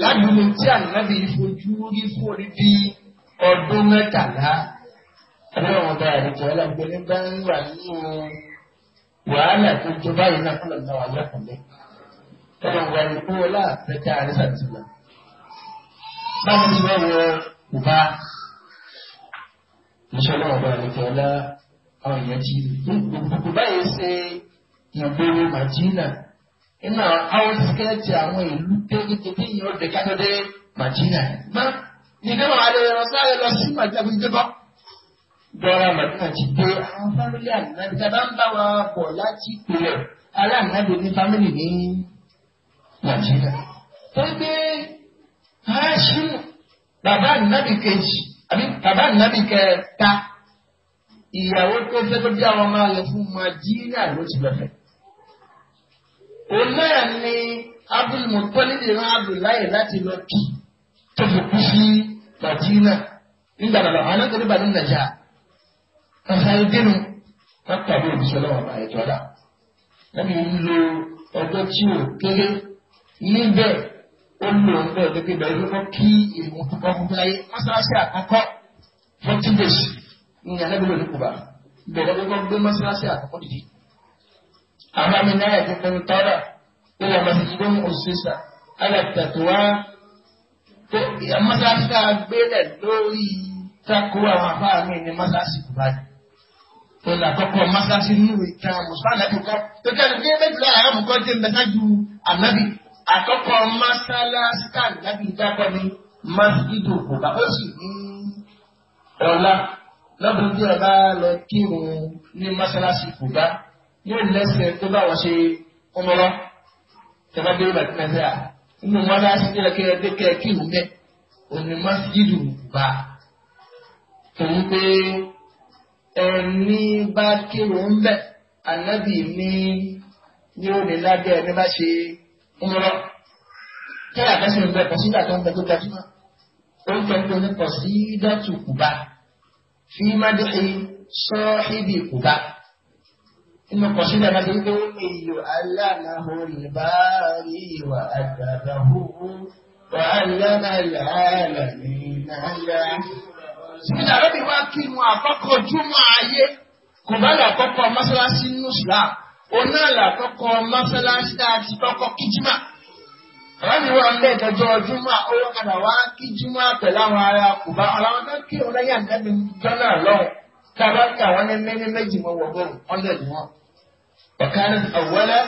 ládùúgbò tí ànábì fojú rí fórí bí ọdún mẹ́tàlá ọlọ́run bá àdìjọ ọlọ́gbẹ́ni bá ń wà nínú wàhálà tó jọ báyìí náà kọ́lọ̀ náà wà lẹ́kùnlé ọlọ́run wà ní kó wọlé àfẹ́tà àrísàtìlá báwo ni wọ́n wọ ọba ìṣọ́lọ́run bá àdìjọ ọlọ́run àwọn èèyàn jí kò báyìí ṣe ìgboro màjínà nínú àwọn skẹ́ẹ̀tì àwọn ìlú kékeré yìí ó dé kájọ dé màjínà má nìkan máa lè lọ sáré lọ sí màjínà fún ìjọba dọ́ra màjínà ti dé àwọn fámìlì ànábi tá a bá ń bá wa bọ̀ láti ìpìlẹ̀ aláànábi ní fámìlì ní màjínà tó gbé Hashim bàbá ànábi kejì àbí bàbá ànábi kẹta ìyàwó tó fẹ́ tó jẹ́ àwọn máa lọ fún ma jí náà ló ti lọ́fẹ̀ẹ́. òun náà ni Abdul Muttalib ran Abdullahi láti lọ kí tó fi kú sí Madina nígbà bàbá àwọn náà torí bàbá nàjà kàfàrí dínú wọn pàdé òbíṣẹ́ lọ́wọ́ àbáyé tó dà. lẹ́nu ń lo ọjọ́ tí ò kéré níbẹ̀ ó lò ń bẹ̀ gẹ́gẹ́ bẹ̀rẹ̀ lọ́kọ́ kí ìwọ̀n tó kọ́ fún láyé mọ́sálásí àkọ́kọ́ forty ní anábìlò ní kùbà bẹ̀rẹ̀ ló gbé mọ́sálásí àkọ́kọ́ dìde. àwọn àmì náà ẹ̀kọ́ pẹ̀lú tọ́lá ó wà mọ́sálásí ní òṣìṣà alàtàtúwá tó mọ́sálásí tá a gbélẹ̀ lórí tako àwọn afárá mi ní mọ́sálásí kùbà ni. tó là kọ́kọ́ mọ́sálásí nínú ìka mùsùlùmí àkọ́kọ́ tó kẹ́lu bí ẹgbẹ́ jùlọ àwọn ọmọkọ́ jẹ́ mẹ́sájú ànábì àkọ́kọ́ mọ́sálásí tá ànábì dákọ́ ni mọ́sálásí tó kùbà ó sì ní lọ́dún tí ẹ bá lọ kírun ní mọ́ṣáláṣí kò bá yóò lẹ́sẹ̀ tó bá wọ́n ṣe ọmọlá tẹ́lá bí ó bá ti mẹ́sẹ̀ à nínú mọ́ṣáláṣí kí ẹ̀kẹ́ ẹ̀dẹ́ kẹ́ kírun bẹ́ẹ̀ òní mọ́ṣídù bá tòun pé ẹni bá kírun bẹ́ẹ̀ ànábì ní ní ní lábẹ́ ẹni bá ṣe ọmọlá kí ẹ̀kẹ́ sì ń bẹ kọ̀sídà tó ń bẹ tó gbajúmọ̀ ó ń bẹ tó ní kọ̀sídà tó kù bá fi mádìí sọ́ọ́hìbì kùbá inú kọ̀sílẹ̀ náà ti pé èyí aláàmàhó ìbáàrí ìwà àgbàdàhó wà aláàmàlà àlàmì náírà. Síbíjà lóbi wá kí wọn àkọ́kọ́ júmọ̀ ayé kò bá lè àkọ́kọ́ mọ́sálásí nùsùlá. Oná lè àkọ́kọ́ mọ́sálásí dáa ti kọ́kọ́ kíjímà. Láti wá ń bẹ́ẹ̀ tọ́jú ọjúmọ́ owó padà wá kí Júmọ́ pẹ̀lú àwọn ará Kùbá. Àwọn náà kí òun lẹ́yìn àgbẹ̀bí Jọ́nà lọ́wọ́. Tábà kí àwọn ní mẹ́rin méjì mọ́ wọ̀ bọ́ọ̀lù ọ̀dọ̀ ni wọ́n. Ọ̀kan àwọlẹ̀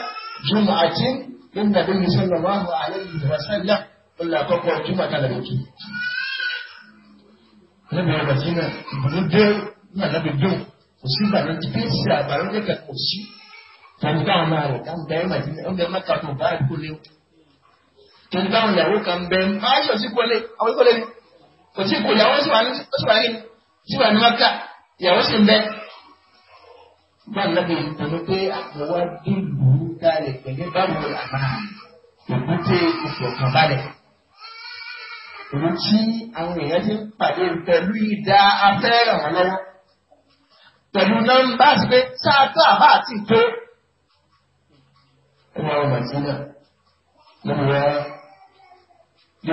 Júmọ́ àti Ìgbàdé mi sọ̀rọ̀ wá wọ àlẹ́ ìjọba sẹ́lẹ̀ ọ̀là àkọ́kọ́ Júmọ́ kalẹ̀ lókè. Níbi ọ̀rọ̀ mo bá àwọn ìyàwó kan bẹ máa ṣe ọtí kọlé àwọn ìkọlé ni kò tí kò ìyàwó sì wà ní sì wà ní maka ìyàwó sì ń bẹ. bá a lọ́bẹ̀ ìtọ́nú pé àtẹwá dùlù kalẹ̀ pẹ̀lú báwo la máa ìfọ̀kàn balẹ̀. èyí tí àwọn èèyàn ti ń pàdé pẹ̀lú ìdá afẹ́ ràn lọ́wọ́ pẹ̀lú nọ́mbà sí pé sáà àbá àti ìtó. ẹ máa wọ màsí náà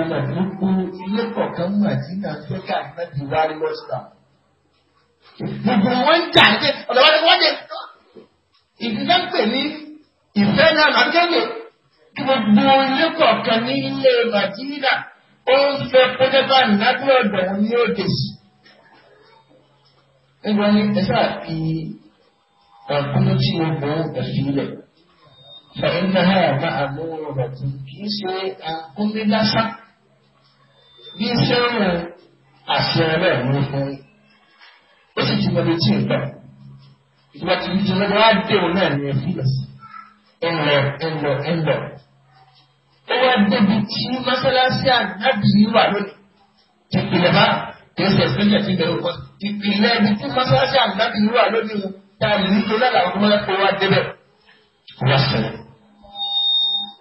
ìwà burúkú ilé kọ̀ọ̀kan mọ̀ sí nàìjíríà náà ti wá rí lọ́sùlà. Gbogbo wọn ń jà ní ọ̀dọ̀wọ́dẹ wọ́n dẹ̀. Ìdílé ń pè ní ìfẹ́ náà lọ́dẹ́gbẹ̀. Gbogbo ilé kọ̀ọ̀kan ní ilé Nàìjíríà ó ń fẹ́ pẹ́tẹ́fà lábẹ́ ọ̀dọ̀ wọn ní òde sí. Ẹgbẹ́ ni ẹ sáà fi ọ̀gbọ́n tí o mọ̀ ẹ̀fí lẹ̀. Fẹ̀yìn náà máa mú kì í ṣe àkúndé bí sẹ́rù àṣẹ ọlọ́run ló fún yín ó sì ti mọbi tí nǹkan ìgbà tí ìjọ lọ́dọ̀ á dé òun náà ní ẹbí lọ sí ńlọ ńlọ ńlọ ó wá débi tí mọ́sálásí àgbàbí yìí wà lónìí ìpìlẹ̀ bá kìí ṣe ìpínlẹ̀ tí bẹ̀rù kọ́ ìpìlẹ̀ ibi tí mọ́sálásí àgbàbí yìí wà lónìí wọn tá a lè nílò lára àwọn ọmọ ẹ̀kọ́ wa débẹ̀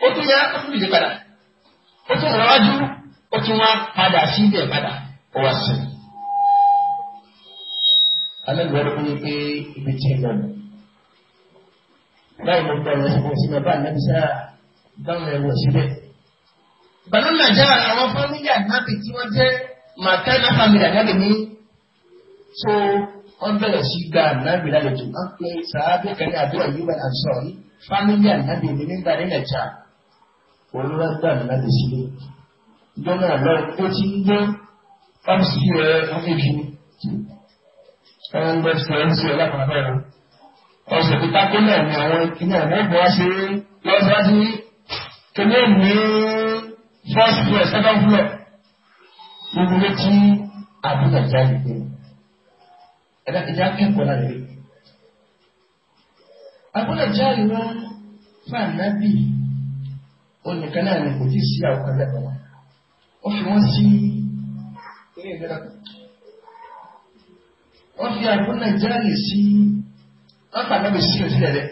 ó tún yá ó tún yí ó tún wá padà síbẹ̀ padà ó wá sí. alẹ́ ìwọ́n ló ń pé ibi tí ń lọ nù. báyìí mo gbọ́ ìrẹsì fún síbẹ̀ báyìí lẹ́nu sáà báwọn ẹ̀rọ síbẹ̀. bàbá nàìjà àwọn fámìlì ànábì tí wọ́n jẹ́ màtánà fámìlì ànábì ní. so wọ́n bẹ̀rẹ̀ sí gba ànábì lálejò wọ́n pe sàábẹ̀ kẹ́lẹ́ àdúrà yìí wọ́n àṣọ yìí fámìlì ànábì ní nígbà nílẹ̀ jà olùwàgbà ànábì ìjọba ọ̀lọ́ ó ti ń gbé ọ́pùsì rẹ̀ fúnfẹ́jì ẹ̀rọ ẹ̀sì ọlápàá ọ̀sẹ̀ tó tákó náà ni àwọn ìkíní àwọn ọgbọ̀n wá sí lọ́sọ́sí tó ní ní first floor second floor gbogbo létí àbúrò jáde pé ẹ̀dá ìjà kẹ́kọ̀ọ́ náà rèé agbọ́dọ̀ jáde wọn fún ànábì onìkan náà ni kò tí ì sí àwọn kan wọ́n fi wọ́n sí ilé ìgbéra wọ́n fi àgbọn nàìjíríà lè sí wọ́n fà nábì sílẹ̀ sílẹ̀ rẹ̀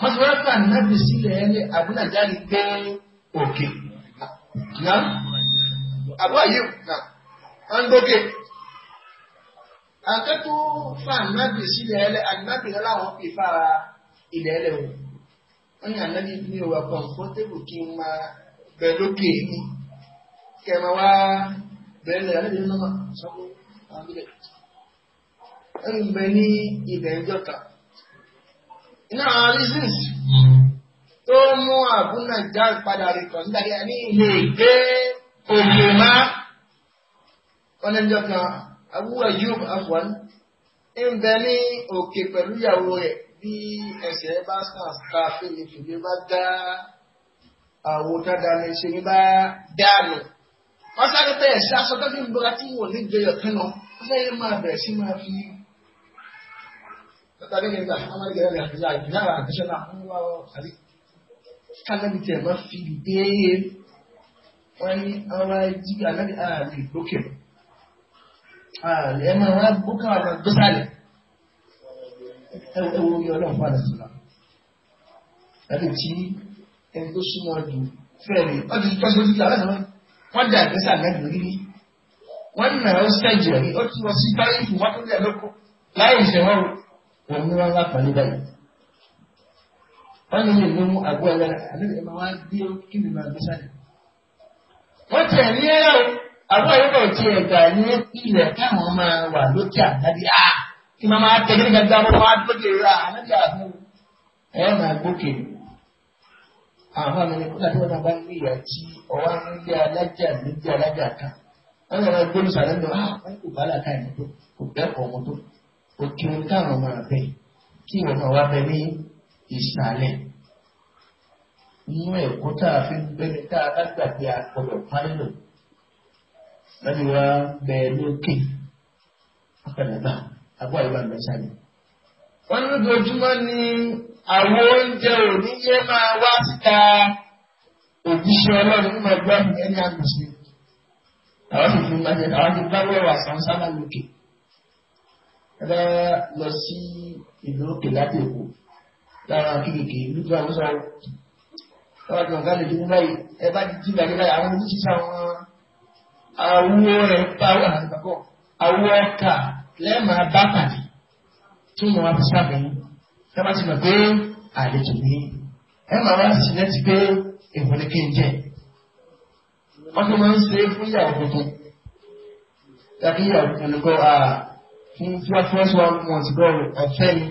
wọ́n ti wọ́n fà nábì sílẹ̀ rẹ̀ àgbọn nàìjíríà lè gbé òkè náà àbọ̀ àyè náà wọ́n gbókè akẹ́tù fà nábì sílẹ̀ rẹ̀ ànábì náà làwọn fi fà ilẹ̀ rẹ̀ wò wọ́n yàn nábì ní ìwà kọ̀ǹfọ́tébù kí n máa bẹ lókè mi kẹmẹ wá bẹ̀rẹ̀ alẹ́ nínú náà sọ́kọ́ àwọn ilẹ̀ ń bẹ ní ilẹ̀ ìjọta iná àwọn reasons tó mú àbúnà já padà rè kàn nígbà yẹn ní ilé ìgbé òkè má wọn ẹjọ kan abúlé yúb ń bẹ ní òkè pẹ̀lú ìyàwó rẹ̀ bí ẹsẹ̀ bá sàn ká fèrèfèrè bá dá àwọn tó dáná ṣe ní bá dáàlù wọ́n sáré bẹ́ẹ̀ sí aṣọ tó fi ń bọ́ra tí wọ́n ní jẹyọ̀ kan lọ wọ́n sáré máa bẹ̀rẹ̀ sí máa fi. tata ní ìgbà àwọn ìgbà rẹ̀ àti láàyè náà àtúnṣe náà wọ́n wá wọ́n àti kánábì tẹ̀ máa fi dé wọ́n ní ara jíbi ànábì ààrẹ lókè ààrẹ ẹ̀ máa wá gbókà àwọn gbésàlẹ̀ ẹ̀wọ̀n yọ̀ ọlọ́run fún àdàsọ̀lá ẹni tó súnmọ́ ọdún fẹ́ẹ̀rẹ̀ ọdún tó tọ́jú ojú àwọn ẹ̀rọ wọ́n dà ẹ̀gbẹ́ sàn lẹ́nu rí rí wọ́n nà ó sẹ́jì rí ó ti lọ sí táyìfù wọ́n tó dẹ̀ lóko láì ìṣẹ̀wọ́n wọn ní wọn lápá ní báyìí. wọ́n ní lè mú àgọ́ ẹlẹ́rẹ́ àlejò ẹ̀ máa wá gbé kí ni máa gbé sáré. wọ́n tẹ̀ ní ẹ̀rọ àgọ́ ẹ̀rọ ti ẹ̀gbà ní ilẹ̀ káwọn máa wà lókè àgbàdì á ah, kí máa máa tẹ̀ àwọn àmì kúlà tí wọ́n bá ń rí ìyá tí ọwọ́ ń lé alájà méjì alájà kan wọ́n yàrá gbólú sàrẹ́ lọ ah wọ́n kò bá làkà yìí tó kò bẹ́ẹ̀kọ́ ọmọ tó kò kí n káàrọ̀ máa bẹ̀ kí ìwọ̀n náà wá bẹ ní ìsàlẹ̀ inú ẹ̀kọ́ tá a fi ń bẹ́ni tá a bá gbà pé a gbọdọ̀ parí lò bẹ lókè ọ̀pẹ̀lẹ̀ náà agbó àyíwá mẹ́sàn-án wọ́n ní lójoojúmọ́ ni àwọn oúnjẹ òní yé máa wá síta òjíṣẹ́ ọlọ́run nínú ẹgbẹ́ ẹni àgbèsè àwọn sì fi máa jẹ àwọn ti gbáwé wà sàn sábà lókè ẹ bá lọ sí ìlú òkè láti èkó lára kéèké lójú àwọn sọ lọ́wọ́ tí wọ́n ká lè dúró báyìí ẹ bá ti jí gbàgbé báyìí àwọn oníṣẹ́ àwọn àwọ̀ rẹ̀ pàwọ̀ àgbàkọ̀ àwọ̀ ọkà lẹ́ẹ̀ma bá pàdé tí wọ́n wá fi sáàbẹ̀ yín ẹ bá ti mọ̀ pé àlejò ní ẹ máa wá sí lẹ́tí pé èèwọ̀ ni kí n jẹ wọ́n tó máa ń ṣe fún ìyàwó tuntun yàtí ìyàwó tuntun kọ́ à fún first one month goal ọ̀fẹ́ ni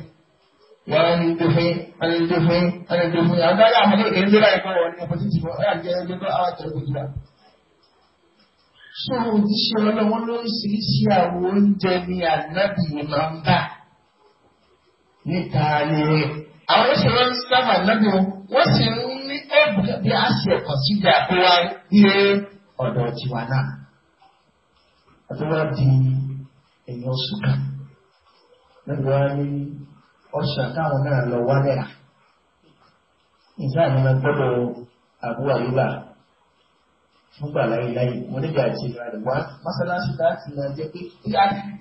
wọ́n á ní dófin á ní dófin á ní dófin àwọn dáadáa àwọn kékeré ń dé láyé kọ́ wọ́n ní ọ̀pọ̀ títì fún ọ̀yà jẹ́ ẹgbẹ́ ah, kọ́ àwọn àtẹ̀wé tó dá sóhun ti ṣe ọlọ́wọ́ lóríṣiríṣi àwọn oúnjẹ ni ànábì máa ń bá níta rere àwọn ìṣòro ń sábà lọ́bì wọ́n sì ń ní ẹ̀bùn bí a ṣe ẹ̀kọ́ síjà tó wá yé ọ̀dọ̀ tiwa náà àtúwá di èèyàn ṣùkà lọ́dọ̀ wá ní ọ̀ṣà táwọn náà lọ wálẹ̀ à. ìsáàmì náà gbọ́dọ̀ àbúrò àyíká nígbà láyé láyé mo nígbà tí ìlú rẹ̀ wá mọ́sálásí láti máa jẹ́ pé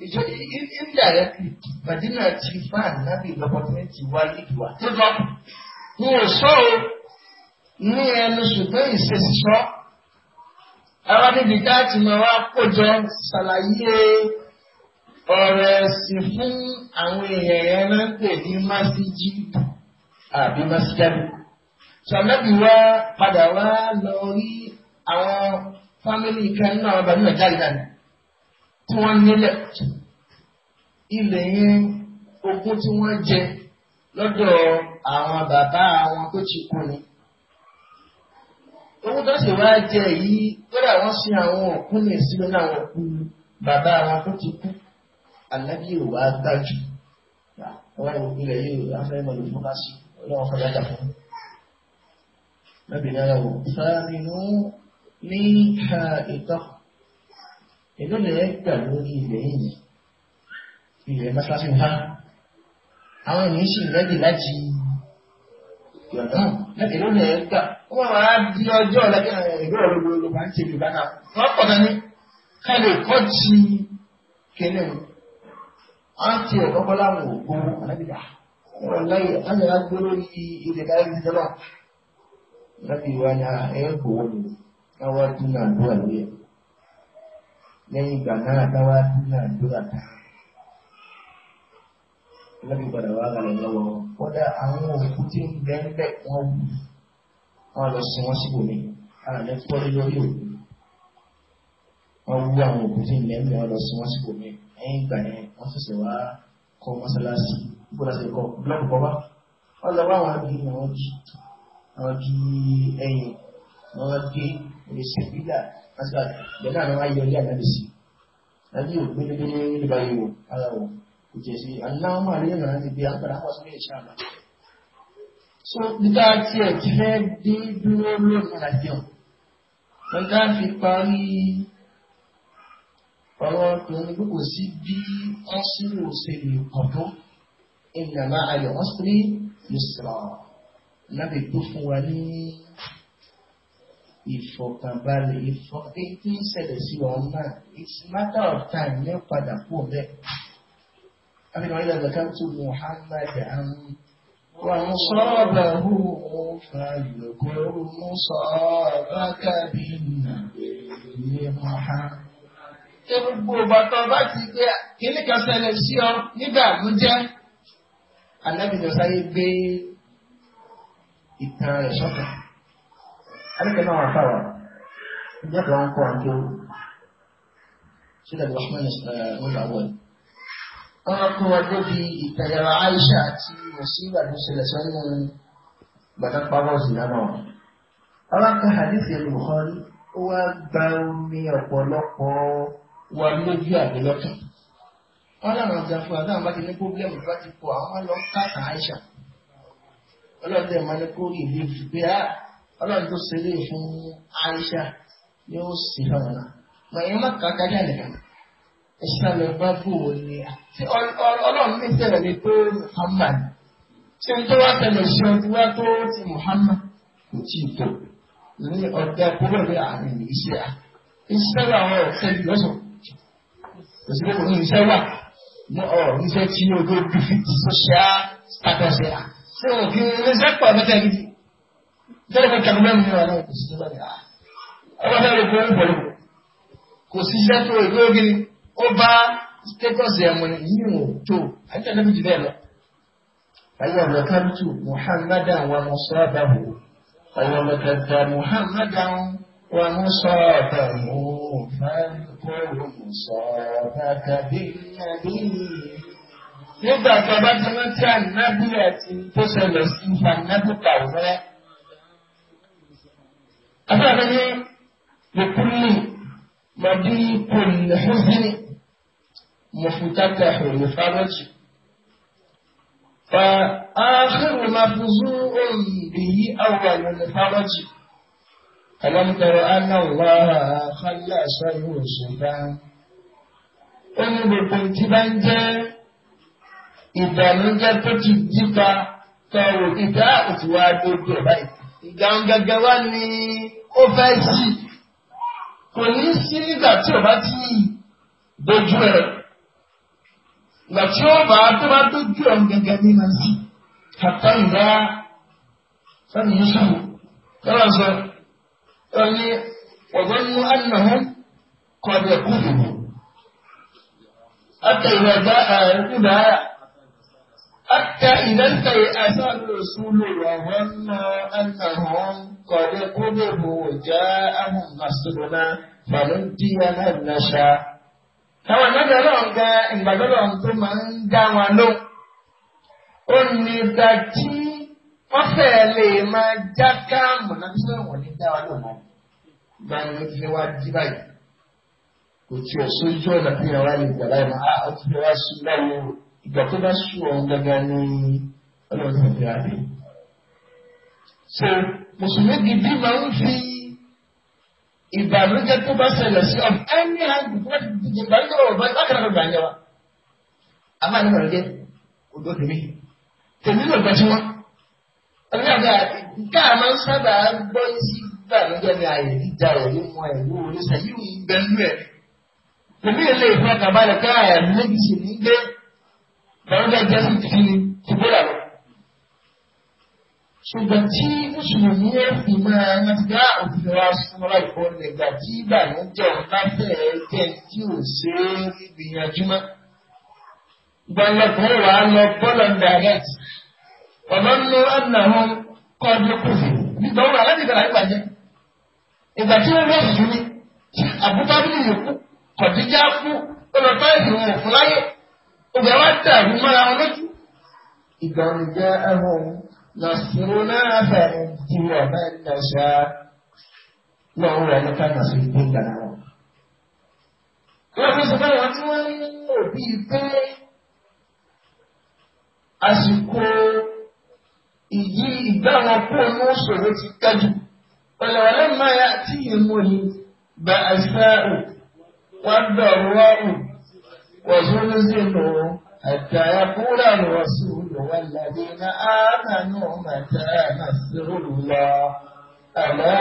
ìjọ indirectly Madina ti bá ànábì lọ́pọ̀tẹ́ntì wá nígbà tó lọ. mi ò sọ o ní ẹnu ṣùgbọ́n ìṣesí sọ. àwa níbi tá a ti máa wá kójọ ṣàlàyé ọ̀rọ̀ ẹ̀sìn fún àwọn èèyàn yẹn máa ń pè ní másíjì àbí másíjáde. sàmẹ́bí wá padà wá lọ rí àwọn fámìlì kan nínú àwọn bàbá náà jáde dànù tí wọ́n nílẹ̀ ilẹ̀ yẹn ogún tí wọ́n jẹ lọ́dọ̀ àwọn bàbá àwọn tó ti kú ni. owó tó sì wá jẹ yìí kódà wọ́n sin àwọn òkú ní ìsinmi náà wọ́n kú bàbá àwọn tó ti kú ànábì ò wá gbájú àwọn ìwòkúlẹ̀ yìí afẹ́ mọ̀lú fún ká sí ọlọ́wọ́n fọjá jà fún. lọ́bìnrin ara wò fáàmì nù ní ka ìtọ́ èló lè gbà lórí ilẹ̀ yìí ilẹ̀ mọ́sáfí wá àwọn ènìyàn sì rẹ́dì láti yọ̀dán láti èló lè gbà ó wà wá di ọjọ́ lẹ́gbẹ̀ẹ́ ìlú ọ̀rọ̀ ló bá ń ṣe yorùbá náà wọ́n pọ̀ dání ká lè kọ́ ti kéne o àwọn ti ẹ̀ kọ́kọ́ láwọn òkú alábìdá wọn láyé àwọn ìlànà gbé lórí ilẹ̀ láyé ìdíjọ́ náà láti ìwà ni ẹ̀rọ kò káwá dúnà àdúrà yẹ lẹ́yìn ìgbà náà káwá dúnà àdúrà ta lẹ́bí padà wá rà lọ́wọ́ kódà àwọn òkú tí ń bẹ́ ń bẹ́ wọ́n wù wọ́n lọ sí wọ́n síbò ní ara rẹ̀ fọ́ lórí òkú wọ́n wú àwọn òkú tí ń bẹ́ ń bẹ́ wọ́n lọ sí wọ́n síbò ní ẹ̀yìn ní sèbílà asgard bẹ́ẹ̀ náà wọ́n yọ ilé àdábì sí lábí ò gbé gbé ní báyìí wò ara wò kò jẹ́ sí aláwọ̀ so nígbà tí ẹ̀ ti fẹ́ dé dúró lónìí àti ọ̀ lọ́jà fi parí ọ̀rọ̀ ọkùnrin pé kò sí bí ìfọ̀kànbalẹ̀ ìfọ̀ tí ń ṣẹlẹ̀ sí wọn náà it's matter of time ní padà kú ọ̀bẹ. Abinu ayé lọ́dọ̀ká tó Muhammad àwọn wọn sọ́ọ̀bà hù wọ́n fa ìlòkòrò mú sọ́ọ̀bà kábí nà ilé Muhammad. Ṣé gbogbo bàtọ̀ bá ti gbé kíní kan ṣẹlẹ̀ sí ọ alẹ́kẹ̀ẹ́ náà wà fáwà ìjẹ́ kan kọ́ àjò sílẹ̀ rahman ọlọ́wọ́ wọn kọ́ wa débi ìtayàrá aisha àti mùsíbà tó ṣẹlẹ̀ sọ́nù gbàdápàbọ̀ zìlá náà àwọn kan hadithi al-Bukhari ó wá gba omi ọ̀pọ̀lọpọ̀ wa lójú àgbélọ́kàn wọn làwọn ọjà fún wa táwọn bá ti ní pọ́blẹ́mù tó bá ọlọ́run tó ṣe lè fún Aisha yóò sì hàn wọn mọ ìyẹn má kàá kájà nìkan ìṣúná mi bá bù wọ́n ni àti ọlọ́run ní sẹ̀rẹ̀ mi pé Muhammad tí n tó wá tẹ̀lé sí ọdún wá tó ti Muhammad kò tí ì tó ní ọ̀dà kúrò ní àárín ìṣe à iṣẹ́ wà wọ́n ọ̀fẹ́ lọ́sọ̀ kò sí ní iṣẹ́ wà ní ọ̀ níṣẹ́ tí yóò tó bí fi social status ẹ̀ à ṣé òkè iṣẹ́ pọ̀ jẹ́rẹ̀ kan kàdúrà nínú ọ̀nà kò sí jọba rẹ̀ ah. ọba náà lè fún pẹ̀lú kò sí iṣẹ́ tó ìwé ogi ni ó bá status ẹ̀mọ̀ ní yìí wò tó àyíká náà jù bẹ́ẹ̀ lọ. Ayọ̀ Mẹ́kàntù Mùhàmmádà wà mọ̀ sọ́ọ́ bá wò. Ayọ̀ Mẹ́kàntà Mùhàmmádà ومصابه فاذكر مصابك بالنبي nígbà tó bá ti rántí ànábì àti tó ṣẹlẹ̀ sí ànábì tàwọn أفعله لكل مضيق الحزن مفتتح الفرج فآخر مفزوع به أول الفرج ألم تر أن الله خلص يوسفا olùdókòwò tí bá ń jẹ́ ìbànújẹ́ tó ti dípa tọrọ ìdá òtún wa dé bẹ̀rẹ̀ báyìí ìgbà ń gẹ́gẹ́ wá ní ó fẹ́ yí kò ní sí nígbà tí ò bá ti dojú ẹ̀ ìgbà tí ó bá tó bá dojú ẹ̀ gẹ́gẹ́ ní ma sí kàtà ìdá sani yusufu yọrọ sọ ọ ní ọgbọ́n mú ànàhún kọ̀ọ̀dẹ̀ kúrò àtẹ̀yẹ̀dá ẹ̀ẹ́dúdà. حتى إذا استيأس الرسول وظنوا أنهم قد قدموا جاءهم نصرنا فنجي من نشاء àwọn ìgbàgbọ́ ọlọ́run gan ìgbàgbọ́ ọlọ́run tó máa ń dá wọn ló ó ní dájú wọ́n fẹ́ẹ́ lè máa já káàmù náà tí wọ́n ní dá wọn lò báyìí ló fi wá dí báyìí kò tí ò sójú ọ̀nà tí wọ́n wá lè gbà láì máa ah, ó ti fi wá sùn láì lóru ìgbà tó bá sùn ọ̀hún gangan ní ọlọ́run ìgbà rẹ̀. so mùsùlùmí gidi máa ń fi ìbànújẹ́ tó bá ṣẹlẹ̀ sí ọ̀hún ẹni ìbànújẹ́ ọ̀rọ̀ bá lákàtà ọ̀gbà ń yẹwa. a máa ní ìbànújẹ́ odò tèmi tèmi ló gbà tí wọ́n. ọlọ́dà nǹkan àmọ́ sábà gbọ́ sí ìbànújẹ́ ní àyè ìjà rẹ̀ ló mọ ẹ̀wọ́ oníṣẹ́ yìí ń bẹ́ẹ̀ lú ẹ̀. tèmi lè fọkàbalẹ̀ ẹ̀ méjì ní gbé làwọn bẹ́ẹ̀ jẹ́ sí tìkí ni ti bóra lọ. ṣùgbọ́n tí mùsùlùmí ẹ fi máa rántí bá òfin ah, wa súnmọ́ra ìfọ́nlẹ̀ ìgbà tí ìbànújẹ́ láfẹ́ jẹ́ tí ò ṣe é gbìyànjú mọ́. gbọ́nlọ́kùnrin wa lọ bọ́lọ̀ ń direct ọ̀nà ń lo ẹnìyàwó kọ́ọ̀dù kùfù nígbà wọn alẹ́ nìkan láti bàjẹ́. ìgbà tí wọ́n bọ̀ sùn ni àbúkọ́ bí yòókù kọ̀díjà kú ó lọ bá ìdùnnú òfin láyé. Ọbẹ̀ wa dàrú mọ́ra wọn lójú. Ìgbàlùjẹ́ ẹ̀hún nàṣírò náà fẹ̀yìn tí ọ̀bẹ nàṣà lọ́wọ́ rẹ̀ nípa nàṣà ìgbé ìgbàlá wọn. Wọ́n fi sọ fún àwọn tí wọ́n ní òbí pé àsìkò ìyí ìgbà wọn kó inú ṣòro ti dájú. Ọ̀làwọ̀lẹ́ máa yá tí ìmú ni bàá ṣáà wọ́n dọ̀rọ̀ wọ́n. وزلزلوا حتى يقول الرسول والذين آمنوا متى نصر الله ألا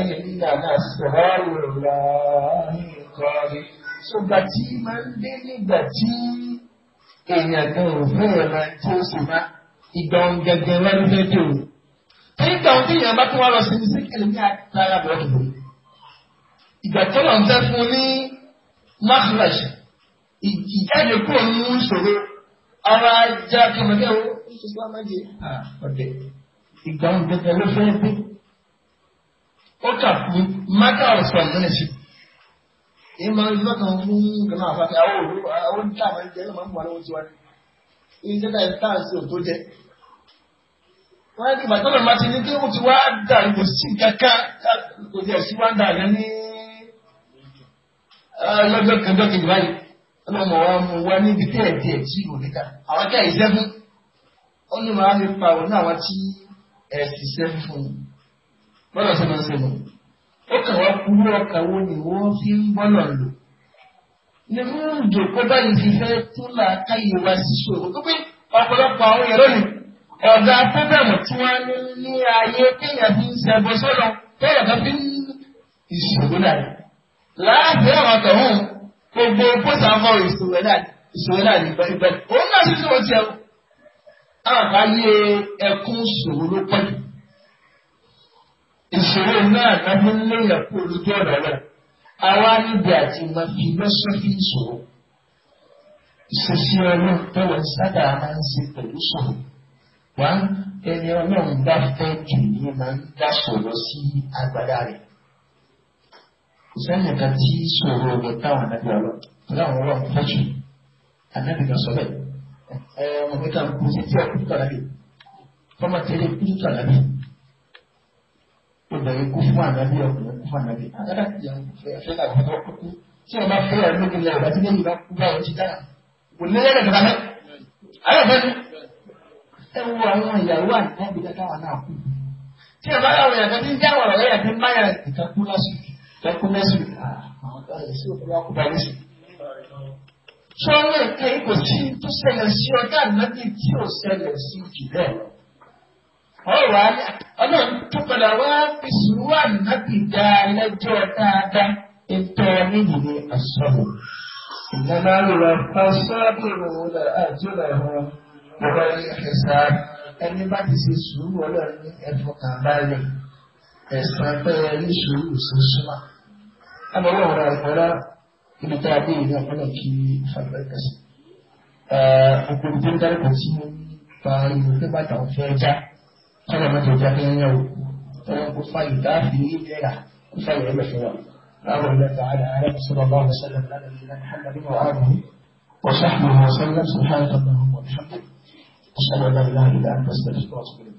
إن نصر الله قريب ṣùgbọ́n tí máa ń dé nígbà tí èèyàn kan ò fẹ́ràn máa ń tí ó sì máa ìgbà òun gẹ́gẹ́ wá ní fẹ́ẹ́ tó o. nígbà òun tí èèyàn bá tún wá lọ sí ní síkìlì ní àtàrà bọ́ọ̀dù. ìgbà tó lọ́n fẹ́ fún ní mahraj ìjáde kúrò nínú ìṣòro ara ajá kẹmẹkẹ wo oṣù tó máa jẹ ọdẹ ìgbà òǹdẹgbẹ ló fẹẹ gbé ó kà fún mákà ọsọ ìdánilẹ sí èyí máa ń lọ́kàn fún gbẹmọ àfàkẹ́ àwọn òru àwọn oníta máa ń jẹ ẹlẹ́mọ̀ àwọn àwọn tiwa ní ìjẹta ìta àti òtó jẹ. wọ́n á ti bàtọ́ lọ́nà máa ti ní kí ó ti wá dà lọ́jọ́ kanjọ́ kejì báyìí ọlọ́run mọ̀ wá mú wá níbi tẹ́ ẹ̀dí ẹ̀tí òníkà àwọn jẹ́ ìṣẹ́fún ó ní màá fi pa òun àwọn tí ẹ̀sì ṣẹ́fún fún un bọ́lọ̀ sí máa ń ṣe mọ̀ ó kàn wá kúrú ọkà wo ni wọ́n fi ń bọ́lọ̀ lò ní fún ìjòkó báyìí fi fẹ́ tún là káyè wá sí ṣòro tó pé ọ̀pọ̀lọpọ̀ àwọn èrò ni ọ̀gá pọ́bẹ̀mù tí wọ́n ní ní ayé kéèyàn fi ń ṣẹbọ sọ́lọ kéèyàn fi ń ìṣòro náà láàbẹ̀ àwọn àtọ̀hún gbogbo pósà fọ ìṣòwò náà ní pẹ́ẹ́pẹ́ òun náà sì sọ̀rọ̀ tiẹ̀ àwọn kan yé ẹkún ṣòro ló pẹ́ ìṣòro náà lábí nílẹ̀ kó olójú ọ̀dọ̀ náà àwa níbi àti máa fi lọ́sọ́fì ìṣòro ìṣesí ọlọ́run tọ́wọ́ sábà máa ń ṣe pẹ̀lú ṣòro wá ẹni ọlọ́run bá fẹ́ jù ní máa ń dá ṣòro sí agbára rẹ̀ sẹ́yìn kan tí sòrò rẹ̀ táwọn ànábì ọlọ́ torí àwọn ọlọ́ fẹ́jù sọ bẹ́ẹ̀ ọmọ mi kan sí tí ọkùn tó ànábì tẹ́lẹ̀ kú tó obìnrin kú fún ànábì ọkùnrin kú fún ànábì ànábì ti yàn fẹ́ láti fọ́ kúkú tí wọ́n bá fẹ́ ẹ̀ lókun ní ọ̀gá tí lẹ́yìn bá kú bá wọn ti dára kò ní lẹ́yìn lẹ́kúnmẹ́sì àwọn ọ̀gá sí òkúra ọkùnrin sí. Sọ́ọ́lẹ̀ ìka kò sí tó ṣẹlẹ̀ sí ọjà nàbí tí ò ṣẹlẹ̀ sí jù bẹ́ẹ̀. Ọ̀rọ̀ alẹ́ ọlọ́run tó padà wá fi sùúrù ànábì dá lẹ́jọ́ dáadáa ètò níyìí àsọ̀rọ̀. إنما يوفى الصابرون أجرهم بغير حساب ẹni bá ti ṣe sùúrù ọlọ́run ní ẹ̀fọ́ kàbálẹ̀ ẹ̀sán bẹ́ẹ̀ ní sùúrù sí súnmọ́. أما الله على الحلال في التعديل إذا لك في خلال الكسر حكم تلك الكسر فإذا كبا توفيجا كما ما توجاكين يو فلنقص يدافي إلى قصة يمشي الأمر الله تعالى على صلى الله عليه وسلم على الذي لم يحل به وعابه وصحبه وسلم سبحانك اللهم وبحمدك أشهد أن لا إله إلا أنت أستغفرك وأتوب إليك